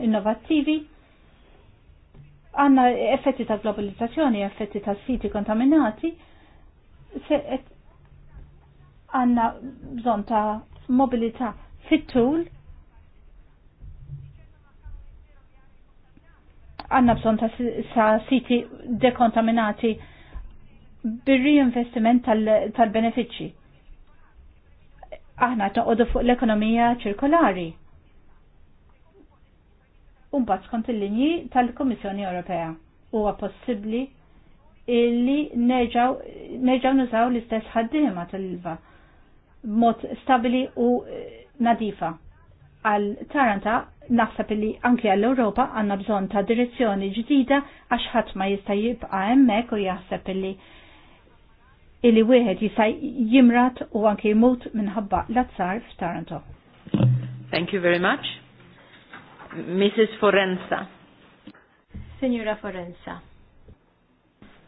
innovativi għanna effetti ta' globalizzazzjoni, effetti ta' siti kontaminati, għanna bżon ta' mobilita fit-tul għanna bżon ta' sa' siti dekontaminati bir-reinvestiment tal-benefiċi. Aħna toqodu fuq l-ekonomija ċirkolari. Umbat skont il-linji tal-Komissjoni Ewropea. Huwa possibbli illi neġaw nużaw l-istess ħaddiema tal-ilva mod stabili u eh, nadifa. Għal Taranta naħseb li anke għall europa għanna bżon ta' direzzjoni ġdida għax ħadd ma jista' jibqa' hemmhekk u jaħseb li illi wieħed jista' jimrat u anke jmut minħabba l-azzar f'Taranto. Thank you very much. Mrs. Forenza. Signora Forenza.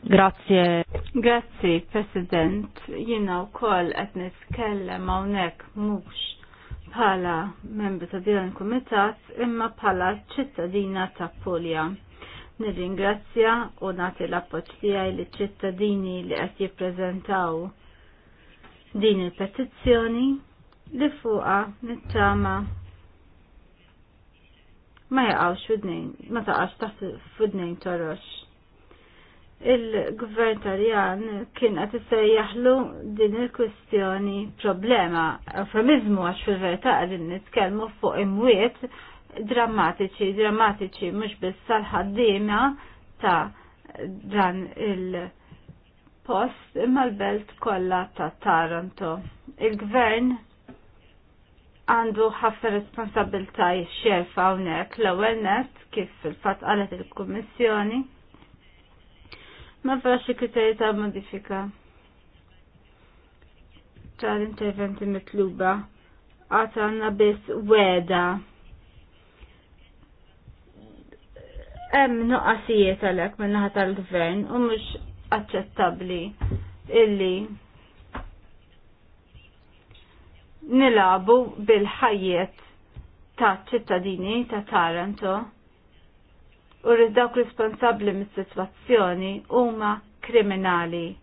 Grazie. Grazie, President. Jina u koll għet nitkellem għonek mux bħala membru ta' din il-Kumitat imma bħala ċittadina ta' Pulja. Nirringrazzja u nagħti l-appoġġ tiegħi li ċittadini li qed jippreżentaw din il-petizzjoni li fuqha nittama ma jaqgħux fidnejn, ma taqax taħt fidnejn torox il-gvern taljan kien qed isejjaħlu din il-kwistjoni problema, eufemizmu għax fil-verità qegħdin nitkellmu fuq imwiet drammatiċi, drammatiċi mhux biss sal-ħaddiema ta' dan il-post imma l-belt kollha ta' Taranto. Il-gvern għandu ħafna responsabilta' xerfa hawnhekk l-ewwel nett kif fil-fatt qalet il-Kummissjoni ma vera xie kriterji ta' modifika tal-interventi mitluba għata għanna bis weda hemm nuqqasijiet għalhekk min-naħa tal-gvern u mhux aċċettabbli illi nilabu bil-ħajjiet ta' ċittadini ta' Taranto u dawk responsabbli mis-sitwazzjoni huma kriminali.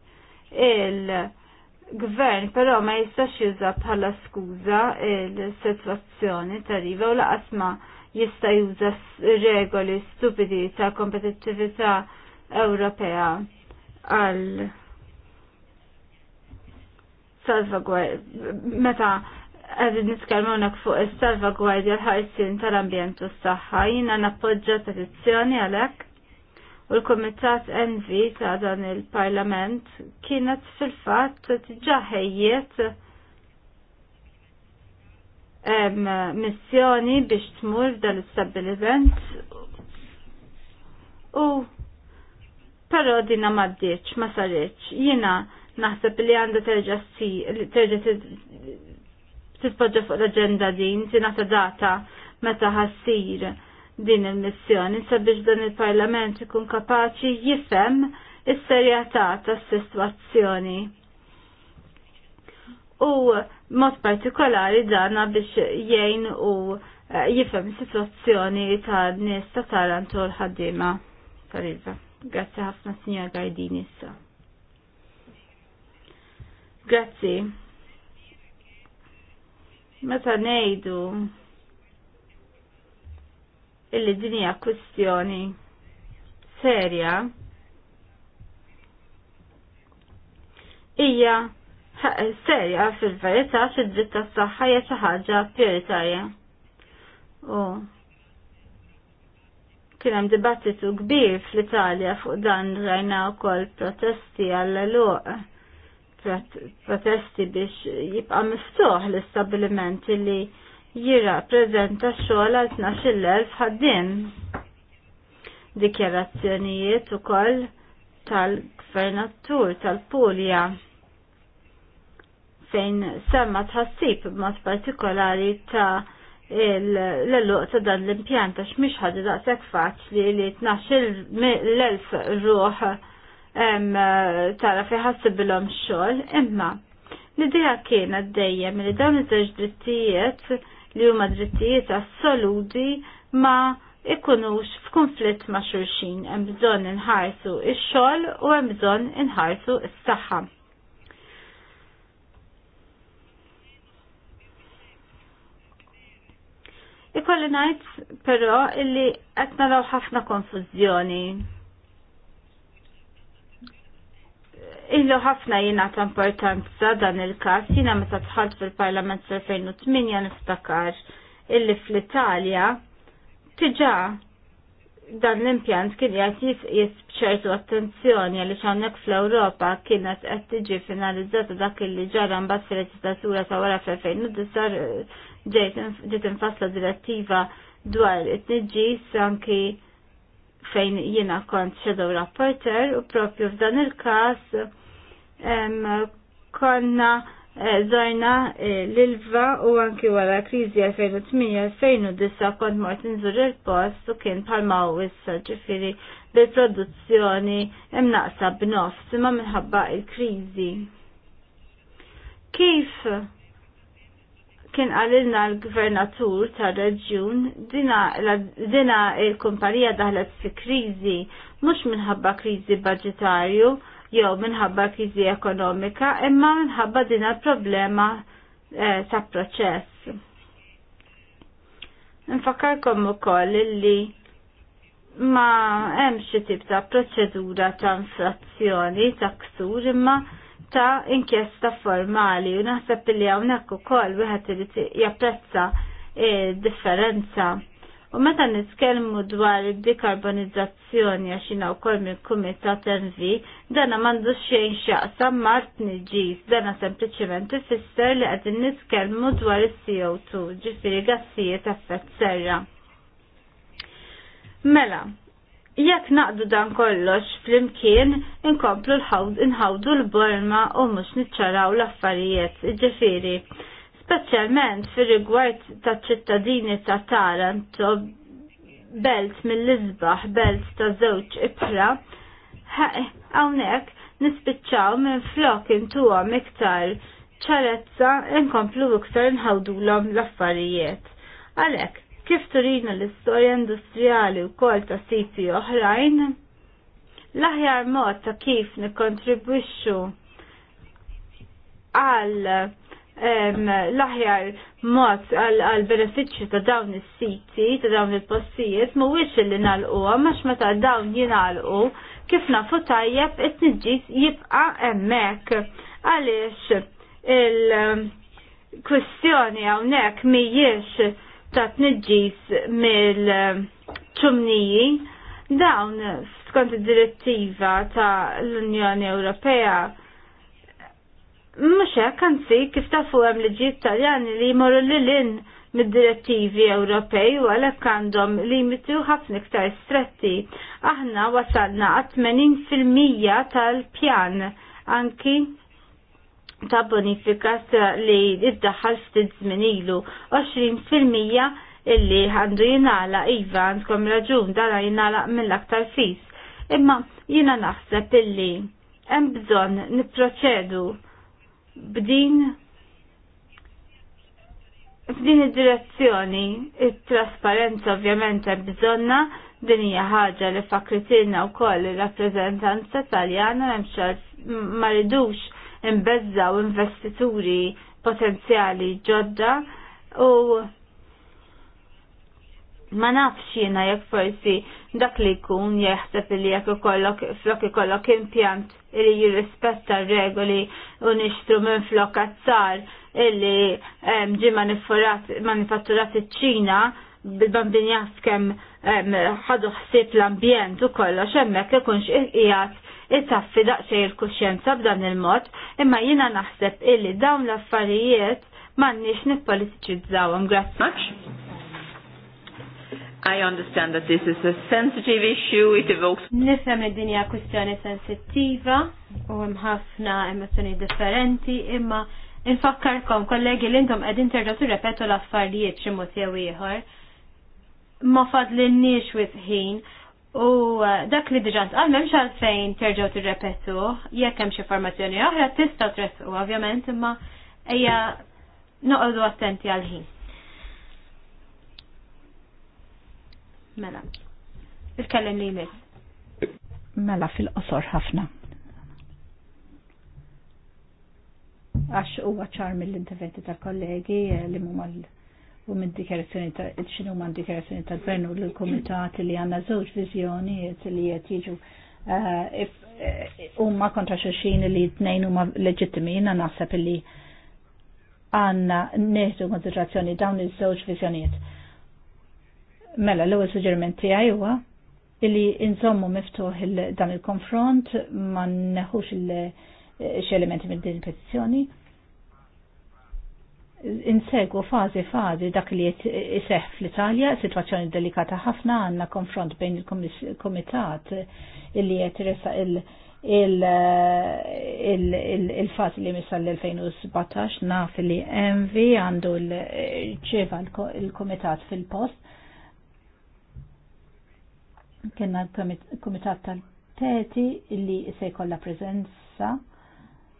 Il-gvern però ma jistax juża bħala skuża il-sitwazzjoni tariva u laqas ma jista' juża regoli stupidi ta' kompetittività Ewropea għal salvagwar meta għadid nitkalmaw fuq il-salvagwardja l-ħarsin tal-ambjent u s-saxħa, jina nappoġġa petizzjoni għalek u l-Komitat Envi ta' dan il-Parlament kienet fil-fat t-ġaħejiet missjoni biex tmur dan l-stabiliment u pero dina maddiċ, ma sarriċ, jina naħseb li għanda terġa titpoġġa fuq l-agenda din, tinata data meta ħassir din il-missjoni sabiex dan il-Parlament ikun kapaċi jifhem is-serjetà tas-sitwazzjoni. U mod partikolari dana biex jgħin u eh, jifhem is-sitwazzjoni ta' nies ta' Taranto l-ħaddiema. Pariza. Grazzi ħafna Signor Gajdini issa. Grazzi. Meta ngħidu illi din hija kwistjoni serja hija serja fil-verità fil-dritta tas-saħħa hija xi ħaġa prioritarja. U kien hemm dibattitu kbir fl-Italja fuq dan rajna wkoll protesti għall luq protesti biex jibqa' mistoħ l-istabbiliment li jira preżenta xogħol għal elf ħaddin. Dikjarazzjonijiet ukoll tal-gvernatur tal-Pulja fejn semma tħassib b'mod partikolari ta' l-luq ta' dan l-impjant xmix mhix da' daqshekk faċli li tnax l-elf ruħ Eh, tara fi ħassibilhom xogħol, imma l-idea kienet dejjem li dawn iż-żewġ drittijiet li huma drittijiet assoluti ma ikunux f'konflitt ma' xulxin hemm bżonn inħarsu ix-xogħol u hemm bżonn inħarsu s-saħħa. Ikolli ngħid però illi qed naraw ħafna konfużjoni Illu ħafna jina ta' importanza dan il-kas, jina meta tħalt fil-parlament fil-2008 niftakar illi fl-Italja tiġa dan l-impjant kien jgħat jisbċertu attenzjoni għalli xannek fl-Europa kienet qed tiġi finalizzata dak li ġara mbagħad fil-leġislatura ta' wara fl-2009 ġejt infasla direttiva dwar it-tniġġis anki fejn jiena kont shadow rapporter u propju f'dan il-każ konna eh, zorna eh, l-ilva u anki wara kriżi 2008-2009 kont mort nżur il-post u kien palma u issa ġifiri bil-produzzjoni imnaqsa b'nofs imma minħabba il-kriżi. Kif kien għalilna l-gvernatur ta' reġjun dina il-kumpanija daħlet fi krizi mux minħabba krizi budgetarju jew minħabba krizi ekonomika imma minħabba dina problema eh, ta' proċess. Nfakarkom ukoll illi ma hemm xi tip ta' proċedura ta' infrazzjoni ta' ksur imma ta' inkjesta formali u naħseb li hawnhekk ukoll wieħed irid japprezza differenza. U meta nitkellmu dwar id-dekarbonizzazzjoni għax jiena wkoll minn kumitat NV, dana m'għandux xejn x'jaqsam mart Niġis, dana sempliċement ifisser li qegħdin nitkellmu dwar is-CO2, ġifieri gassijiet effett serra. Mela, Jekk naqdu dan kollox flimkien inkomplu l-ħawd inħawdu l-borma u mhux niċċaraw l-affarijiet, ġifiri. Speċjalment fir-rigward ta' ċittadini ta' Taranto belt mill-izbaħ, belt ta' żewġ ibra, hawnhekk nispiċċaw minn flok intuhom iktar ċarezza inkomplu iktar inħawdu l-affarijiet. Għalhekk, kif turina l-istorja industrijali u kol ta' siti oħrajn, l-aħjar mod ta' kif nikontribwixxu għal laħjar aħjar mod għal benefiċċju ta' dawn is-siti, ta' dawn il-postijiet, mhuwiex li nagħlquhom għax meta dawn jingħalqu kif nafu tajjeb it-tniġġis jibqa' hemmhekk għaliex il-kwistjoni hawnhekk mhijiex ta' tniġġis mill-ċumniji dawn skont id-direttiva ta' l-Unjoni Ewropea mhux hekk anzi kif tafu hemm liġi Taljani li jmorru lilin mid-direttivi Ewropej u għalhekk għandhom limiti u ħafna iktar stretti. Aħna wasalna għat 80% tal-pjan anki ta' bonifikat li iddaħħal ftit żmien ilu 20% illi għandu jinala iva għandkom raġun dara jinala mill-aktar fis. Imma jina naħseb illi hemm bżonn nipproċedu b'din f'din id-direzzjoni it-trasparenza ovvjament hemm bżonna din hija ħaġa li fakritilna wkoll ir-rappreżentanza Taljana hemm ma rridux imbezzaw investituri potenzjali ġodda u ma nafx jiena jekk forsi dak li jkun jeħseb li jekk ikollok flok ikollok impjant li jirrispetta regoli u nixtru minn flok azzar illi ġi manifatturat iċ-Ċina bil-bambinjas kemm ħadu ħsieb l-ambjent u kollox hemmhekk ikunx qiegħed it-taffi daqsej il-kuxjenza b'dan il-mod, imma jina naħseb illi dawn l-affarijiet mannix nippolitiċizzawhom. Grazzi. I understand that this is a sensitive issue, it evokes... Nifem li dinja kwistjoni sensittiva u imħafna emozjoni differenti, imma infakkarkom kollegi li intom għedin terġatu repetu l-affarijiet ximot jew ieħor. Ma fadlinniex with ħin U eh, dak li diġan tqal m'hemmx għalfejn terġgħu tirrepetu, jekk hemm xi formazzjoni oħra tista' tresqu ovvjament imma ejja noqogħdu attenti għal ħin. Mela. Il-kellem li jmiss. Mela fil-qosor ħafna. Għax huwa ċar mill-interventi tal-kollegi eh, li mumal u minn dikjerazzjoni ta' xinu ma' dikjerazzjoni ta' gvern u l-komitat li għanna zoċ vizjoni li jett jiġu eh, eh, u ma' kontra xaxin li t nejnu ma' leġittimi jina nasab li għanna neħdu konsiderazzjoni dawn iż-żewġ vizjonijiet. Mela, l-ewwel suġġeriment tiegħi huwa illi inżommu miftuħ dan il-konfront ma neħux il-xelementi minn din il-petizzjoni. il il petizzjoni insegwu fazi fazi dak li jiseħ fl-Italja, situazzjoni delikata ħafna għanna konfront bejn il-komitat li jitresa il-fazi li misal l-2017 naf li MV għandu l-ċeva il-komitat fil-post. Kenna l-komitat tal-teti li se jkolla prezenza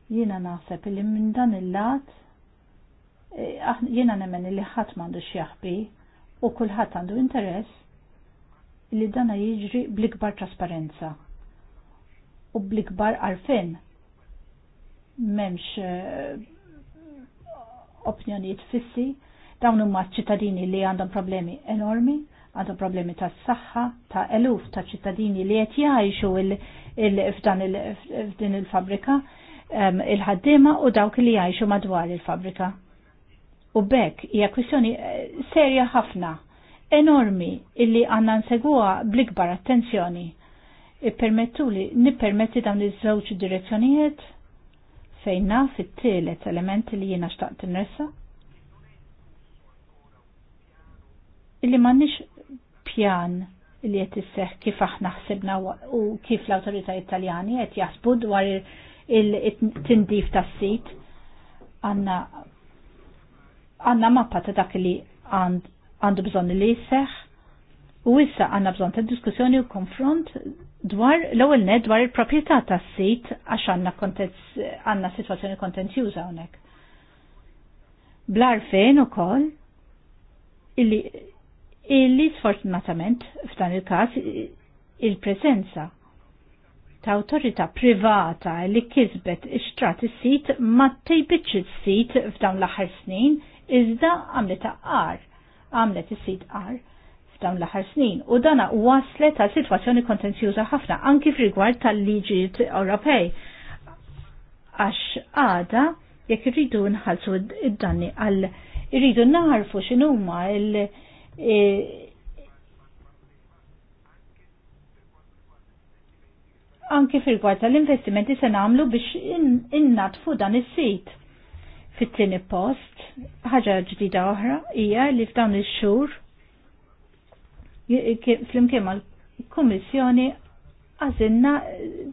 jina naħseb li minn dan il-lat Eh, jiena nemmen li ħadd m'għandux jaħbi u kulħadd għandu interess li dana jiġri bl-ikbar trasparenza u bl-ikbar għarfien m'hemmx eh, opinjonijiet fissi dawn huma ċittadini li għandhom problemi enormi għandhom problemi ta' saħħa ta' eluf ta' ċittadini li qed jgħixu f'dan il-fabrika, ehm, il-ħaddiema u dawk li jgħixu madwar il-fabrika. U bekk hija kwistjoni eh, serja ħafna, enormi, illi għanna nsegwa bl-ikbar attenzjoni. Ippermettu li nippermetti dawn iż-żewġ direzzjonijiet fejn naf it-tielet element li jiena xtaqt nressa. Illi m'għandniex pjan li qed isseħ kif aħna ħsibna u kif l-awtorità Italjani qed jaħsbu dwar il-tindif tas-sit għandna għanna mappa ta' dak li għandu bżon li jisseħ u issa għanna bżon ta' diskussjoni u konfront dwar l-ewwel net dwar il-proprjetà tas-sit għax għandna għanna sitwazzjoni kontenzjuża hawnhekk. Blar fejn ukoll illi illi sfortunatament f'dan il-każ il-preżenza ta' awtorità privata li kisbet ixtrat is-sit ma tejbitx is-sit f'dawn l-aħħar snin iżda għamlet għar, għamlet is-sid għar f'dawn l-aħħar snin u dana waslet għal sitwazzjoni kontenzjuża ħafna anki f'rigward tal-liġijiet Ewropej. Għax għada jekk irridu nħallsu id-danni għal irridu naħarfu x'inhuma il- e, anki fil gwarta tal-investimenti se namlu biex innatfu dan is-sit fit-tieni post, ħaġa ġdida oħra hija li f'dawn ix-xhur flimkien mal-Kummissjoni għażilna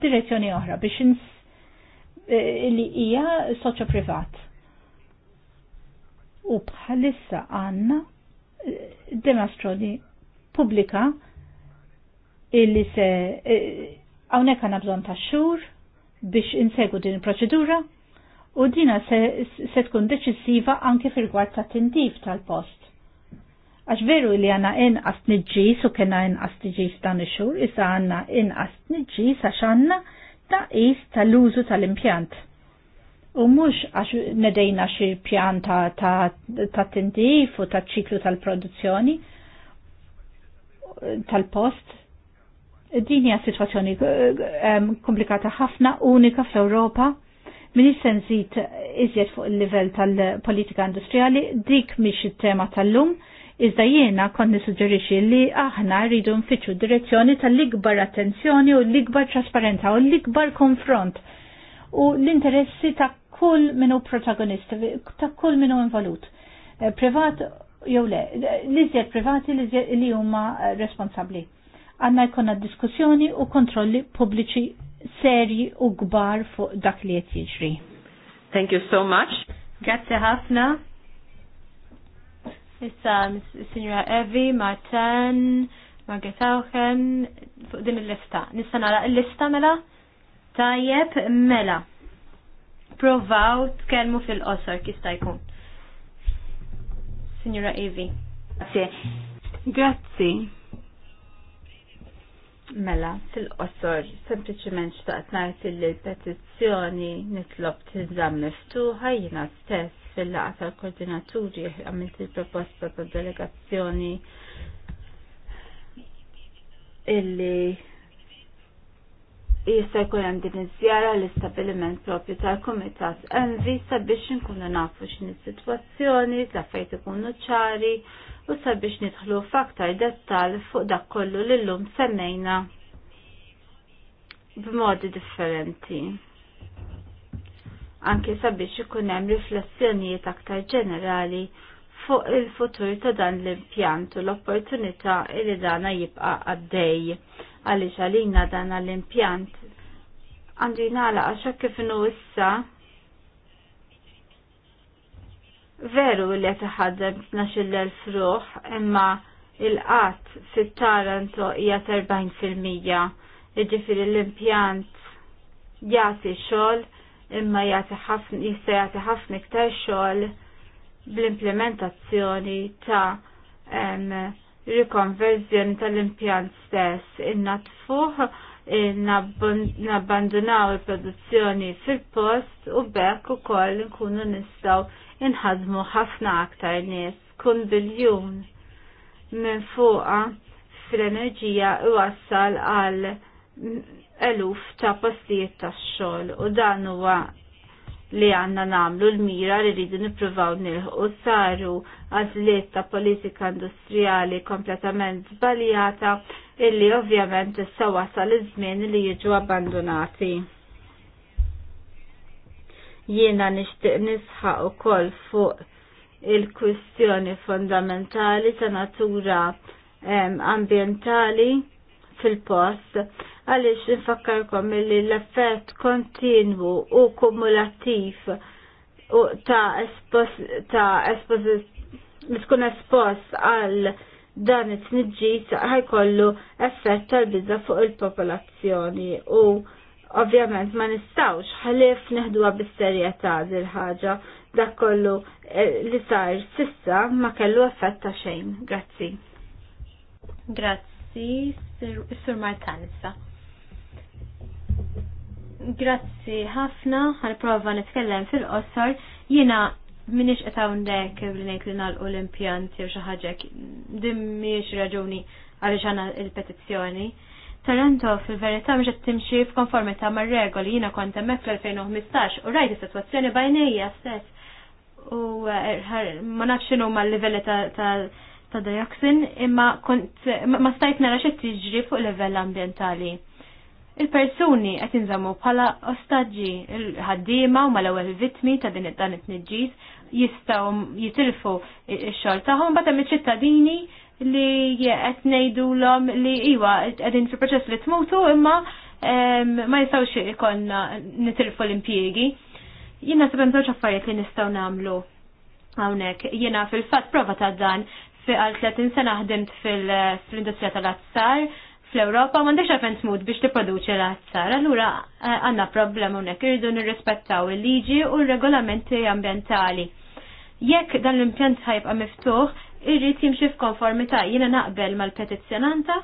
direzzjoni oħra biex ins e, li hija soċja privat. U bħalissa għandna e, demastroni pubblika illi se e, hawnhekk għandna bżonn ta' xhur biex insegu din il-proċedura u dina se, se tkun deċissiva anke fil-gwart ta' tindif tal-post. Għax veru li għana inqas nġis u kena inqas nġis dan ix-xhur, issa għanna inqas nġis għax għanna taqis tal-użu tal-impjant. U mux għax nedejna xi pjan ta', ta, ta tindif u ta' ċiklu tal-produzzjoni tal-post. Din hija sitwazzjoni eh, komplikata ħafna, unika fl-Ewropa Minix se nżid iżjed fuq il-livell tal-politika industrijali, dik miex it-tema tal-lum, iżda jiena konni nisuġġerixi li aħna rridu nfittxu direzzjoni tal-ikbar attenzjoni u l-ikbar trasparenza u l-ikbar konfront u l-interessi ta' kull minu protagonist, ta' kull minu involut. Eh, privat jew le, l-iżjed privati li huma responsabbli. Għanna jkollna diskussjoni u kontrolli pubbliċi seri u gbar fuq dak li qed jiġri. Thank you so much. Grazzi ħafna. Issa Signora Evi, Martin, Margaret Auchen, fuq din il-lista. Nista nara il-lista mela? Tajjeb mela. Provaw tkellmu fil-qosor kista jkun. Signora Evi. Grazie. Grazie. Mela, fil-qosor, sempliciment xtaqt narti li l-petizzjoni nitlob tinżam miftuħa jina stess fil-laqa tal-koordinaturi għamilt il-proposta ta' delegazzjoni illi jista' jkun hemm din iż-żjara l-istabiliment propju tal-Kumitat Envi sabiex inkunu nafu x'in is-sitwazzjoni, l-affarijiet ikunu ċari u sabiex nidħlu f'aktar dettal fuq dak kollu li llum semmejna b'modi differenti. Anke sabiex ikun hemm riflessjonijiet aktar ġenerali fuq il-futur ta' dan l-impjant u l-opportunità li dana jibqa' għaddej għaliex għalina dan l-impjant għandu jingħalaq għax kif issa veru li qed iħaddem 12,000 ruħ, imma il-qatt fit-Taranto hija 40%. Jiġifieri l-impjant jagħti xogħol imma jagħti ħafna jista' jagħti ħafna iktar xogħol bl-implementazzjoni ta' rikonverżjoni tal-impjant stess tfuh, nabbandunaw il-produzzjoni fil-post u bekk u koll nkunu nistaw inħadmu ħafna aktar nies kun biljun minn fuqa fl-enerġija iwassal għal eluf ta' postijiet ta' xogħol u dan huwa li għanna namlu l-mira li rridu nipruvaw nilħu saru għażliet ta' politika industrijali kompletament zbaljata illi ovvjament issa wasal iż-żmien li jiġu abbandonati. Jiena nixtieq nisħaq ukoll fuq il-kwistjoni fondamentali ta' natura ambientali fil-post għaliex nfakkarkom li l-effett kontinwu u kumulattiv u ta' espos ta' espos miskun espos għal dan it-tniġġis ħajkollu effett tal-biża fuq il-popolazzjoni u Ovvjament ma nistawx ħalif neħduha bis-serjetà dil ħaġa dak kollu eh, li sar sissa ma kellu effett ta' xejn. Grazzi. Grazzi, Sur Martan issa. Grazzi ħafna, prova nitkellem fil-qosor. Jiena minix qed hawnhekk li ngħid li nagħlqu l-impjanti jew xi ħaġa din mhijiex raġuni għaliex għandna il petizzjoni Toronto fil-verità mhux qed timxi f'konformità mar-regoli jiena kont hemmhekk fl-2015 u rajt is-sitwazzjoni stess. U eh, ma nafxinu ma' l livelli ta' dioxin imma kont ma stajt nara xi tiġri fuq livell ambjentali. Il-persuni qed inżammu bħala ostaġġi il-ħaddiema u mal-ewwel vittmi ta' din dan it-tniġġis jistgħu jitilfu x-xogħol tagħhom bagħad hemm ċittadini li qed ngħidulhom li iwa qegħdin fil-proċess li tmutu imma ma jistgħux ikonna nitilfu l-impjiegi. Jiena sebem żewġ affarijiet li nistgħu nagħmlu hawnhekk. Jiena fil-fatt prova ta' dan fi għal 30 sena ħdimt fil-industrija tal-azzar fl-Europa għafen t tmut biex t-produċi l-azzar. Allura eh, għandna problem hawnhekk irridu nirrispettaw il-liġi u r-regolamenti ambjentali. Jekk dan l-impjant ħajbqa' miftuħ, irrid jimxi f'konformità jiena naqbel mal-petizzjonanta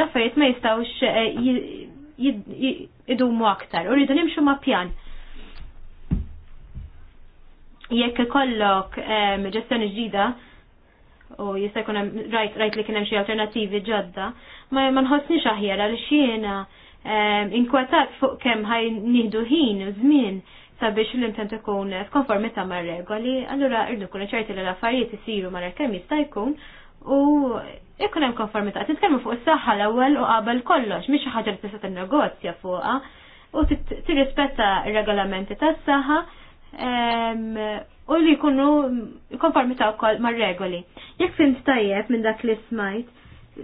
raffariet eh, ma jistawx eh, idumu aktar u rridu nimxu ma' pjan. Jekk ikollok eh, ġestjoni ġdida u jista' jkun hemm rajt li kien hemm xi alternattivi ġodda, ma nħossniex aħjar għal xiena inkwetat fuq kemm ħaj nieħdu ħin u żmien sabiex l intent ikun f'konformità mar regoli, allura irdu kuna ċerti li l-affarijiet isiru mara kemm jista' jkun u ikun hemm konformità. Titkellmu fuq is-saħħa l-ewwel u qabel kollox, mhix xi ħaġa li tista' tinnegozja fuqha u tirrispetta r-regolamenti tas-saħħa u li jkunu konformità wkoll mar-regoli. Jekk fint tajjeb minn dak li smajt,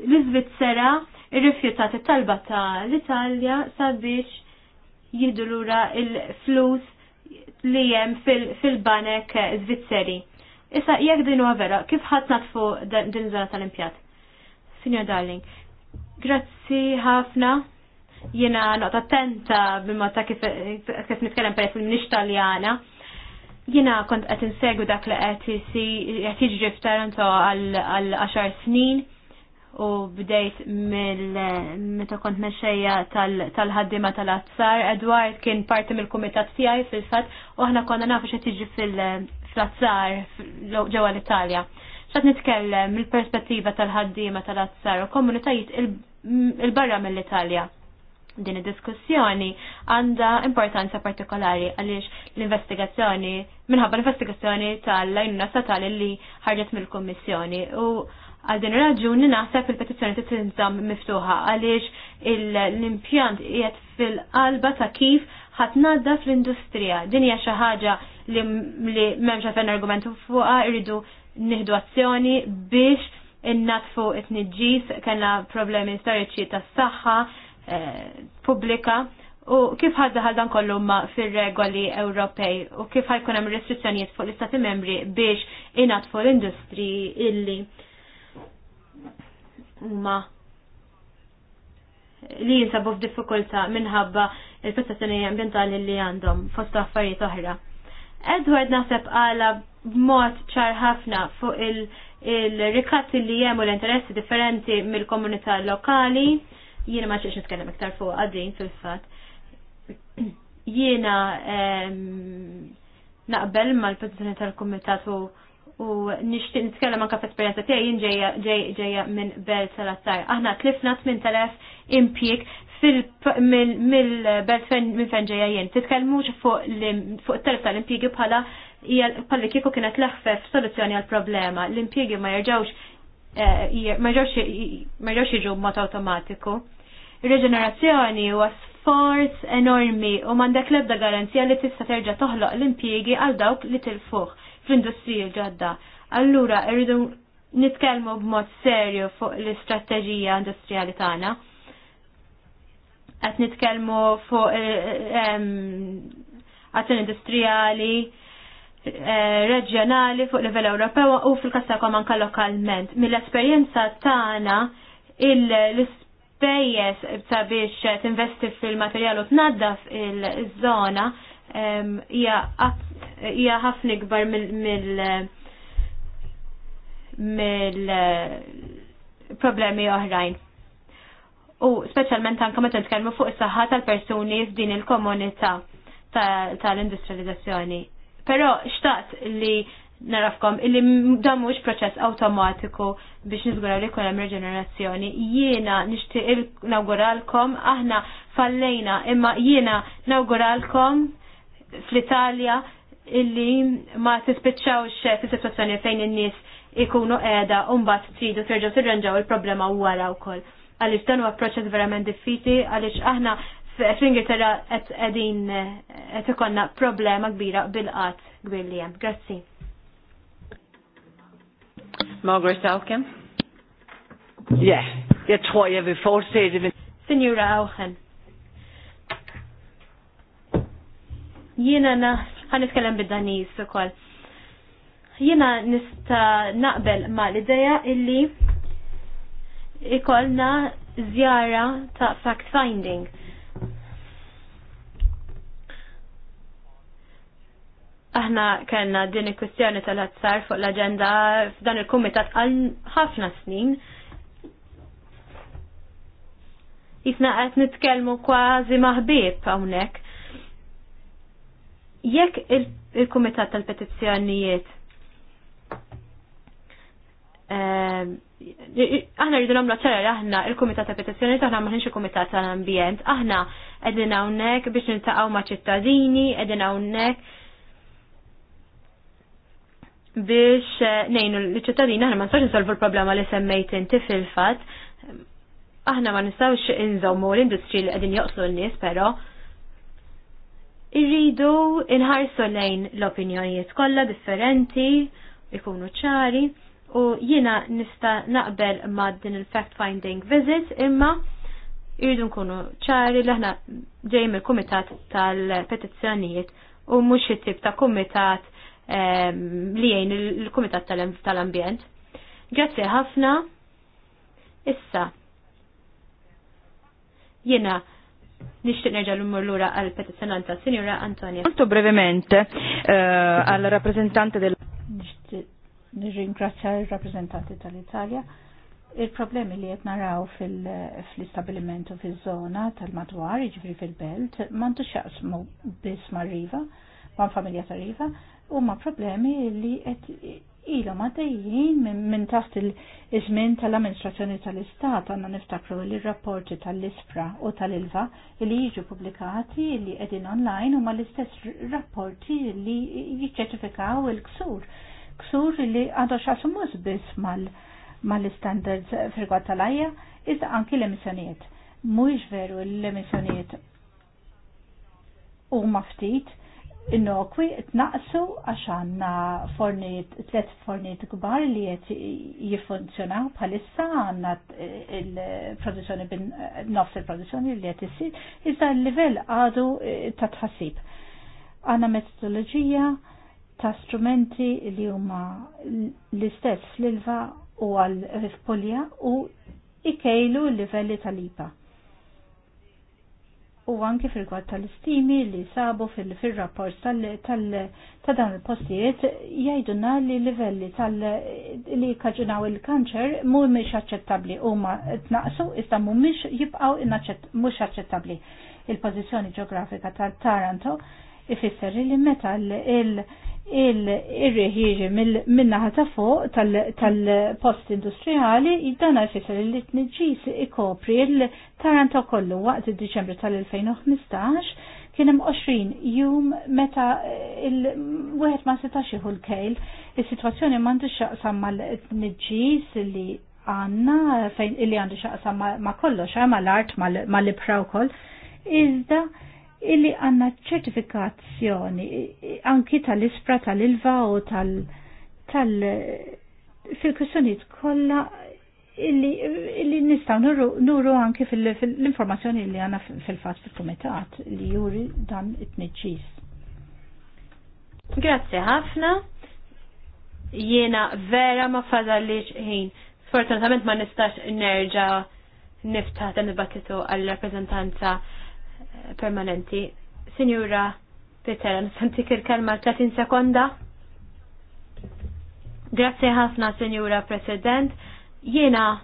l-Iżvizzera rrifjutat it-talba ta' l-Italja sabiex jidulura lura il-flus li jem fil-banek eh, Zvizzeri. Issa, jekk din huwa vera, kif ħadd natfu din żona tal-impjat? Signor Darling, grazzi ħafna. Jiena nota attenta bimma ta' kif kif nitkellem per fil minix Taljana. Jiena kont qed insegwu dak li qed qed jiġri f'Taranto għal 10 snin u bdejt mill meta kont mexxejja tal-ħaddima tal azzar Edward kien parti mill-kumitat tiegħi fil-fatt u aħna konna nafu xi tiġi fil-azzar ġewwa l-Italja. X'qed nitkellem mill-perspettiva tal-ħaddima tal-azzar u komunitajiet il-barra mill-Italja din id-diskussjoni għandha importanza partikolari għaliex l-investigazzjoni minħabba l-investigazzjoni tal-lajnuna statali li ħarġet mill-Kummissjoni u Għal din raġuni naħseb il-petizzjoni titinżam miftuħa għaliex l-impjant qiegħed fil-qalba ta' kif ħatnadda fl-industrija. Din hija xi ħaġa li m'hemmx fenn argumentu fuqha rridu nieħdu azzjoni biex innatfu it-nġis kellna problemi storiċi tas-saħħa eh, pubblika u kif ħadda ħaldan kollu ma fir-regoli Ewropej u kif ħajkun hemm restrizzjonijiet fuq l-Istati membri biex inatfu l-industri illi huma li jinsabu f'diffikultà minħabba il-prestazzjoni ambientali li għandhom fost affarijiet oħra. Edward naħseb għala b'mod ċar ħafna fuq il-rikatti il li jemu l-interessi differenti mill-komunità lokali, jiena ma xiex nitkellem iktar fuq għadin fil-fat. Jiena ehm, naqbel mal-pozizjoni tal-Kumitatu u nixtieq nitkellem anke f'esperjenza tiegħi ġejja minn Belt tal-Azzar. Aħna tlifna 8000 impjieg mill-belt minn fejn ġejja jien. Titkellmux fuq it-telf tal-impjiegi bħala bħalli kieku kienet leħfef soluzzjoni għal problema. L-impjiegi ma jerġgħux eh, ma jerġgħux jiġu mod awtomatiku. Reġenerazzjoni huwa sforz enormi u m'għandek l-ebda garanzija li tista' terġa' toħloq l-impjiegi għal dawk li tilfuh fl-industrija ġodda. Allura, rridu nitkellmu b'mod serju fuq l-istrateġija industrijali tagħna. Qed nitkellmu fuq eh, azzjoni industrijali, eh, reġjonali fuq livell Ewropew u fil-kastakom anka lokalment. Mill-esperjenza tagħna l-ispejjeż sabiex tinvesti fil-materjal u tnaddaf il-żona hija ħafna ikbar mill mill problemi oħrajn. U speċjalment anke meta nitkellmu fuq is-saħħa tal-persuni f'din il-komunità tal-industrializzazzjoni. Però xtaqt li narafkom illi dan mhux proċess awtomatiku biex niżguraw li jkun hemm reġenerazzjoni. Jiena nixtieq nawguralkom aħna fallejna imma jiena nawguralkom fl-Italja illi ma tispiċċawx fi situazzjoni fejn in-nies ikunu qiegħda u mbagħad tridu terġgħu tirranġaw il-problema wara wkoll. Għaliex dan huwa proċess verament diffiċli għaliex aħna fl qed qegħdin qed ikonna problema kbira bil-qatt kbir li hemm. Grazzi. Margaret Alkem? Yeah, jag tror jag vill fortsätta. Signora Auken. Jiena ħan nitkellem bid-Danis ukoll. Jiena nista' naqbel ma' l-idea illi ikolna żjara ta' fact finding. aħna kellna din il-kwistjoni tal-azzar fuq l-agenda f'dan il-kumitat għal ħafna snin. Jisna qed nitkellmu kważi maħbib hawnhekk jekk ehm, il-Kumitat tal-Petizzjonijiet aħna rridu nagħmlu ċara aħna il-Kumitat ta' Petizzjonijiet aħna maħniex il-Kumitat tal-Ambjent, aħna qegħdin hawnhekk biex niltaqgħu ma' ċittadini, qegħdin hawnhekk biex eh, nejnu li ċittadini aħna ma nistax insolvu l-problema li semmejt inti fil-fatt. Aħna ma nistgħux inżommu l-industri li qegħdin joqtlu n-nies però irridu inħarsu lejn l-opinjonijiet kollha differenti, ikunu ċari, u jiena nista naqbel ma' din il-fact-finding visit imma irridu nkunu ċari li aħna ġejjin mill-kumitat tal-petizzjonijiet u mhux it-tip ta' kumitat ehm, li jgħin il-kumitat tal-ambjent. Grazzi ħafna. Issa. Jiena Nixtieq nerġa' l-umur l-ura għal petizjonanta Sinjura Antonia. Molto brevemente għal eh, rappresentante del Nirringrazzja il-rappreżentanti tal-Italja. Il-problemi li qed naraw fil-istabilimentu fiż-żona tal-madwar, jiġifieri fil-belt, m'għandu x'jaqsmu biss mar-riva, ma' familja ta' riva, huma problemi li qed ilhom għaddejjin minn taħt il-żmien tal-amministrazzjoni tal-Istat għanna niftakru li rapporti tal-ISPRA u tal-ILVA li jiġu pubblikati li qegħdin online huma l-istess rapporti li jiċċertifikaw il-ksur. Ksur li għadu xasu biss mal-standards firgwa tal-ajja iżda anki l-emissjonijiet. Mhuwiex veru l-emissjonijiet u maftit innokwi tnaqsu għax għaxan fornit, tlet fornit kbar li jett jifunzjonaw bħalissa għanna il-produzzjoni bin nofs il-produzzjoni li jett jissir, iżda l-level għadu e, ta' tħassib. Għanna metodologija ta' strumenti li huma l-istess l ilva u għal rifpolja u ikejlu l-livelli tal-IPA u anki fil-kwad tal-istimi li sabu fil-rapport ta' dan il-postijiet jajduna li livelli tal-li kaġunaw il-kanċer mhumiex aċċettabbli huma tnaqsu iżda mhumiex jibqgħu mhux aċċettabbli. Il-pożizzjoni ġeografika tal-Taranto ifisser li meta il- il-irriħ jiġi minnaħa ta' fuq tal-post industrijali, id-dana jfisser li t-nġis ikopri il-taranta kollu waqt id-Diċembru tal-2015 kien hemm 20 jum meta il-wieħed ma setax iħu l-kejl, is-sitwazzjoni m'għandix xaqsam mal-tniġġis li għandna fejn li għandu xaqsam ma kollox, eh, ma l-art, ma l-ibra wkoll. Iżda illi għanna ċertifikazzjoni anki tal-ispra tal-ilva u tal- tal fil-kwistjoniet kollha illi, illi nistaw nuru, nuru anki fil-informazzjoni fil li għanna fil-fat fil-komitat li juri dan it neċis Grazie ħafna. Jiena vera ma fadalliċ ħin. Sfortunatament ma nistax nerġa' niftaħ dan il-battitu għall-rappreżentanza permanenti. Sinjura Peter, nisantik il-kelma 30 sekonda. Grazie ħafna, Signora President. Jiena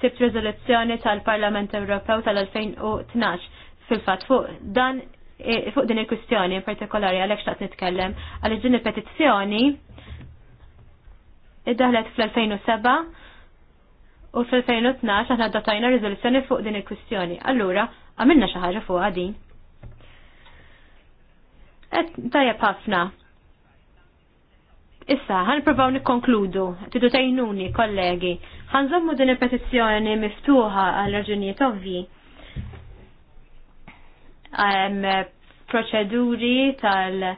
sibt rezoluzzjoni tal-Parlament Ewropew tal-2012 fil-fat fuq dan eh, fuq din il-kwistjoni partikolari għalhekk xtaqt nitkellem għaliex din il-petizzjoni iddaħlet fl-2007 u fil-2012 aħna datajna riżoluzzjoni fuq din il-kwistjoni. Allura, għamilna xi ħaġa fuq din. Et tajjeb ħafna. Issa, ħanipprovaw nikkonkludu, tidu tajnuni, kollegi, ħanżommu din il-petizzjoni miftuħa għal raġunijiet Għem Proċeduri tal-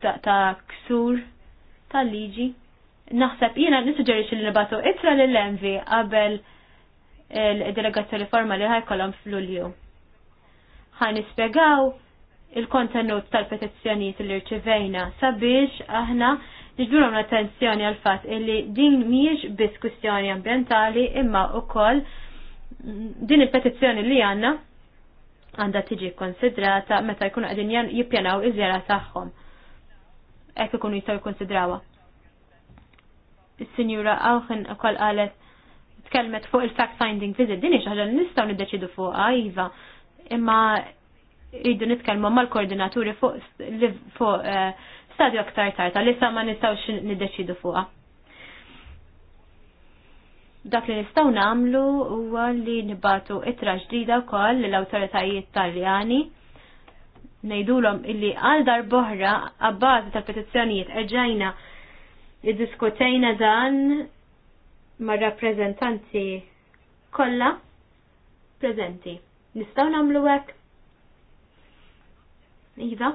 ta' ksur tal-liġi naħseb jiena nissuġġerixi li nibatu itra lill envi qabel il-delegazzjoni formali ħajkolhom f'Lulju. Ħan nispjegaw il-kontenut tal-petizzjonijiet li rċivejna sabiex aħna niġbulhom l-attenzjoni għal fatt illi din mhijiex diskussjoni ambientali ambjentali imma wkoll din il-petizzjoni li għandna għandha tiġi konsidrata meta jkun għadin jippjanaw iż-żjara tagħhom. Hekk ikunu jistgħu jikkonsidrawha il-Sinjura Awken u kol għalet tkellmet fuq il-fact-finding visit, dini xaħġa li nistaw niddeċidu fuqa, Iva, imma iddu nitkellmu mal-koordinaturi fuq eh, stadju aktar tarta, li sa ma nistawx niddeċidu fuqa. Dak li nistaw namlu huwa li nibatu itra ġdida wkoll l-awtoritajiet taljani ngħidulhom illi għal dar boħra għabbażi tal-petizzjonijiet eġajna Iddiskutejna dan mar rappreżentanti kollha preżenti. Nistgħu nagħmlu hekk? Iva?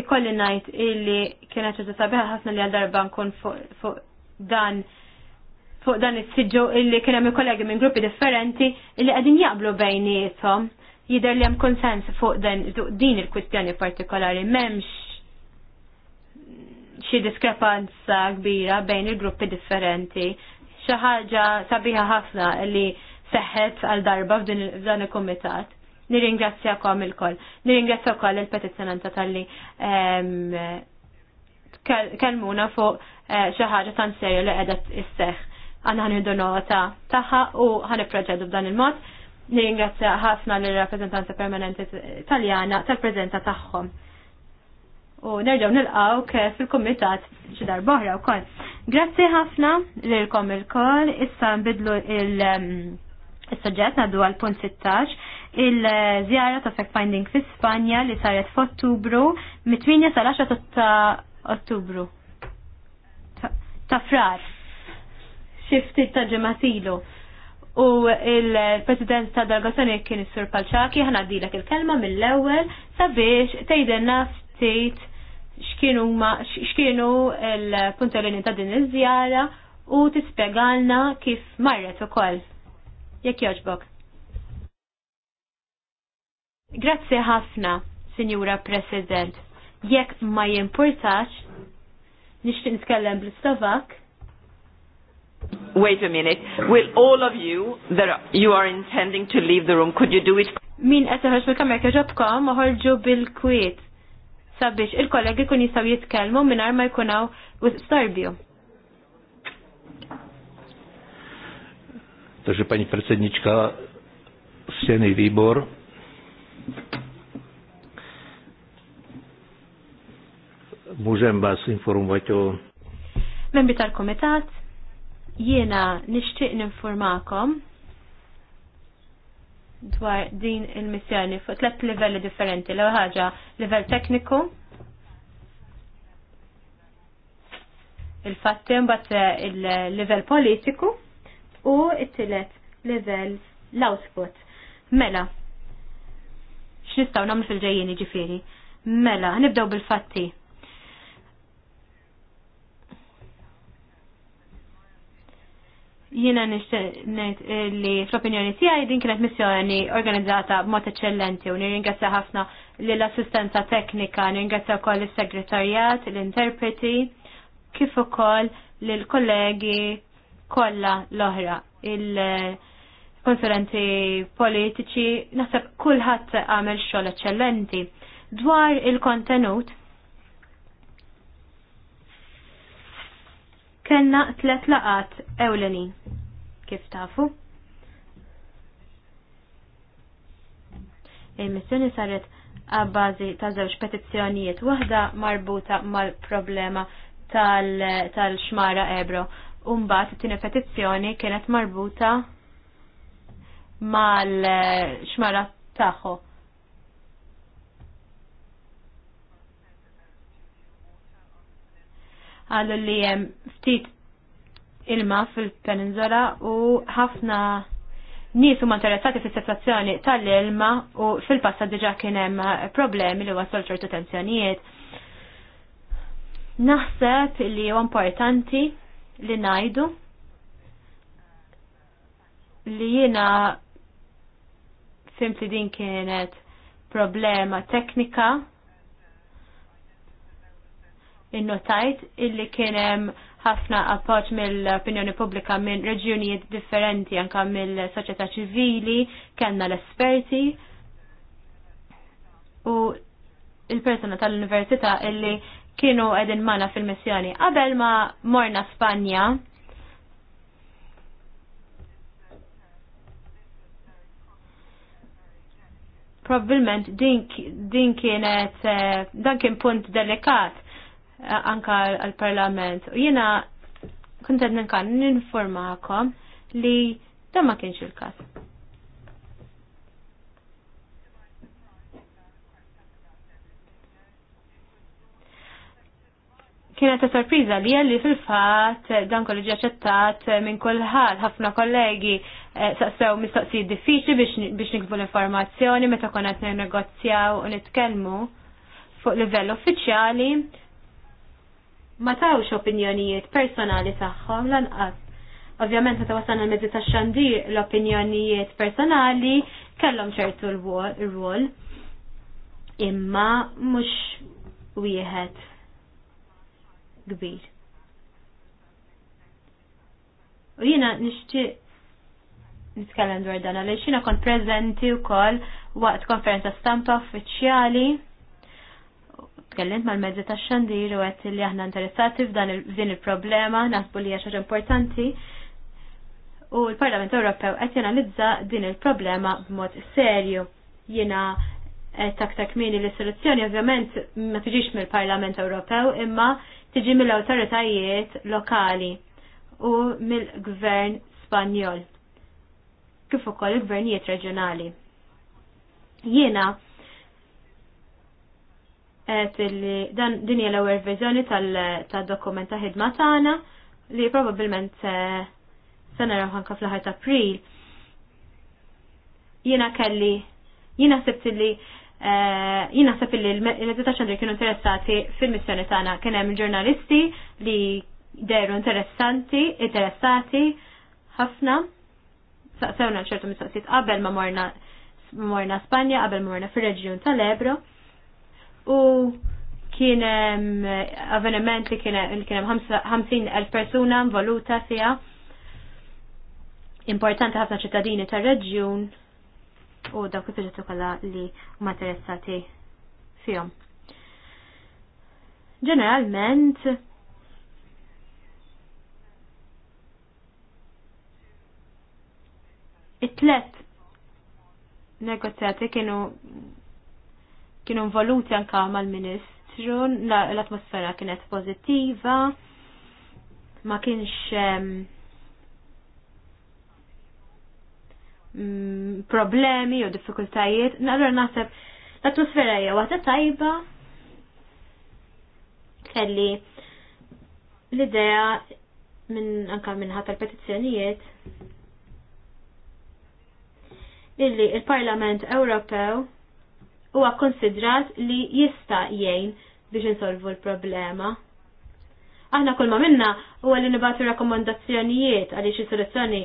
Ikolli ngħid illi kienet ċeċa sabiħa ħafna li għal darba nkun fuq dan fuq dan is-siġġu illi kien hemm kollegi minn gruppi differenti illi qegħdin jaqblu bejniethom jidher li hemm konsens fuq din il-kwistjoni partikolari m'hemmx xi diskrepanza kbira bejn il-gruppi differenti. Xi ħaġa sabiħa ħafna li seħħet għal darba f'dan il-kumitat. Nirringrazzjakom il-koll. Nirringrazzja wkoll il-petizzjonanta tal-li ehm, kelmuna fuq eh, xi ħaġa tan serju li qiegħda isseħħ. Għandna ħanidu nota tagħha u ħaniproġedu b'dan il-mod. Nirringrazzja ħafna l-rappreżentanza permanenti Taljana tal prezenta tagħhom u nerġaw nilqaw fil-komitat xi darbohra wkoll. Grazzi ħafna lilkom il-koll, issa nbidlu um, il-soġġett naddu għal punt 16 il-żjara ta' fact finding fi Spanja li saret f'Ottubru mit-8 sal-10 ta' Ottubru. Ta' frar. Xifti ta' ġematilu. U il-president ta' delegazzjoni kien is-Sur Palċaki ħana dilek il-kelma mill-ewwel sabiex tgħidilna tgħid x'kienu x'kienu l puntolini ta' din iż-żjara u tispjegalna kif marret ukoll. Jekk jogħġbok. Grazzi ħafna, Sinjura President. Jekk ma jimpurtax, nixtieq nitkellem bl-Slovak. Wait a minute. Will all of you that you are intending to leave the room, could you do it? Min qed iħorġ bil-kamra ġobkom, oħorġu bil-kwiet sabiex il-kollegi kun jistaw jitkelmu minar ma jkunaw starbju. Także pani predsedniczka, Sieny Wibor. Mużem bas informat o. Membri tal-komitat, jiena nixtieq ninformakom dwar din il-missjoni fuq tlet livelli differenti. l ħaġa livell tekniku, il-fatti mbagħad eh, il-livell politiku u t tielet livell l-output. Mela, x'nistgħu nagħmlu fil-ġejjien jiġifieri? Mela, nibdew bil-fatti. Jiena nixtennet eh, li fl-opinjoni tiegħi din kienet missjoni organizzata b'mod eċċellenti u nirringrazzja ħafna lill assistenza teknika, nirringrazzja wkoll is-segretarjat, l-interpreti, kif ukoll lill kollegi kollha l-oħra, il-konsulenti politiċi, naħseb kulħadd għamel xogħol eċċellenti. Dwar il-kontenut, kellna tlet laqat ewlenin. Kif tafu? Il-missjoni saret għabbażi ta' żewġ petizzjonijiet, waħda marbuta mal-problema tal-xmara tal ebro. Umbat, it-tini petizzjoni kienet marbuta mal-xmara taħħu. għallu li jem ftit ilma fil-peninzola u ħafna nies huma interessati fis-sitwazzjoni tal-ilma u fil-passat diġa' kien hemm problemi li għasol ċertu tensjonijiet. Naħseb li huwa importanti li ngħidu li jiena fimt din kienet problema teknika innotajt illi kienem ħafna appoġġ mill-opinjoni pubblika minn reġjunijiet differenti anka mill-soċjetà ċivili, kellna l-esperti u il-persona tal-università illi kienu edin mana fil-missjoni. Qabel ma morna Spanja, probabilment din, din kienet, eh, dan kien punt delikat anka għal-parlament. U jena kuntet ninkan ninformakom li da ma kienx il-kas. Kienet ta' sorpriza li għalli fil-fat dan kollu ġaċettat minn kullħat, ħafna kollegi eh, saqsew mistoqsijiet diffiċli biex nikbu l-informazzjoni meta konet negozjaw u nitkellmu fuq livell uffiċjali ma tawx opinjonijiet personali tagħhom lanqas. Ovvjament meta wasalna l-mezzi tax-xandir l-opinjonijiet personali kellhom ċertu l-rwol. Imma mhux wieħed kbir. U jiena nixtieq nitkellem dwar dan għaliex jiena kont preżenti wkoll waqt konferenza stampa uffiċjali tkellimt mal-mezzi ta' xandir u għet li aħna interessati f'dan il-problema, nasbu li ħaġa importanti. U l-Parlament Ewropew qed jenalizza din il-problema b'mod serju. Jiena tak tak mini li soluzzjoni ovvjament ma tiġix mill-Parlament Ewropew imma tiġi mill-awtoritajiet lokali u mill-Gvern Spanjol kif ukoll il-gvernijiet reġjonali. Jiena għet li dan dinja l-ewel verżjoni tal-dokument ta' ħidma tagħna li probabbilment eh, se naraw ħanka fl-ħar ta' April. Jiena kelli jiena sibt li eh, jiena sepp li l-Medita ċandri kienu interessati fil-missjoni tagħna kien hemm il-ġurnalisti li deru interessanti, interessati ħafna. Saqsewna ċertu mistoqsijiet qabel ma morna morna Spanja, qabel ma morna fir-reġjun tal-Ebro u kien eh, avveniment li kien kien 50,000 persuna involuta fiha. Importanti ħafna ċittadini tar-reġjun u dawk il-proġetti kollha li huma interessati fihom. Ġeneralment it-tlet negozjati kienu kienu involuti anka mal-ministru, l-atmosfera kienet pozittiva, ma kienx mm, problemi u diffikultajiet. Naqra naħseb l-atmosfera hija waqt tajba, kelli l-idea minn anka minn ħata l-petizzjonijiet illi il-Parlament Ewropew huwa konsidrat li jista' jgħin biex insolvu l-problema. Aħna kull ma minna huwa li nibatu rakkomandazzjonijiet għaliex is-soluzzjoni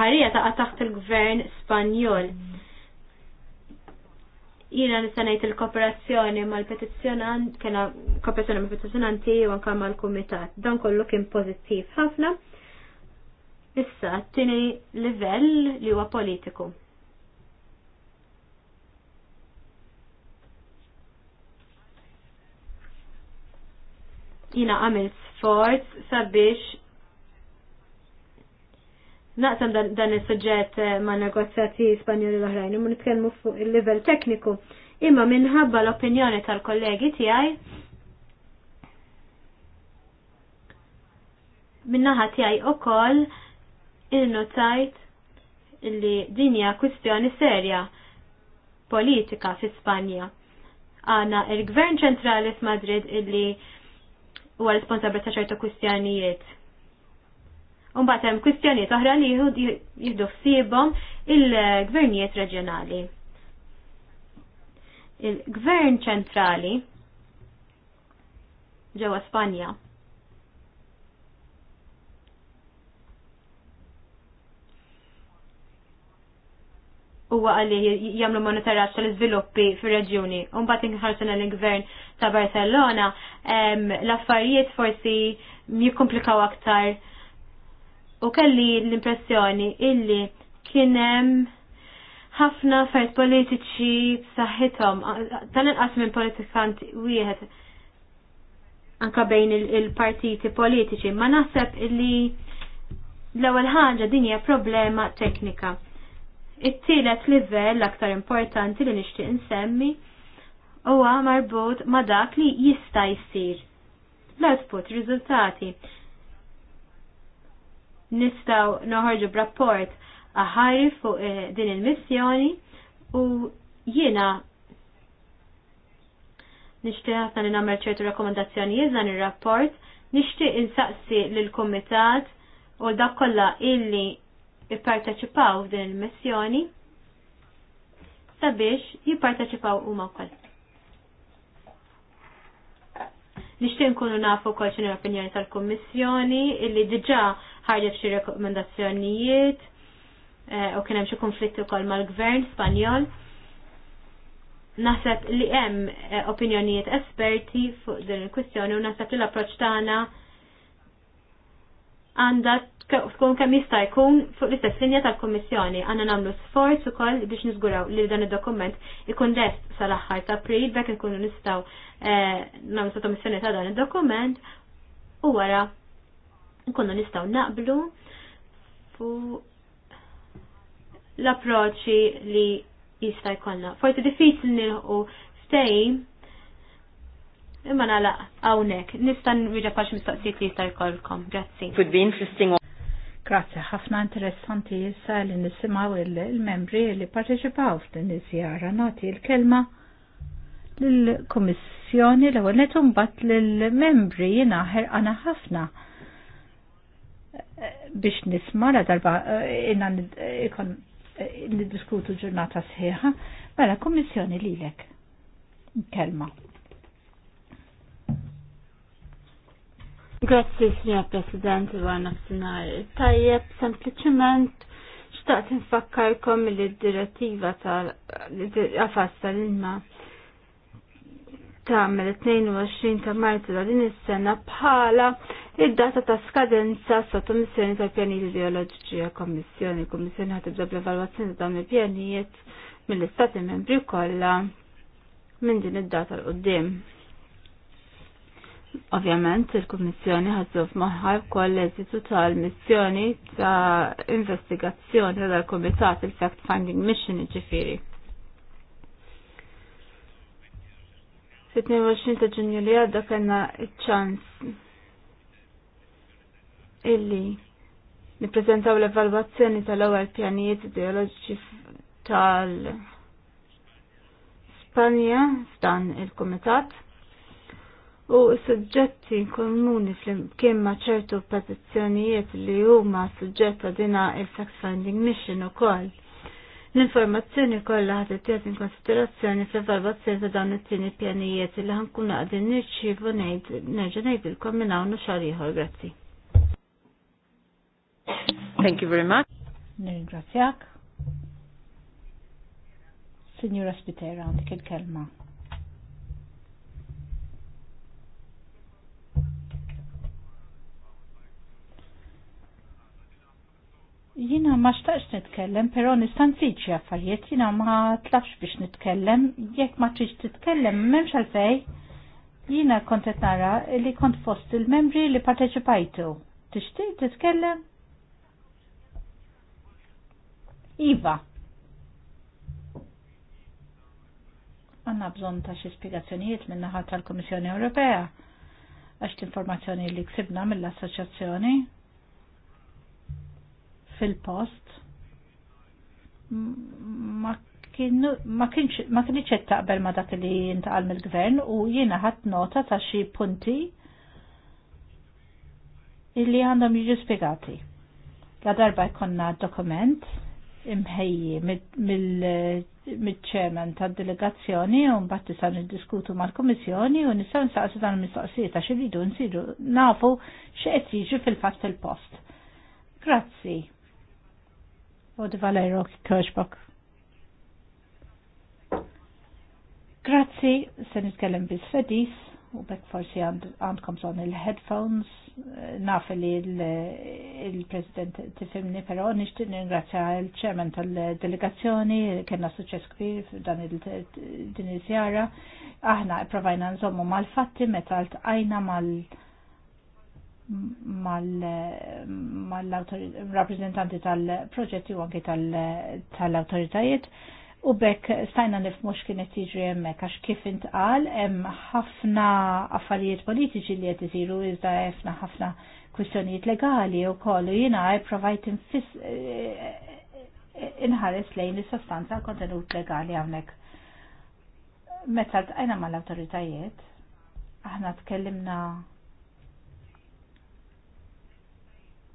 ħarija ta' taħt il-gvern Spanjol. Jiena nista' ngħid il-kooperazzjoni mal-petizzjonant, kena kooperazzjoni mal-petizzjonanti u anke mal-kumitat. Dan kollu kien pożittiv ħafna. Issa, t-tini livell li huwa politiku. jina għamil sforz sabiex naqsam dan, il-sujġet eh, ma' negozjati spanjoli l-oħrajn, imma nitkellmu fuq il-livell tekniku. Imma minħabba l-opinjoni tal-kollegi tiegħi minnaħa tiegħi ukoll innotajt illi din hija kwistjoni serja politika fi Spanja. Għana il-Gvern ċentrali f'Madrid illi huwa responsabbli ta' ċertu kwistjonijiet. Umbagħad hemm kwistjonijiet oħra li jieħdu ħsiebhom il-gvernijiet reġjonali. Il-gvern ċentrali ġewwa Spanja huwa għalli jagħmlu monitoraġġ tal izviluppi fir-reġjuni. U mbagħad inħarsuna l-Gvern ta' Barcelona l-affarijiet forsi jikkomplikaw aktar. U kelli l-impressjoni illi kien hemm ħafna affarijiet politiċi b'saħħithom dan inqas minn politikant wieħed anka bejn il-partiti politiċi, ma naħseb illi l-ewwel ħaġa din hija problema teknika It-tielet livell l-aktar importanti li nixtieq insemmi huwa marbut ma' dak li jista' jsir. L-output, riżultati. Nistgħu noħorġu b'rapport aħari fuq eh, din il-missjoni u jiena nixtieq ħafna li nagħmel ċertu rakkomandazzjonijiet dan ir-rapport, nixtieq insaqsi lill-kumitat u dak kollha illi ipparteċipaw din il-missjoni sabiex jipparteċipaw huma wkoll. Nixtieq nkunu nafu wkoll x'inhu l-opinjoni tal-Kummissjoni illi diġà ħarġet xi rekomendazzjonijiet eh, u kien hemm xi konflitt ukoll mal-Gvern Spanjol. Naħseb li hemm eh, opinjonijiet esperti fuq din il-kwistjoni u naħseb li l-approċċ tagħna għandha tkun kemm jista' jkun fuq l-istess linja tal-Kummissjoni għandna nagħmlu sforz ukoll biex niżguraw li dan id-dokument ikun lest sal-aħħar ta' April bekk inkunu nistgħu eh, nagħmlu sottomissjoni ta' dan id-dokument u wara nkunu nistgħu naqblu fuq l-approċċi li jista' jkollna. Forsi diffiċli nilħu stejn Imma nala, hawnhekk nista' nwieġeb paċ mistoqsijiet li jista' jkollkom. Grazzi. be interesting. Grazzi, ħafna interessanti issa li nisimgħu il-membri li parteċipaw f'din iż-żjara nagħti l-kelma lill-Kummissjoni l-ewwel netum bat lill-membri jinaħer għana ħafna biex nisma' la darba eh, inna eh, ikon eh, niddiskutu ġurnata sħiħa, mela kummissjoni lilek. Kelma. Grazzi, signor Presidente, għana f Tajjeb, sempliciment, xtaqt nfakkarkom li direttiva tal-għafas tal-ilma mel 22 ta' Marzu ta' din is-sena bħala id-data ta' skadenza sa' Kummissjoni tal-Pjanijiet Ideoloġiċi għal komissjoni. Kummissjoni ħad tibda l-evaluazzjoni ta' dawn il-pjanijiet mill-Istati Membri kollha minn din id-data l qudiem Ovvjament il-Kummissjoni ħadżu f'moħħa wkoll l-eżitu tal-missjoni ta' investigazzjoni tal-Kumitat il-Fact Finding Mission ġifieri. Fit-22 ta' Ġunju li għadda kellna il ċans illi nippreżentaw l-evalwazzjoni tal-ewwel pjanijiet ideoloġiċi tal-Spanja f'dan il-Kumitat u suġġetti komuni fl-imkien ma' ċertu petizzjonijiet li huma suġġetta dina il-fact-finding mission u koll. L-informazzjoni kollha ħadd ittieħed in konsiderazzjoni fl-evalvazzjoni ta' dawn it-tieni pjanijiet li ħankun qegħdin nirċievu ngħid nerġa' ngħidilkom minn hawn xahar ieħor grazzi. Thank you very much. Nirringrazzjak. Signora Spitera, għandek il-kelma. Jina ma xtaqx nitkellem, pero nistanziċi affarijiet, jina ma tlafx biex nitkellem, jekk ma trix titkellem, memx għalfej. Jina kontet nara li kont fost il-membri li parteċipajtu. Tixti titkellem? Iva. Għanna bżon ta' xi spiegazzjonijiet minna ħat tal-Komissjoni Ewropea għax l-informazzjoni li ksibna mill-Assoċjazzjoni fil-post ma kienx qed taqbel ma dak li jintaqal mill-gvern u jiena ħadd nota ta' xi punti illi għandhom jiġu spiegati. La darba jkonna dokument imħejji mill-ċemen tad delegazzjoni u mbagħad nistgħu niddiskutu mal-Kummissjoni u nistgħu nsaqsu dan il-mistoqsijiet għax iridu nsiru nafu x'qed jiġu fil-fatt fil-post. Grazzi u di Valero Kirchbach. Grazzi, se nitkellem bis fedis u bekk forsi għandkom son il-headphones, eh, naf li il-president tifimni, pero nishtin ringrazzja il-ċemen tal-delegazzjoni, kena suċess kbir f'dan il dinizjara Aħna provajna nżommu mal-fatti meta l-tqajna mal-fatti mal-rappresentanti tal-proġetti u anki tal-autoritajiet u bekk stajna nifmux kien jiġri hemmhekk għax kif intqal hemm ħafna affarijiet politiċi li qed isiru iżda ħafna kwistjonijiet legali u u jiena provajt inħares lejn is-sostanza kontenut legali hawnhekk. Meta tqajna mal-awtoritajiet aħna tkellimna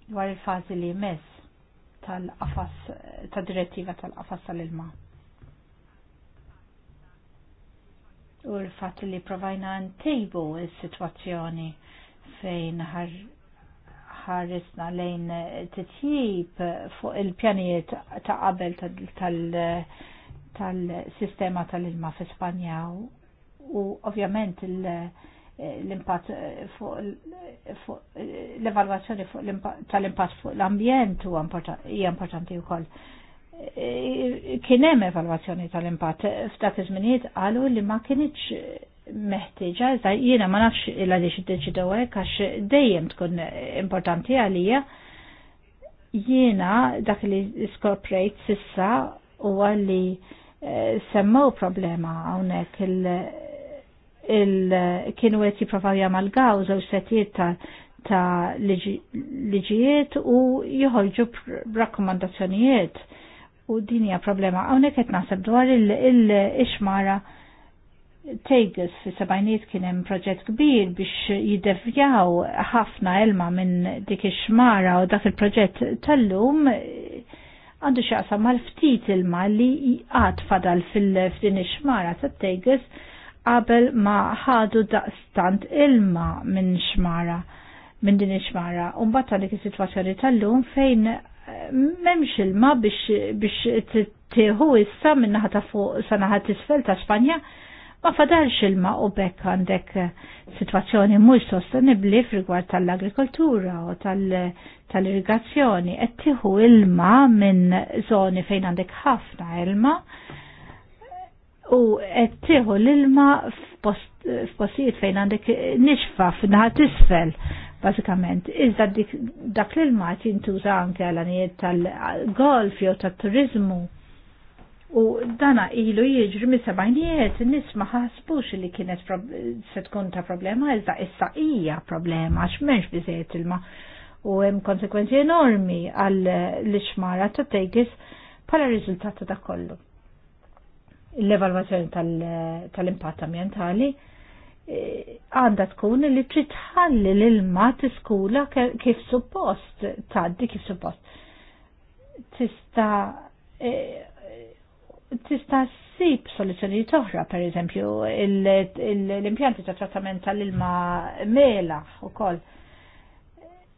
dwar il-fazi li jmiss tal-qafas, tad direttiva tal-qafas tal-ilma. U l-fat li provajna ntejbu il-situazzjoni fejn ħarisna lejn titjib fuq il-pjanijiet ta' qabel tal-sistema tal-ilma fi Spanja u ovvjament il- l-impatt eh, fuq eh, l-evalwazzjoni tal-impatt fuq l-ambjent huwa importanti wkoll. Eh, kien hemm evalwazzjoni tal-impatt f'dak iż-żminijiet qalu li ma kienitx meħtieġa, iżda jiena ma nafx il għaliex iddeċidew hekk għax dejjem tkun importanti għalija. Jiena dak li skoprejt sissa huwa li semmew problema hawnhekk kienu għet jiprofaw jamal għaw zew setijiet ta' ta' liġijiet u jħolġu rakkomandazzjonijiet u din hija problema. Hawnhekk qed naħseb dwar il-ixmara Tegis fi sebajniet kien hemm proġett kbir biex jiddevjaw ħafna elma minn dik ix-xmara u dak il-proġett tal-lum għandu xaqsa mal-ftit ilma li għad fadal fil fdin ix-xmara tat-Tegas qabel ma ħadu daqstant ilma minn xmara minn din xmara u mbagħad għalik is-sitwazzjoni tal-lum fejn eh, m'hemmx ilma biex biex tieħu issa minn naħa ta' fuq sa naħa tisfel ta' Spanja ma fadalx ilma u bekk għandek eh, situazzjoni mhux sostenibbli f'rigward tal-agrikoltura u tal-irrigazzjoni qed tieħu ilma minn żoni fejn għandek ħafna ilma u qed tieħu l-ilma f'postijiet fejn għandek nixfa f'naħat isfel bażikament. Iżda dak l-ilma qed jintuża anke għal tal-golf jew tat-turizmu. U dana ilu jiġri mis sebajnijiet nis ma ħasbux li kienet se tkun ta' problema iżda issa hija problema għax m'hemmx biżejjed ilma u hemm konsekwenzi enormi għal l-ixmara ta' tegis pala riżultat ta' kollu l-evalwazzjoni tal-impatt ambientali e, għanda tkun li trid tħalli l-ilma tiskula kif suppost, tgħaddi kif suppost. Tista' e, tista' ssib soluzzjonijiet oħra, per eżempju, l-impjanti ta' trattament tal-ilma mela ukoll. koll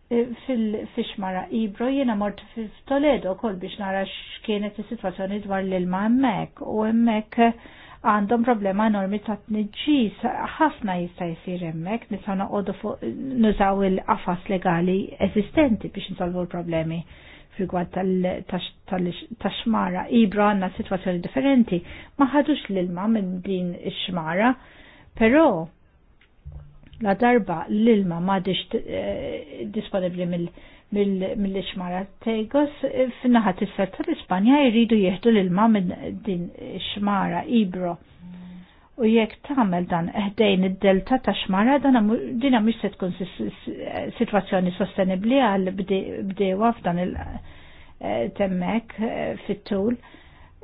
fil-fixmara Ibro jiena mort fil-Toledo kol biex nara x'kienet is-sitwazzjoni dwar l-ilma hemmhekk u hemmhekk għandhom problema enormi ta' tniġġis ħafna jista' jsir hemmhekk nistgħu noqogħdu fuq nużaw il-qafas legali eżistenti biex nsolvu l-problemi rigward tal-xmara. ibro għandna sitwazzjoni differenti, ma ħadux l-ilma minn din ix-xmara, però La darba l-ilma m'għadix eh, disponibbli mill-ixmara Tegos fin-naħa tisfel tal-Ispanja jridu jieħdu l-ilma minn din ċmara Ibro. U jekk tagħmel dan eħdejn id-delta ta' xmara din dina se tkun sitwazzjoni sostenibbli għal bdewa f'dan il-temmek eh, eh, fit-tul.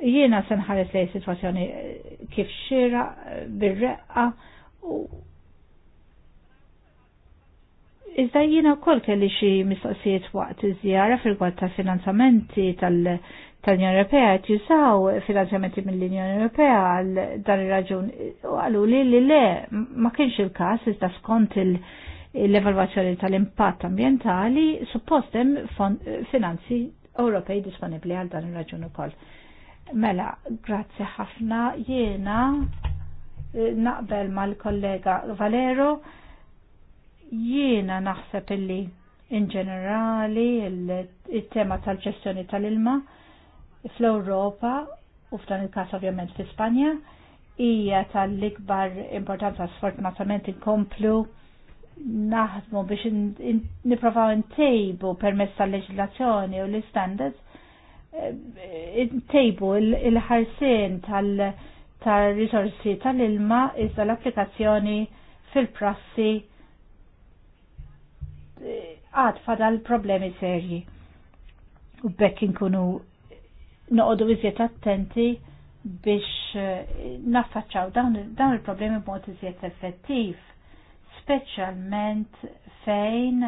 Jiena se nħares lej sitwazzjoni kif xira bir-reqqa Iżda jiena wkoll kelli xi mistoqsijiet waqt iż-żjara fil-gwad ta' finanzamenti tal-Unjoni Ewropea qed jusaw finanzjamenti mill-Unjoni Ewropea għal dan ir-raġun qalu li li le ma kienx il-każ iżda skont l-evalwazzjoni tal-impatt ambjentali suppost hemm finanzi Ewropej disponibbli għal dan ir-raġun ukoll. Mela, grazzi ħafna jiena eh, naqbel mal-kollega Valero jiena naħseb illi in ġenerali il-tema tal-ġestjoni tal-ilma fl-Europa u f'dan il-kas ovvjament fi Spanja hija tal-ikbar importanza sfortunatament inkomplu naħdmu biex niprofaw ntejbu permess tal-leġilazzjoni u l istandards eh, ntejbu il-ħarsien tal-risorsi tal-ilma iżda l-applikazzjoni fil-prassi għad fadal problemi serji. U bekk inkunu noqodu iżjed attenti biex eh, naffaċċaw dawn il-problemi b'mod iżjed effettiv, speċjalment fejn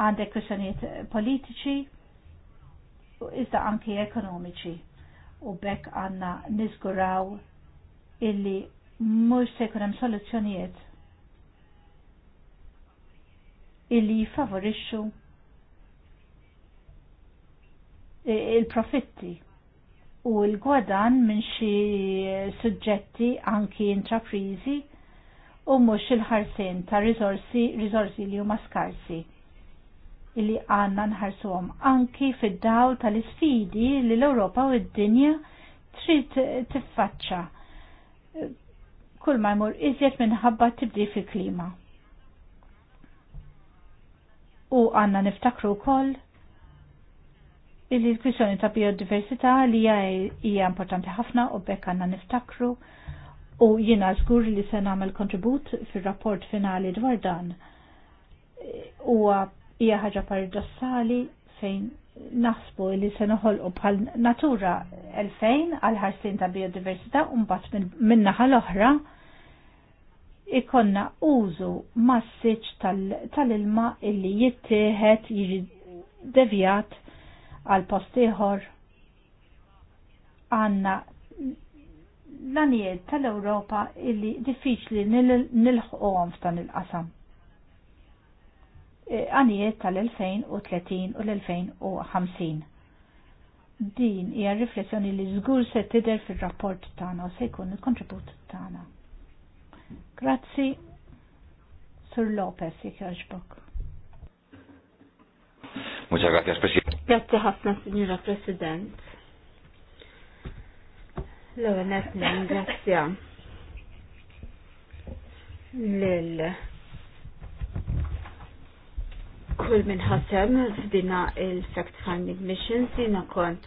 għandek kwistjonijiet politiċi u iżda anki ekonomiċi. U bekk għanna nizguraw illi mhux se jkun hemm soluzzjonijiet illi jifavorixxu il-profitti u l-gwadan minn xi suġġetti anki intraprizi u mhux il-ħarsien ta' risorsi risorsi li huma skarsi illi għanna nħarsuhom anki fid-dawl tal-isfidi li l-Ewropa u d-dinja trid tiffaċċa kull ma jmur iżjed minħabba tibdi fil-klima u għanna niftakru wkoll illi l-kwissjoni ta' biodiversità li hija importanti ħafna u bekk għandna niftakru u jiena żgur li se nagħmel kontribut fir-rapport finali dwar dan. Huwa hija ħaġa paradossali fejn naħsbu li se noħolqu bħal natura 2000 għal ħarsin ta' biodiversità u mbagħad min-naħa l-oħra ikonna użu massiċ tal-ilma tal illi jittieħed jiġi devjat għal postiħor għanna l-anijiet tal-Europa illi diffiċli nilħquhom f'dan il-qasam. Għanijiet e, tal-2030 u l-2050. Din hija riflessjoni li żgur se tidher fir-rapport tagħna u se jkun il-kontribut tagħna. Grazzi, Sur Lopez, jekk jaġbok. Muchas gracias, Presidente. Grazie ħafna, Signora President. L-ewwel qed ningrazzja lil kull minn ħasem f'dina il-fact finding mission dina kont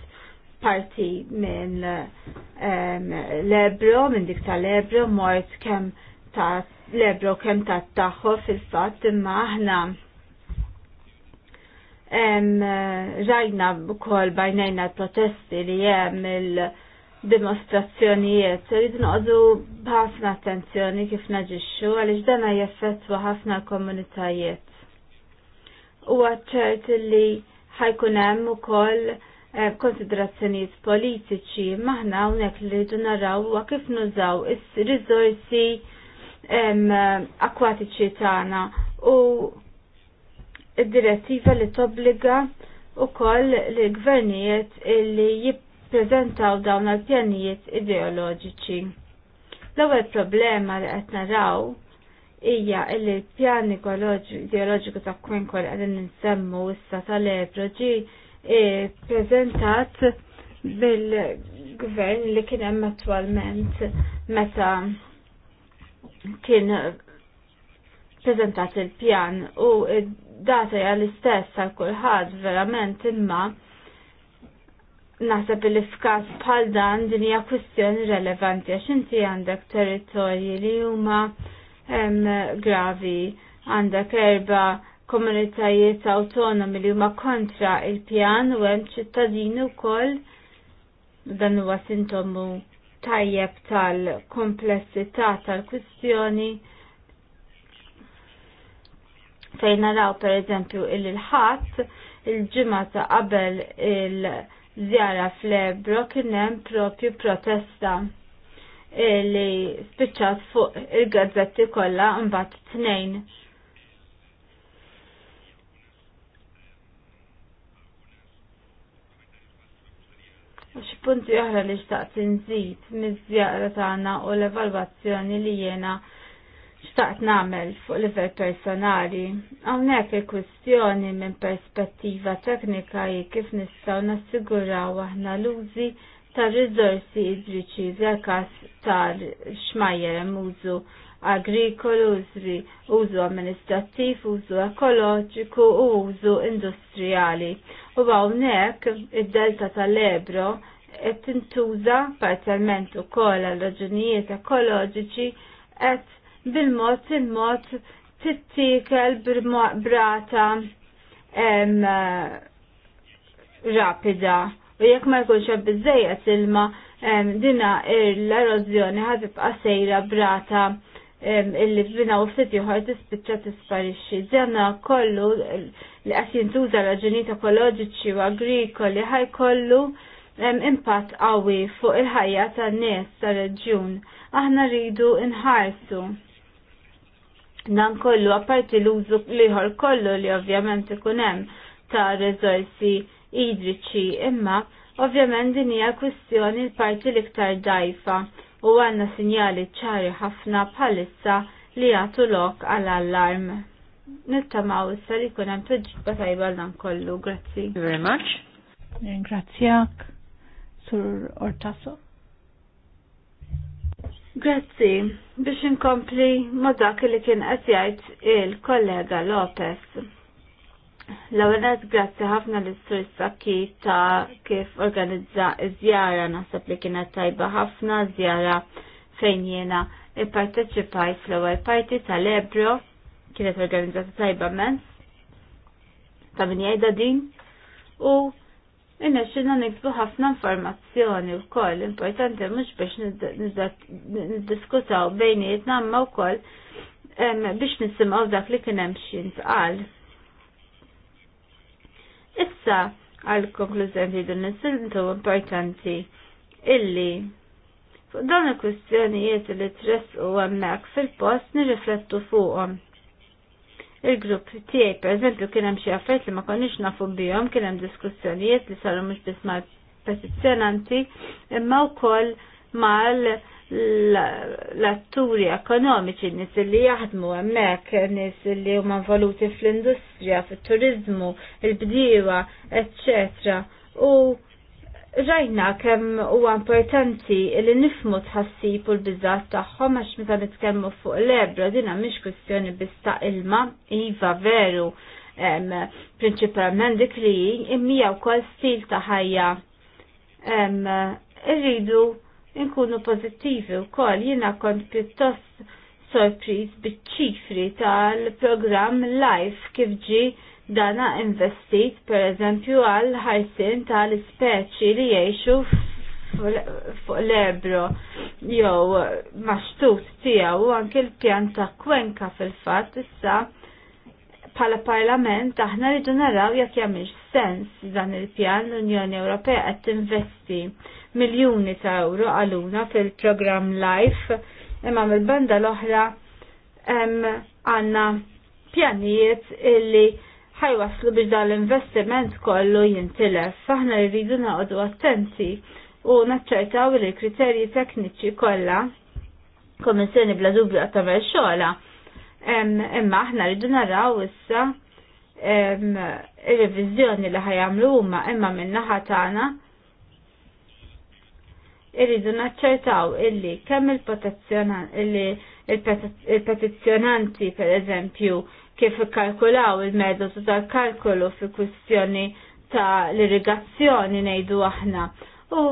parti minn um, l-Ebro, minn dik tal-Ebro, mort kemm ta' lebro kem ta' taħħo fil-fat imma aħna rajna bkoll bajnejna protesti li jem il-dimostrazzjonijiet rridu noqdu b'ħafna attenzjoni kif naġixxu għaliex dana jeffettwa ħafna komunitajiet. U għadċert li ħajkun hemm ukoll eh, konsiderazzjonijiet politiċi maħna hawnhekk li rridu naraw wa kif nużaw is-riżorsi akwatiċi tagħna u id-direttiva li tobbliga wkoll li gvernijiet li jippreżentaw dawn għal pjanijiet ideoloġiċi. L-ewwel problema li qed naraw hija li l-pjan ideoloġiku ta' Kwenkol qegħdin nsemmu issa tal-Ebro ġi e, preżentat bil-gvern li kien hemm attwalment meta kien prezentat il-pjan u data hija l-istess għal kulħadd verament imma naħseb il fkas bħal dan din hija kwistjoni relevanti għax inti għandek territorji li huma gravi għandek erba komunitajiet autonomi li huma kontra il-pjan u hemm ċittadini wkoll dan huwa sintomu tajjeb tal-komplessità tal-kwistjoni fejn naraw per eżempju il-ħadd il-ġimgħa ta' qabel il-żjara fl-Ebro kien hemm propju protesta li spiċċat fuq il-gazzetti kollha mbagħad tnejn xi punti oħra li xtaqt inżid miż-żjara tagħna u l-evalwazzjoni li jiena xtaqt nagħmel fuq livell personali. Hawnhekk il-kwistjoni minn perspettiva teknika hi kif nistgħu nassiguraw aħna l-użi tar-riżorsi idriċi fil-każ tal-xmajjer hemm użu agrikolu, użri, użu amministrattiv, użu ekoloġiku u użu industrijali u hawnhekk id-delta tal-Ebro qed tintuża parzjalment ukoll għal raġunijiet ekoloġiċi et bil-mod il-mod tittikel brata rapida u jekk ma jkunx hemm biżejjed ilma dina l-erożjoni ħad qasejra sejra brata illi f'bina u ftit joħor tispiċċa tisparixxi. Dana kollu li qed jintuża raġunijiet ekoloġiċi u agrikoli ħaj kollu impatt qawwi fuq il-ħajja tan-nies tar-reġjun. Aħna rridu nħarsu dan kollu apparti l-użu liħor kollu li ovvjament ikun hemm ta' riżorsi idriċi imma ovvjament din hija kwistjoni l-parti l-iktar dajfa u għanna sinjali ċari ħafna palissa li jagħtu lok għal allarm. Nittamaw issa li kun hemm tweġiba tajba dan kollu, grazzi. Very much. Ringrazzjak, Sur Ortaso. Grazzi, biex inkompli ma dak li kien qed jgħid il-kollega Lopez L-għawenet grazzi ħafna l-istur sakki ta' kif organizza zjara naħseb li kienet tajba ħafna zjara fejn jena i-parteċipajt fl-ewwel parti tal-Ebro kienet organizzata tajba mens ta' min jajda din u Inna niksbu ħafna informazzjoni u koll, importanti mux biex niddiskutaw bejnietna ma u koll biex nisimaw dak li kienem xintqal. Issa, għal konklużjoni li din is-sintu importanti illi fuq dawn il-kwistjonijiet li tress u għammek fil-post nirriflettu fuqhom. Il-grupp tiegħi pereżempju kien hemm xi affarijiet li ma konniex nafu bihom, kien hemm diskussjonijiet li saru mhux bisma mal-petizzjonanti imma wkoll mal l-atturi ekonomiċi, nis li jaħdmu hemmhekk, nis li huma valuti fl-industrija, fit-turizmu, il bdiwa etc. U rajna kemm huwa importanti li nifmu tħassib u l-biżat tagħhom għax meta nitkellmu fuq l-ebra dina mhix kwistjoni biss ta' ilma, iva veru, prinċipalment dik li hija wkoll stil ta' ħajja. Irridu inkunu pozittivi u kol jina kont pjuttost sorpriz bitċifri ċifri tal-program Life kif ġi dana investit per eżempju għal ħarsin tal-speċi li jiexu fuq l-ebro jew maxtut tiegħu anki l-pjan ta' kwenka fil-fatt issa bħala parlament aħna li naraw jekk jagħmilx sens dan il-pjan l-Unjoni Ewropea qed tinvesti miljuni ta' euro għaluna fil-program Life imma mill-banda l-oħra għanna pjanijiet illi ħajwaslu biex dan l-investiment kollu jintilef. Faħna rridu naqdu attenti u naċċertaw li l-kriterji tekniċi kollha kommissjoni bla dubju għattamel xogħla. Imma aħna rridu naraw issa ir-reviżjoni li ħajamlu huma imma min-naħa tagħna irridu naċċertaw illi kemm il-petizzjonanti per eżempju kif ikkalkulaw il-metodu tal-kalkulu fi kwistjoni ta' l-irrigazzjoni nejdu aħna u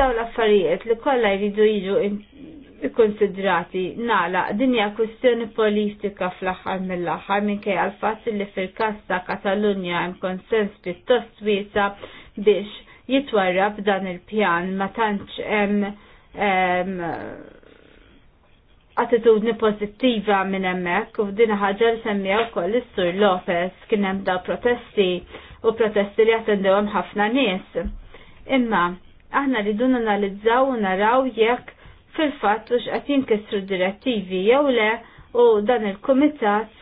daw l-affarijiet li kollha jridu jiġu ikkonsidrati nala din hija kwistjoni politika fl-aħħar mill-aħħar minkejja l fatt li fil-każ ta' Katalunja hemm konsens pjuttost wiesa biex jitwarrab dan il-pjan ma tantx hemm attitudni pozittiva minn hemmhekk u f'din ħaġa li semmija wkoll is-Sur Lopez kien hemm da protesti u protesti li attendewhom ħafna nies. Imma aħna li dun analizzaw u naraw jekk fil-fatt u x'qed jinkissru direttivi jew le u dan il-kumitat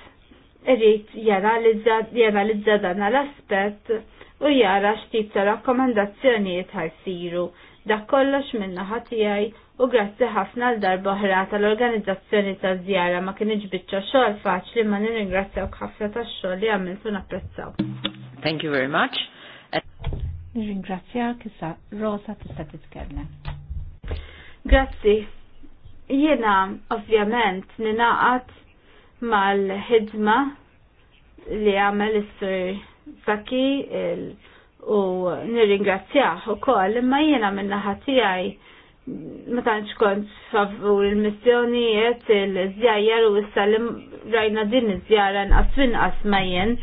irrid janalizza dan l-aspett u jara x'tip ta' rakkomandazzjonijiet ħajsiru. Dak kollox minna ħatijaj u grazzi ħafna l ħra tal-organizzazzjoni ta' zjara ma kienx biċċa xogħol faċli ma nirringrazzjawk ħafna tax-xogħol li għamiltu napprezzaw. Thank you very much. Nirringrazzjak issa Rosa tista' titkellem. Grazzi. Jiena ovvjament ninaqat mal-ħidma li għamel s sur Saki u nirringrazzjah ukoll imma jiena min-naħa tiegħi ma tantx kont favur il-missjonijiet il-żjajjar u issa li rajna din iż-żjara nqas inqas ma jien.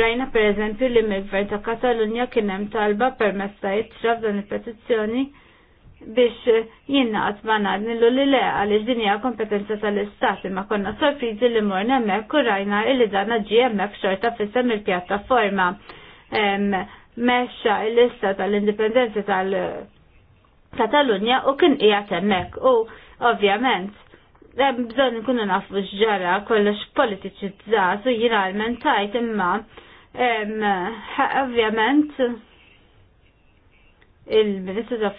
Rajna pereżempju li mill-Gvern ta' Katalunja kien hemm talba permezz ta' jitra f'dan il-petizzjoni biex jinnaqat manar nillu li le għalix dinja kompetenza tal-istat imma konna sorprizi li mor nemmek kurajna illi dana ġi xorta fissem il-pjattaforma meċa il-lista tal-indipendenza tal-Katalunja u kien ija temmek u ovvjament bżon nkunu nafu xġara kollox politiċi tżaz u jina għal-mentajt imma ovvjament il-Ministru ta'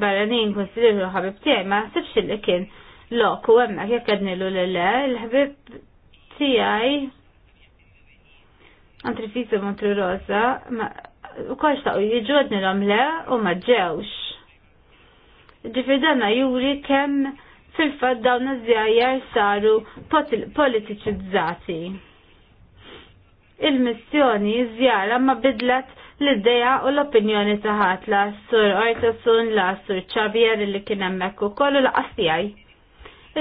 barranin l ħabib tijaj, ma ħsibx li kien lok u hemmhekk jekk għadnilu li le l-ħbib tiegħi Antrifizu Montrosa u kol xtaqu jiġu għadnilhom le u ma ġewx. Ġifir danna juri kemm fil-fat dawn iż-żjajjar saru politiċizzati. Il-missjoni żjara ma bidlet l iddeja u l-opinjoni taħat la sur Ortasun, la sur Xavier li kien hemmhekk ukoll u laqas tiegħi.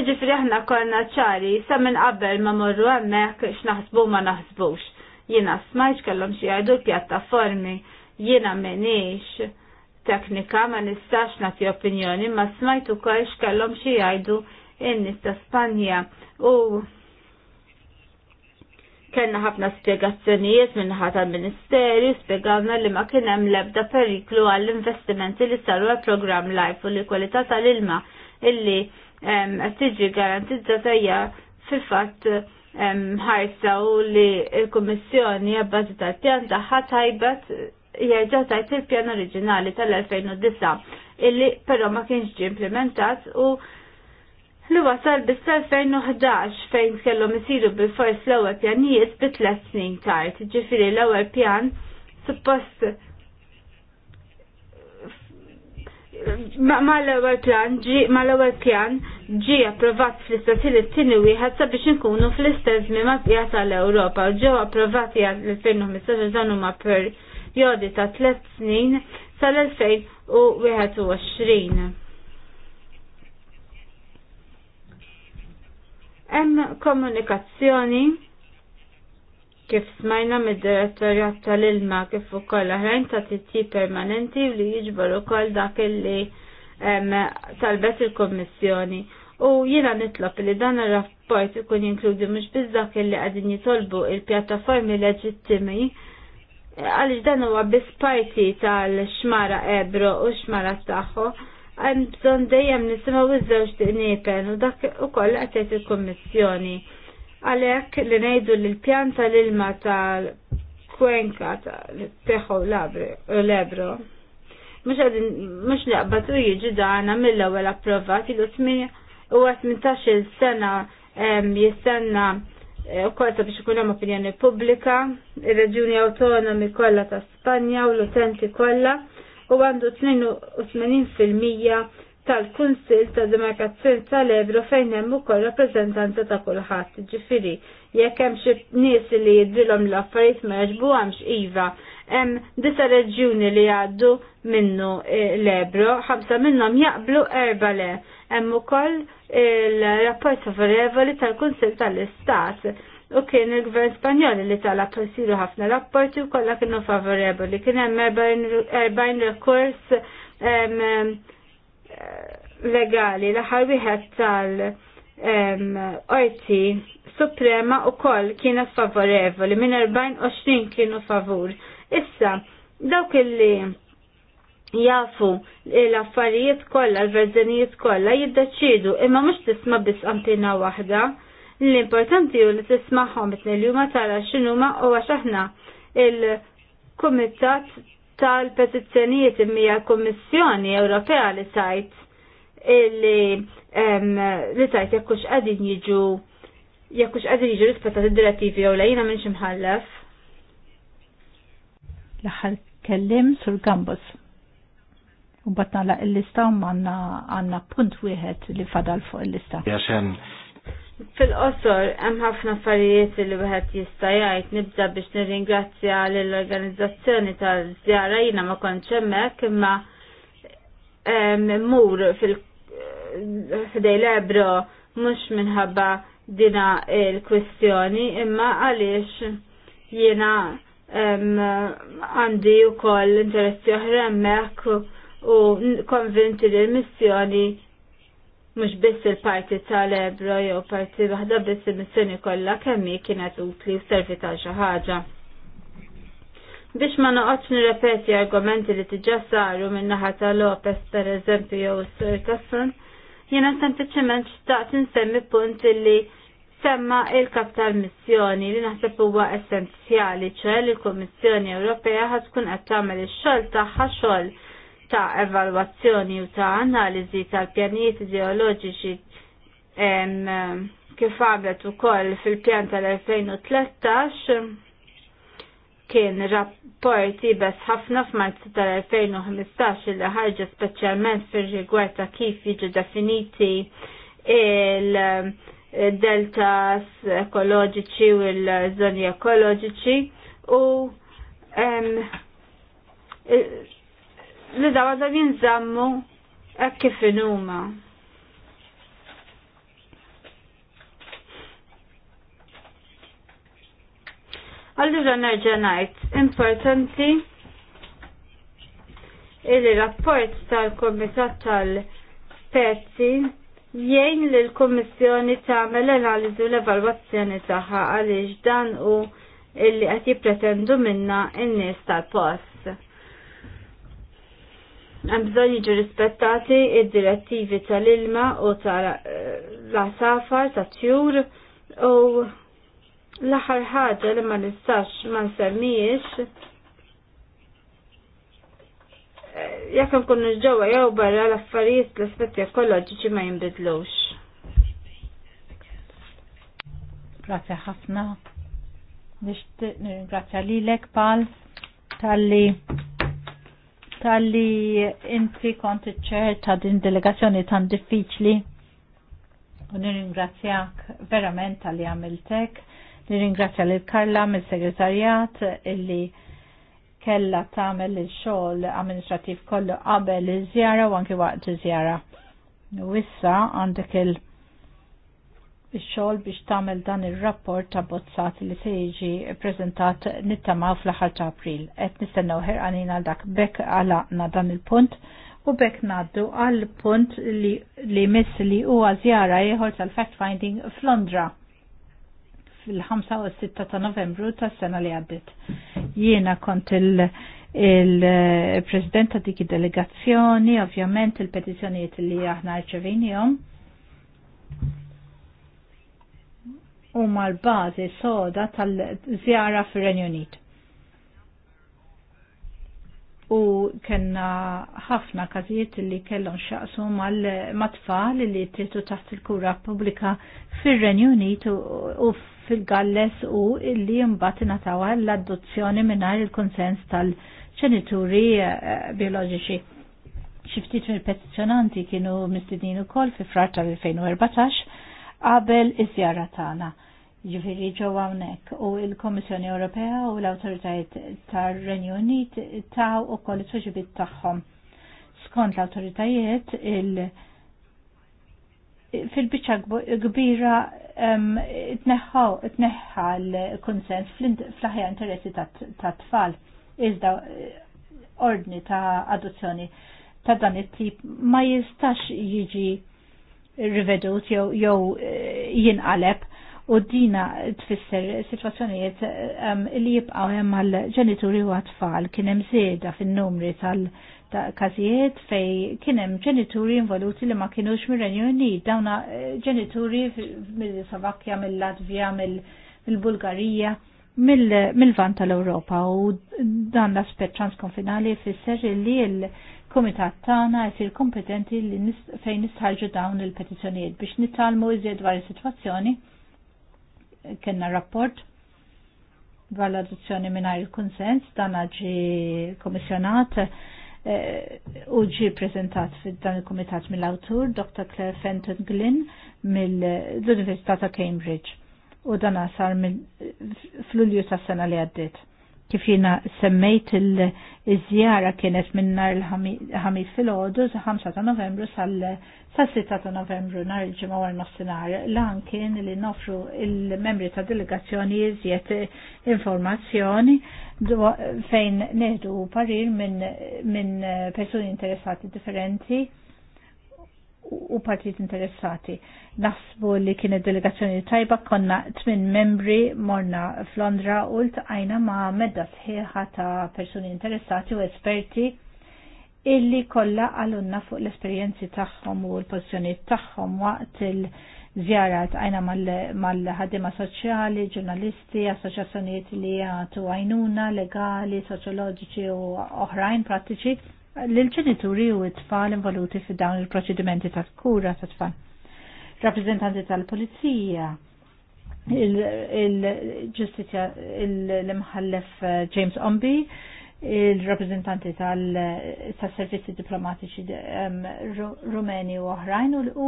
Iġifri aħna konna ċari sa minn qabel ma morru hemmhekk x'naħsbu ma naħsbux. Jiena smajx kellhom xi jgħidu l-pjattaformi, jiena m'iniex, teknika ma nistax nagħti opinjoni ma smajt ukoll x'kellhom xi jgħidu in-nies ta' Spanja u kena ħafna spiegazzjonijiet minnaħa tal-Ministeri, spiegawna li ma kien hemm lebda periklu għall-investimenti li saru għal-programm Life u li kwalità tal-ilma illi qed tiġi garantizzata hija fil-fatt ħarsa u li l-Kummissjoni għabbażi tal-pjan taħħa tajbet jerġa' tajt il-pjan oriġinali tal-2009 illi però ma kienx ġi implementat u li wasal bis-2011 fejn kellhom isiru bil-fors l-ewwel pjanijiet bi tliet snin tard, ġifieri l-ewwel pjan suppost ma l-ewwel pjan ġi ma l-ewwel pjan ġi approvat fl-istati li t-tieni wieħed sabiex inkunu fl-istess ma pjata tal-Ewropa u ġew approvati għal 2015 dan huma perjodi ta' tliet snin sal-2021. Hemm komunikazzjoni kif smajna mid-direttorjat tal-ilma kif ukoll aħrajn ta' titti permanenti li jiġbor ukoll dak illi talbet il-Kommissjoni. U jiena nitlob li dan ir-rapport ikun jinkludi mhux biss dak li qegħdin jitolbu il-pjattaformi leġittimi għaliex dan huwa biss parti tal-xmara ebro u xmara tagħhom għan bżon dejjem nisimaw iż-żewġ nipen u dak ukoll qed tgħid il-Kummissjoni. Għalhekk li ngħidu li l-pjan tal-ilma tal-kwenka tal-teħu l-ebro mux għadin, mux naqbat u jieġi daħna mill l approvat, il u 18 sena jistenna u ta' biex ikun hemm opinjoni pubblika, ir-reġuni autonomi kollha ta' Spanja u l-utenti kollha u għandu 82% tal-Kunsil ta' Demarkazzjoni tal-Ebro fejn hemm ukoll rappreżentanza ta' kulħadd. Ġifieri, jekk hemm xi nies li jidrilhom l-affarijiet ma jaġbuhomx iva, hemm disa reġjuni li għaddu minnu eh, l-Ebro, ħamsa minnhom jaqblu erba le. Hemm ukoll il-rapport favorevoli tal-Kunsil tal-Istat u kien il-gvern Spanjol li talab persiru ħafna rapporti u kolla kienu favorevoli. Kien hemm 40 rekurs legali l-aħħar wieħed tal-orti Suprema u koll kienet favorevoli, minn 24 kienu favur. Issa, dawk illi jafu l-affarijiet kollha, l-verżenijiet kollha jiddeċidu imma mhux tisma' biss antina waħda L-importanti u li tismaħħom bitni l huma tara x'inhuma u għax aħna il-Kumitat tal-Petizzjonijiet imija l-Kummissjoni Ewropea li tajt li tajt jekkux qegħdin jiġu jekkux għadin jiġu rispettat id-direttivi jew lejna minn ximħallef. L-aħħar kellim sur Gambus. U la' il-lista u manna għanna punt wieħed li fadal fuq il-lista. Jaxen, Fil-qosor, hemm ħafna affarijiet li wieħed jista' jgħid nibda biex nirringrazzja lill organizzazzjoni tal-żjara jiena ma kontx hemmhekk imma mur fil fidej l-ebro mhux minħabba dina l-kwistjoni imma għaliex jiena għandi wkoll interessi oħra hemmhekk u konvinti li l-missjoni mux biss il-parti tal-ebro jew parti waħda biss il-missjoni kollha kemm hi kienet utli u servi ta' xi ħaġa. Biex ma noqgħodx nirrepeti argumenti li diġà saru min naħa ta' Lopez pereżempju jew is-Sur Tasson, jiena sempliċement xtaqt insemmi punt li semma il-kap tal-missjoni li naħseb huwa essenzjali ċe li l-Kummissjoni Ewropea ħad tkun qed tagħmel ix-xogħol tagħha xogħol ta' evalwazzjoni u ta' analiżi tal-pjanijiet ideoloġiċi kif għamlet ukoll fil-pjan tal-2013 kien rapport bes ħafna f'Marzu tal-2015 li ħarġa speċjalment fir-rigward ta' kif jiġu definiti il-deltas eh, ekoloġiċi u l-żoni ekoloġiċi u eh, li da għada jinżammu hekk kif finuma. Allura nerġa' ngħid, importanti il rapport tal-Komitat tal-Pezzi jgħin li l-Komissjoni tagħmel analiżu l-evalwazzjoni tagħha għaliex dan u illi qed jippretendu minna n-nies tal-post. Hemm bżonn jiġu rispettati id-direttivi tal-ilma u tal għasafar eh, tat-tjur u l-aħħar ħaġa li ma nistax ma nsemmijiex eh, jekk nkunu ġewwa jew barra l-affarijiet l-aspetti ekoloġiċi ma jinbidlux. Grazie ħafna. Nixtieq nirringrazzja lilek Pal tal-li tal-li inti konti ċer ta' din delegazzjoni tan diffiċli. U nirringrazzjak verament tal-li għamiltek. Nirringrazzja lil Karla mill-segretarjat illi kella tagħmel il-xogħol amministrativ kollu qabel iż-żjara u anki waqt il żjara Wissa għandek il- il-xol biex tamel dan il-rapport ta' bozzat li se jiġi prezentat nittama fl-ħar ta' april. Et nistennaw ħerqanin għal dak bekk għalaqna dan il-punt u bekk naddu għal punt li, li miss li huwa żjara ieħor tal-fact-finding f'Londra fil-5 u 6 ta' novembru ta' sena li għaddit. Jiena kont il- il-president ta' dik delegazzjoni, ovvjament il-petizjoniet li aħna rċevinjom huma l-bażi soda tal-zjara fir-Renju Unit. U kena ħafna każijiet li kellhom xaqsu mal-matfall li titu taħt il-kura pubblika fir-Renju Unit u fil-Galles u li mbagħad ingħataw l-adozzjoni mingħajr il-konsens tal-ċenituri eh, bioloġiċi. Xi ftit mill-petizzjonanti kienu mistednin ukoll fi frar tal-2014 qabel iż-żjara tagħna. Ġifieri ġew hawnhekk u l-Kommissjoni Ewropea u l-awtoritajiet tar-Renju Unit taw ukoll it-tweġibiet tagħhom. Skont l-awtoritajiet il- fil biċċa kbira tneħħa l-konsens fl aħjar interessi ta' tfal. Iżda ordni ta' adozzjoni ta' dan it-tip ma jistax jiġi rivedut jew jew eh, jinqaleb u dina tfisser situazzjonijiet li jibqaw hemm għal ġenituri u għatfall kien hemm żieda fin-numri tal każijiet fej kien hemm ġenituri involuti li ma kienux mir-Renju Unit dawna eh, ġenituri mill-Slovakkja, mill-Latvja, mill-Bulgarija mill-vant tal-Ewropa u dan l-aspett transkonfinali fisser li l il-Kumitat tagħna jsir kompetenti li nis, fejn nistħarġu dawn il-petizzjonijiet biex nittalmu iżjed dwar is-sitwazzjoni. Kenna rapport dwar l-adozzjoni mingħajr il-kunsens dan ġi komissjonat eh, u ġi prezentat fid-dan il-Kumitat mill-awtur Dr. Claire Fenton Glynn mill-Università ta' Cambridge u dan sar fl-Ulju tas-sena li għaddiet Kif jina semmejt il-żjara kienet minn nar il-ħamis fil-ħodu, 5 ta' novembru sal-6 ta' novembru nar il-ġimgħa għal nofsinhar. Lan kien li nofru il-membri ta' delegazzjoni iżjed informazzjoni fejn neħdu parir minn min persuni interessati differenti u partijiet interessati. Nasbu li kienet delegazzjoni tajba konna tmin membri morna f'Londra u l-tqajna ma' medda sħiħa ta' persuni interessati u esperti illi kolla għalunna fuq l-esperienzi tagħhom u l-pozizjoniet tagħhom waqt il- zjara għajna mal-ħadima soċjali, ġurnalisti, assoċjazzjonijiet li għatu għajnuna, legali, soċjoloġiċi u oħrajn prattiċi l-ġenituri u t-tfal involuti fi dawn il-proċedimenti ta' kura ta' tfal. Rappresentanti tal-Polizija, il-ġustizja, l-imħallef James Ombi, il-rappresentanti tal-servizzi diplomatiċi rumeni u oħrajn u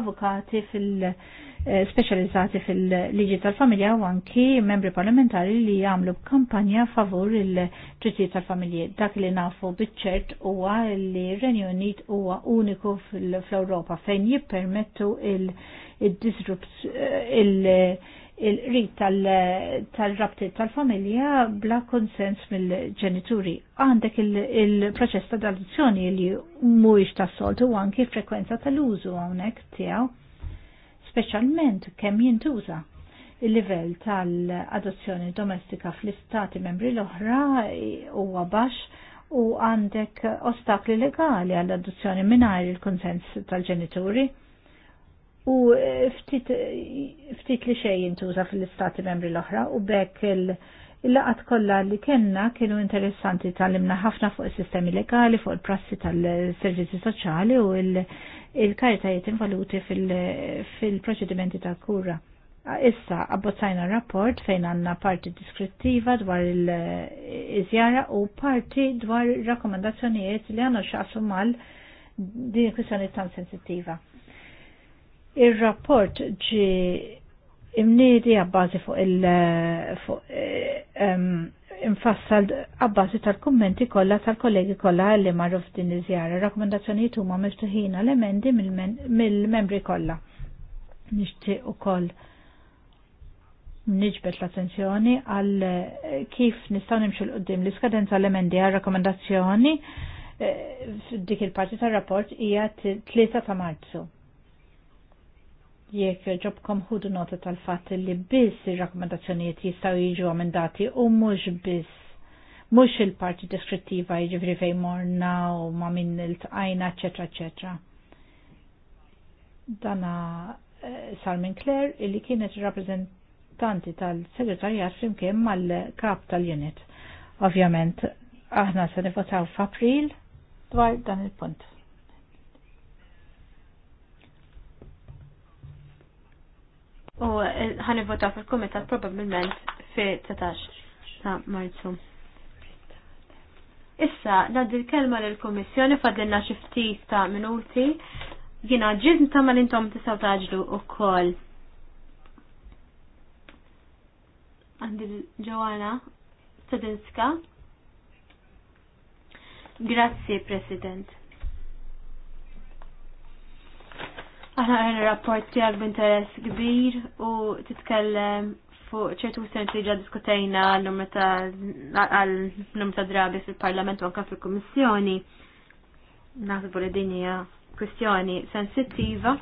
avukati fil-specializzati eh, fil-liġi tal-familja u anki membri parlamentari li jamlu kampanja favur il-ġittijiet tal-familji. Dak li nafu bitċert huwa li Renju Unit huwa uniku fl europa fejn jippermettu il-disrupt il-, eh, -il, -il il-rid tal-rabti tal-familja bla konsens mill-ġenituri. Għandek il-proċess ta' adozzjoni li mhuwiex tas-soltu u frekwenza tal-użu hawnhekk tiegħu, speċjalment kemm jintuża il-livell tal-adozzjoni domestika fl-istati membri l-oħra huwa baxx u għandek ostakli legali għall-adozzjoni mingħajr il-konsens tal-ġenituri u eh, ftit eh, li xej jintuża fil-istati membri l-oħra u bekk il- laqat kollha li kellna kienu interessanti tal-imna ħafna fuq is-sistemi legali, fuq il-prassi tal-servizzi soċjali u il-karitajiet involuti fil-proċedimenti ta' kura. Issa abbozzajna rapport fejn għanna parti diskrittiva dwar il-żjara u parti dwar rakkomandazzjonijiet li għanna xaqsu mal din kwistjoni tan sensittiva. Il-rapport ġi imnidi għabbażi fuq il- fuq infassal għabbażi tal-kommenti kollha tal-kollegi kollha li marru f'din iż-żjara. Rakkomandazzjonijiet huma miftuħin għal emendi mill-membri kollha. Nixtieq ukoll niġbet l-attenzjoni għal kif nistgħu nimxu l-qudiem l-iskadenza l-emendi għal rakkomandazzjoni eh, dik il-parti tal-rapport hija 3 ta' Marzu jekk ġobkom ħudu nota tal-fatt li biss ir-rakkomandazzjonijiet jistgħu jiġu amendati u mhux biss mhux il-parti deskrittiva jiġifieri fejn morna u ma' minn il-tqajna, eċetera, eċetera. Dana eh, Salmin Claire illi kienet rappresentanti tal-segretarjat flimkien mal-kap tal-unit. Ovvjament, aħna se nivotaw f'April dwar dan il-punt. U eh, ħanivvota fil-Kumitat probabbilment fi 13 ta' Marzu. Issa, naddi kelma l-Komissjoni fadlinna xifti ta' minuti. Jina ġizn ta' l intom tisaw taġlu u kol. Għandil ġawana ġoħana Grazie, Grazzi, President. Aħna għan rapport għal b'interess kbir u titkellem fuq ċertu sens li ġa diskutejna għal-numru ta' drabi fil-Parlament u anka fil-Kommissjoni. Naħsbu li din hija kwistjoni sensittiva.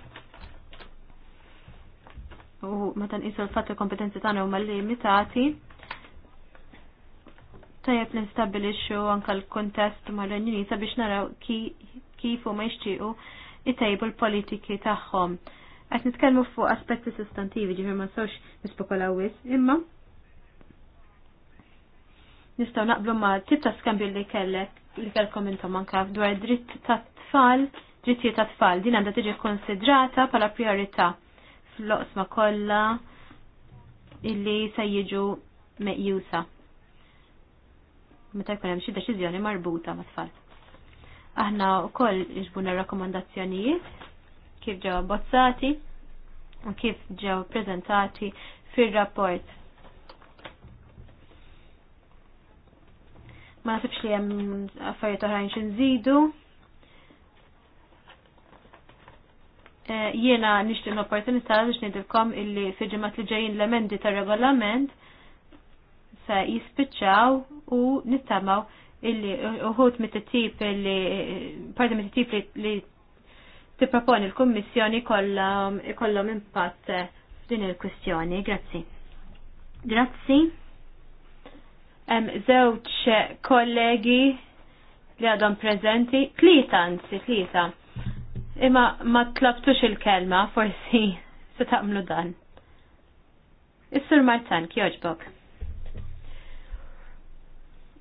U meta nqisu l-fatt il kompetenzi tagħna huma limitati. Tajjeb li nstabbilixxu anke l-kuntest mar-Renjuni sabiex naraw kif huma jixtiequ itejbu l-politiki tagħhom. Qed nitkellmu fuq aspetti sustantivi, ġifir ma sox nispokolaw wis, imma nistgħu naqblu ma tip ta' skambju li kellek li kellkom intom anke dwar dritt ta' tfal drittijiet ta' tfal din għandha tiġi konsidrata bħala priorità fl-oqsma kollha illi se jiġu meqjusa. Meta jkun hemm xi deċiżjoni marbuta ma' tfal. Aħna wkoll iġbuna rakkomandazzjonijiet kif ġew abbozzati u kif ġew prezentati fir-rapport. Ma nafx li hemm affarijiet oħrajn xi nżidu. Eh, jiena nixtieq l-opportunità biex ngħidilkom illi fi ġimgħat li ġejjin l-emendi tar-regolament se jispiċċaw u nittamaw illi uħut mit-tip illi parti mit-tip li tipproponi l-Kummissjoni kollhom impatt din il-kwistjoni. Grazzi. Grazzi. Hemm żewġ kollegi li għadhom preżenti, tlieta anzi tlieta. Imma ma tlabtux il-kelma, forsi se taqmlu dan. Is-Sur Martan, kjoġbok.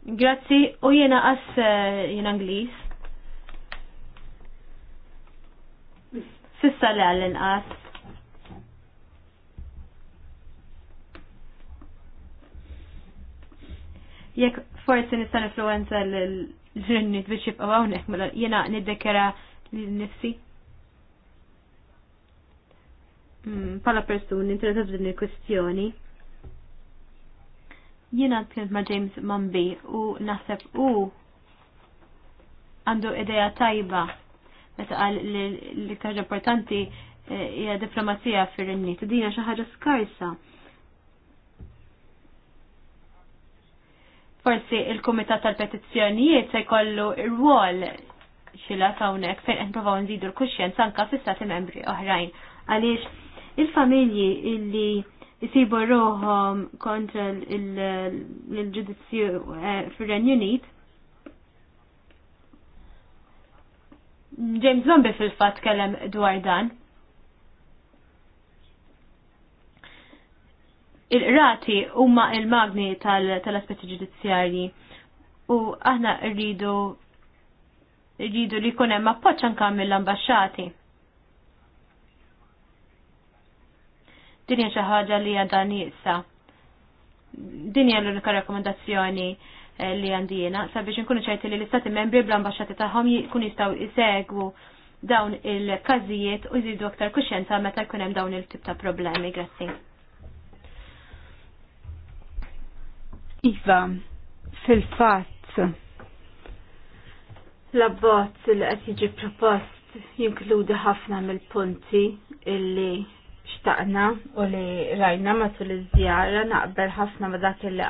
Grazzi, u jena għas eh, jena Anglis. Sissa li għallin għas. jekk forsi nista' influenza l-ġurnit biex jibqa' hawnhekk mela jiena niddekera lil nifsi. Hmm, pala persuni interessat din il-kwestjoni. Jiena tkellmt ma' James Mambi u naħseb u għandu ideja tajba meta qal li ħaġa importanti eh, hija diplomazija fir-rinnit. Dina xi ħaġa skarsa. forsi il-Kumitat tal-Petizzjonijiet se jkollu r-wol xila hawnhekk fejn qed nprovaw nżidu l-kuxjenza anke fi stati membri oħrajn. Għaliex il-familji illi jisibu ruħom kontra l-ġudizzju eh, fil-Renju Unit. James Zombie fil-fat kellem dwar dan. Il-rati huma il-magni tal-aspetti ġudizzjarji u aħna rridu rridu li kunem poċan kamil l ambasċati Din hija xi ħaġa li għandha nieqsa. Din hija l-unika rakkomandazzjoni eh, li għandina sabiex nkunu ċerti li l-istati membri bl-ambasċati tagħhom jkun jistgħu jsegwu dawn il-każijiet u jżidu aktar kuxjenza meta jkun hemm dawn il-tip ta' problemi. Grazzi. Iva, fil-fatt l-abbozz li qed jiġi propost jinkludi ħafna mill-punti illi xtaqna u li rajna matul iż-żjara naqbel ħafna ma dak li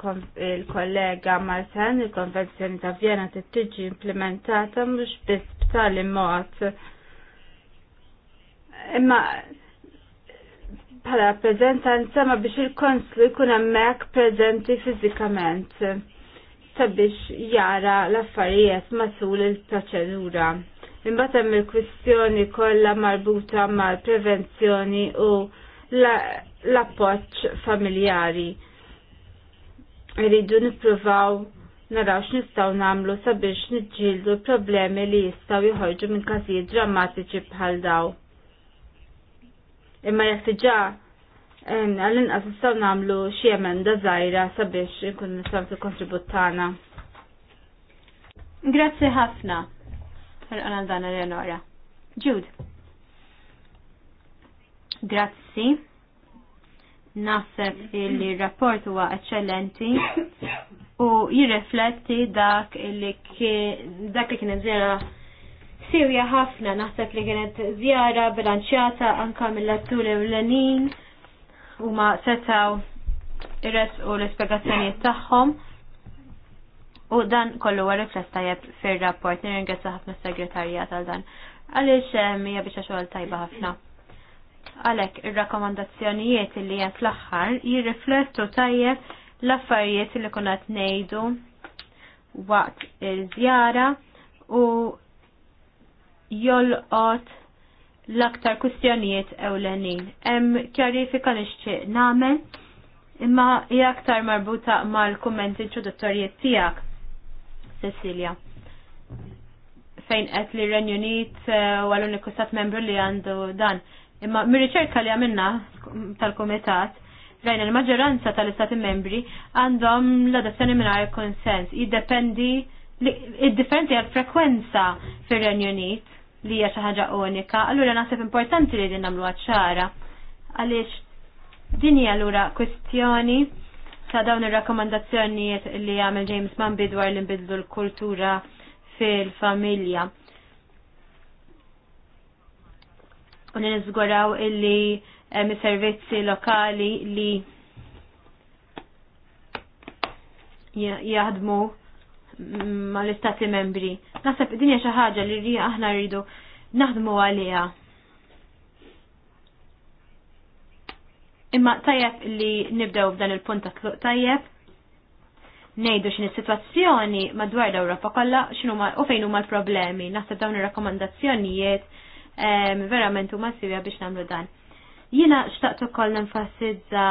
qal il-kollega Martin il-Konvenzjoni ta' Vienna tiġi implementata mhux biss b'tali mod. Imma bħala rappreżentanza ma biex il-konslu jkun hemmhekk preżenti fiżikament sabiex jara l-affarijiet matul il-proċedura. Imbagħad hemm il-kwistjoni kollha marbuta mal-prevenzjoni u l-appoġġ familjari. Iridu nippruvaw naraw x'nistgħu nagħmlu sabiex niġġieldu problemi li jistgħu joħorġu minn każijiet drammatiċi bħal daw. Imma jekk diġà għall-inqas nistgħu nagħmlu xi emenda żgħira sabiex inkun nistgħu kontribut tagħna. Grazzi ħafna. Għal għal dan Eleonora. Jude. Grazzi. Naħseb li rapport huwa eccellenti u jirrefletti dak li dak li kienet zjara sirja ħafna naħseb li kienet zjara bilanċjata anka mill-atturi u l-lenin u ma setaw ir-res u l-ispiegazzjonijiet tagħhom. U dan kollu għarri flesta tajjeb fir-rapport, nirringrazza ħafna s-segretarja tal dan. Għaliex eh, hija biex xogħol tajba ħafna. Għalek, ir-rakkomandazzjonijiet li hemm fl-aħħar jirriflettu tajjeb l-affarijiet li kunat ngħidu waqt il żjara u jolqot l-aktar kustjonijiet ewlenin. Hemm kjarifika nixtieq nagħmel imma hija aktar marbuta mal-kumment introduttorijiet tiegħek. Cecilia fejn qed li Renju Unit eh, u għal-uniku stat membru li għandu dan. Imma mir-riċerka li għamilna tal-Komitat, rajna l-maġġoranza tal-istati membri għandhom l-adozzjoni mingħajr konsens. Jiddependi id-differenti għal-frekwenza fir-Renju Unit li hija xi ħaġa unika, allura naħseb importanti li din nagħmlu ċara. Għaliex din hija allura kwestjoni ta' dawn ir-rakkomandazzjonijiet li għamel James Mann bidwar li nbidlu l-kultura fil-familja. U li illi eh, mis-servizzi lokali li jaħdmu mal istati membri. Nasab din hija xi ħaġa li aħna rridu naħdmu għaliha. Imma tajjeb li nibdew f'dan il-punt ta' tluq tajjeb nejdu xin situazzjoni madwar l-Europa kolla xinu ma, u fejn huma l-problemi. Naħseb dawn ir-rakkomandazzjonijiet ehm, verament huma sivja biex nagħmlu dan. Jiena xtaqt ukoll nenfasizza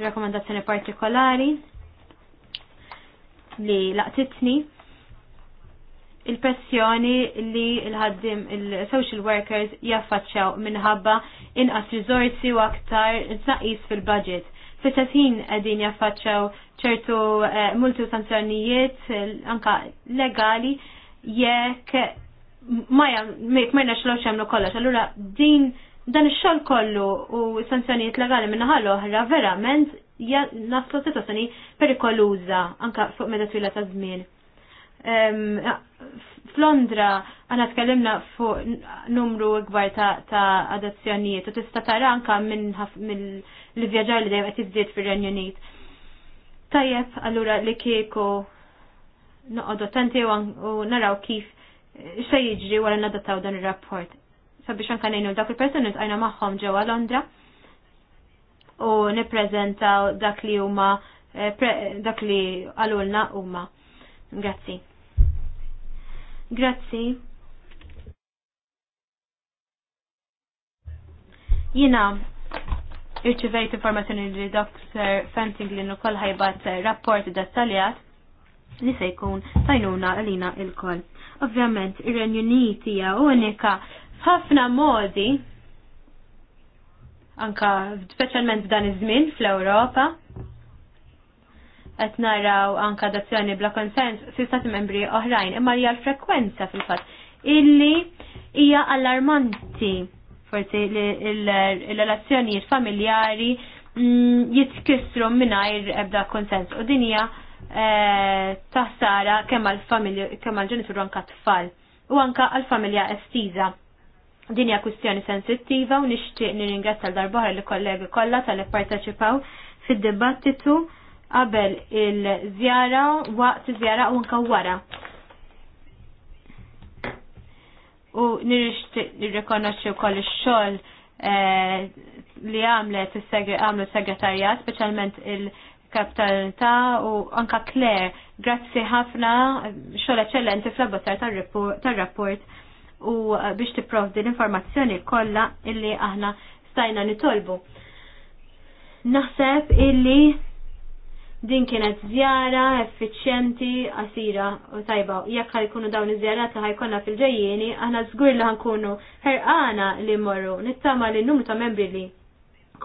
rakkomandazzjoni partikolari li laqtitni il-pressjoni li l-ħaddim il-social workers jaffaċċaw minħabba inqas riżorsi u aktar tnaqis fil-budget. Fis-sasin qegħdin jaffaċċaw ċertu eh, multi sanzjonijiet eh, anka legali jekk ma jek ma jnax lawx jagħmlu kollox. Allura din dan ix-xogħol kollu u sanzjonijiet legali minnaħa l-oħra verament naslu situazzjoni perikoluża anka fuq meta twila ta' żmien Flondra għana tkellimna fuq numru gbar ta', ta adozzjonijiet u tista' tara anka minn l-vjaġġar li dejjem qed fil fir-Renju Unit. Tajjeb, allura li kieku noqogħdu tanti u naraw kif xe jiġri wara nadataw dan ir-rapport. Sabiex anke ngħinu dak il-persuni tqajna magħhom ġewwa Londra u nippreżentaw dak li huma eh, dak li għalulna huma. Grazzi. Grazzi. Jina, irċivejt informazzjoni li Dr. Fenting li nukoll ħajbat rapport dettaljat li se jkun tajnuna għalina il-koll. Ovvjament, ir-Renju Uniti unika f'ħafna modi anka specialment f'dan iż-żmien fl-Ewropa qed naraw anka dazzjoni bla konsens fi stati membri oħrajn, imma hija l-frekwenza fil-fatt illi hija allarmanti forsi il-relazzjonijiet familjari mm, jitkissru mingħajr ebda konsens u din hija eh, taħsara kemm għall-ġenituru anka tfal u anka għall-familja estiża. Din hija kwistjoni sensittiva u nixtieq nirringrazzja l darbohra li kollegi kollha tal parteċipaw fid-dibattitu qabel il-żjara, waqt iż-żjara u anke wara. U nirrikonoxxi wkoll ix-xogħol eh, li għamlet għamlu segretarjat, speċjalment il-kap tal-ta u anka Claire, grazzi ħafna xogħol eċċellenti fl-abbozzar tar-rapport u biex tipprovdi l-informazzjoni kollha illi aħna stajna nitolbu. Naħseb illi Din kienet zjara effiċjenti, qasira u tajba. Jekk ħajkunu dawn iż-żjarat li ħajkonna fil-ġejjieni, aħna żgur li ħankunu ħerqana li morru, nittama li n-numru ta' membri li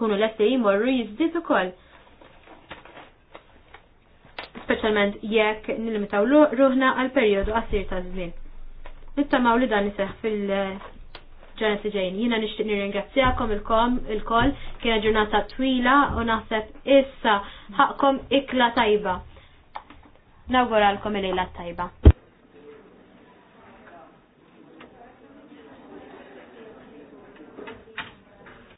kunu lesti jimorru jiżdied ukoll. Speċjalment jekk nilimitaw ruħna għal perjodu qasir ta' żmien. Nittamaw li dan iseħħ fil- ġenet ġejn. ġejjin. Jiena nixtieq nirringrazzjakom ilkom il-koll kiena ġurnata twila u naħseb issa ħakkom ikla tajba. Nawguralkom il-lejla tajba.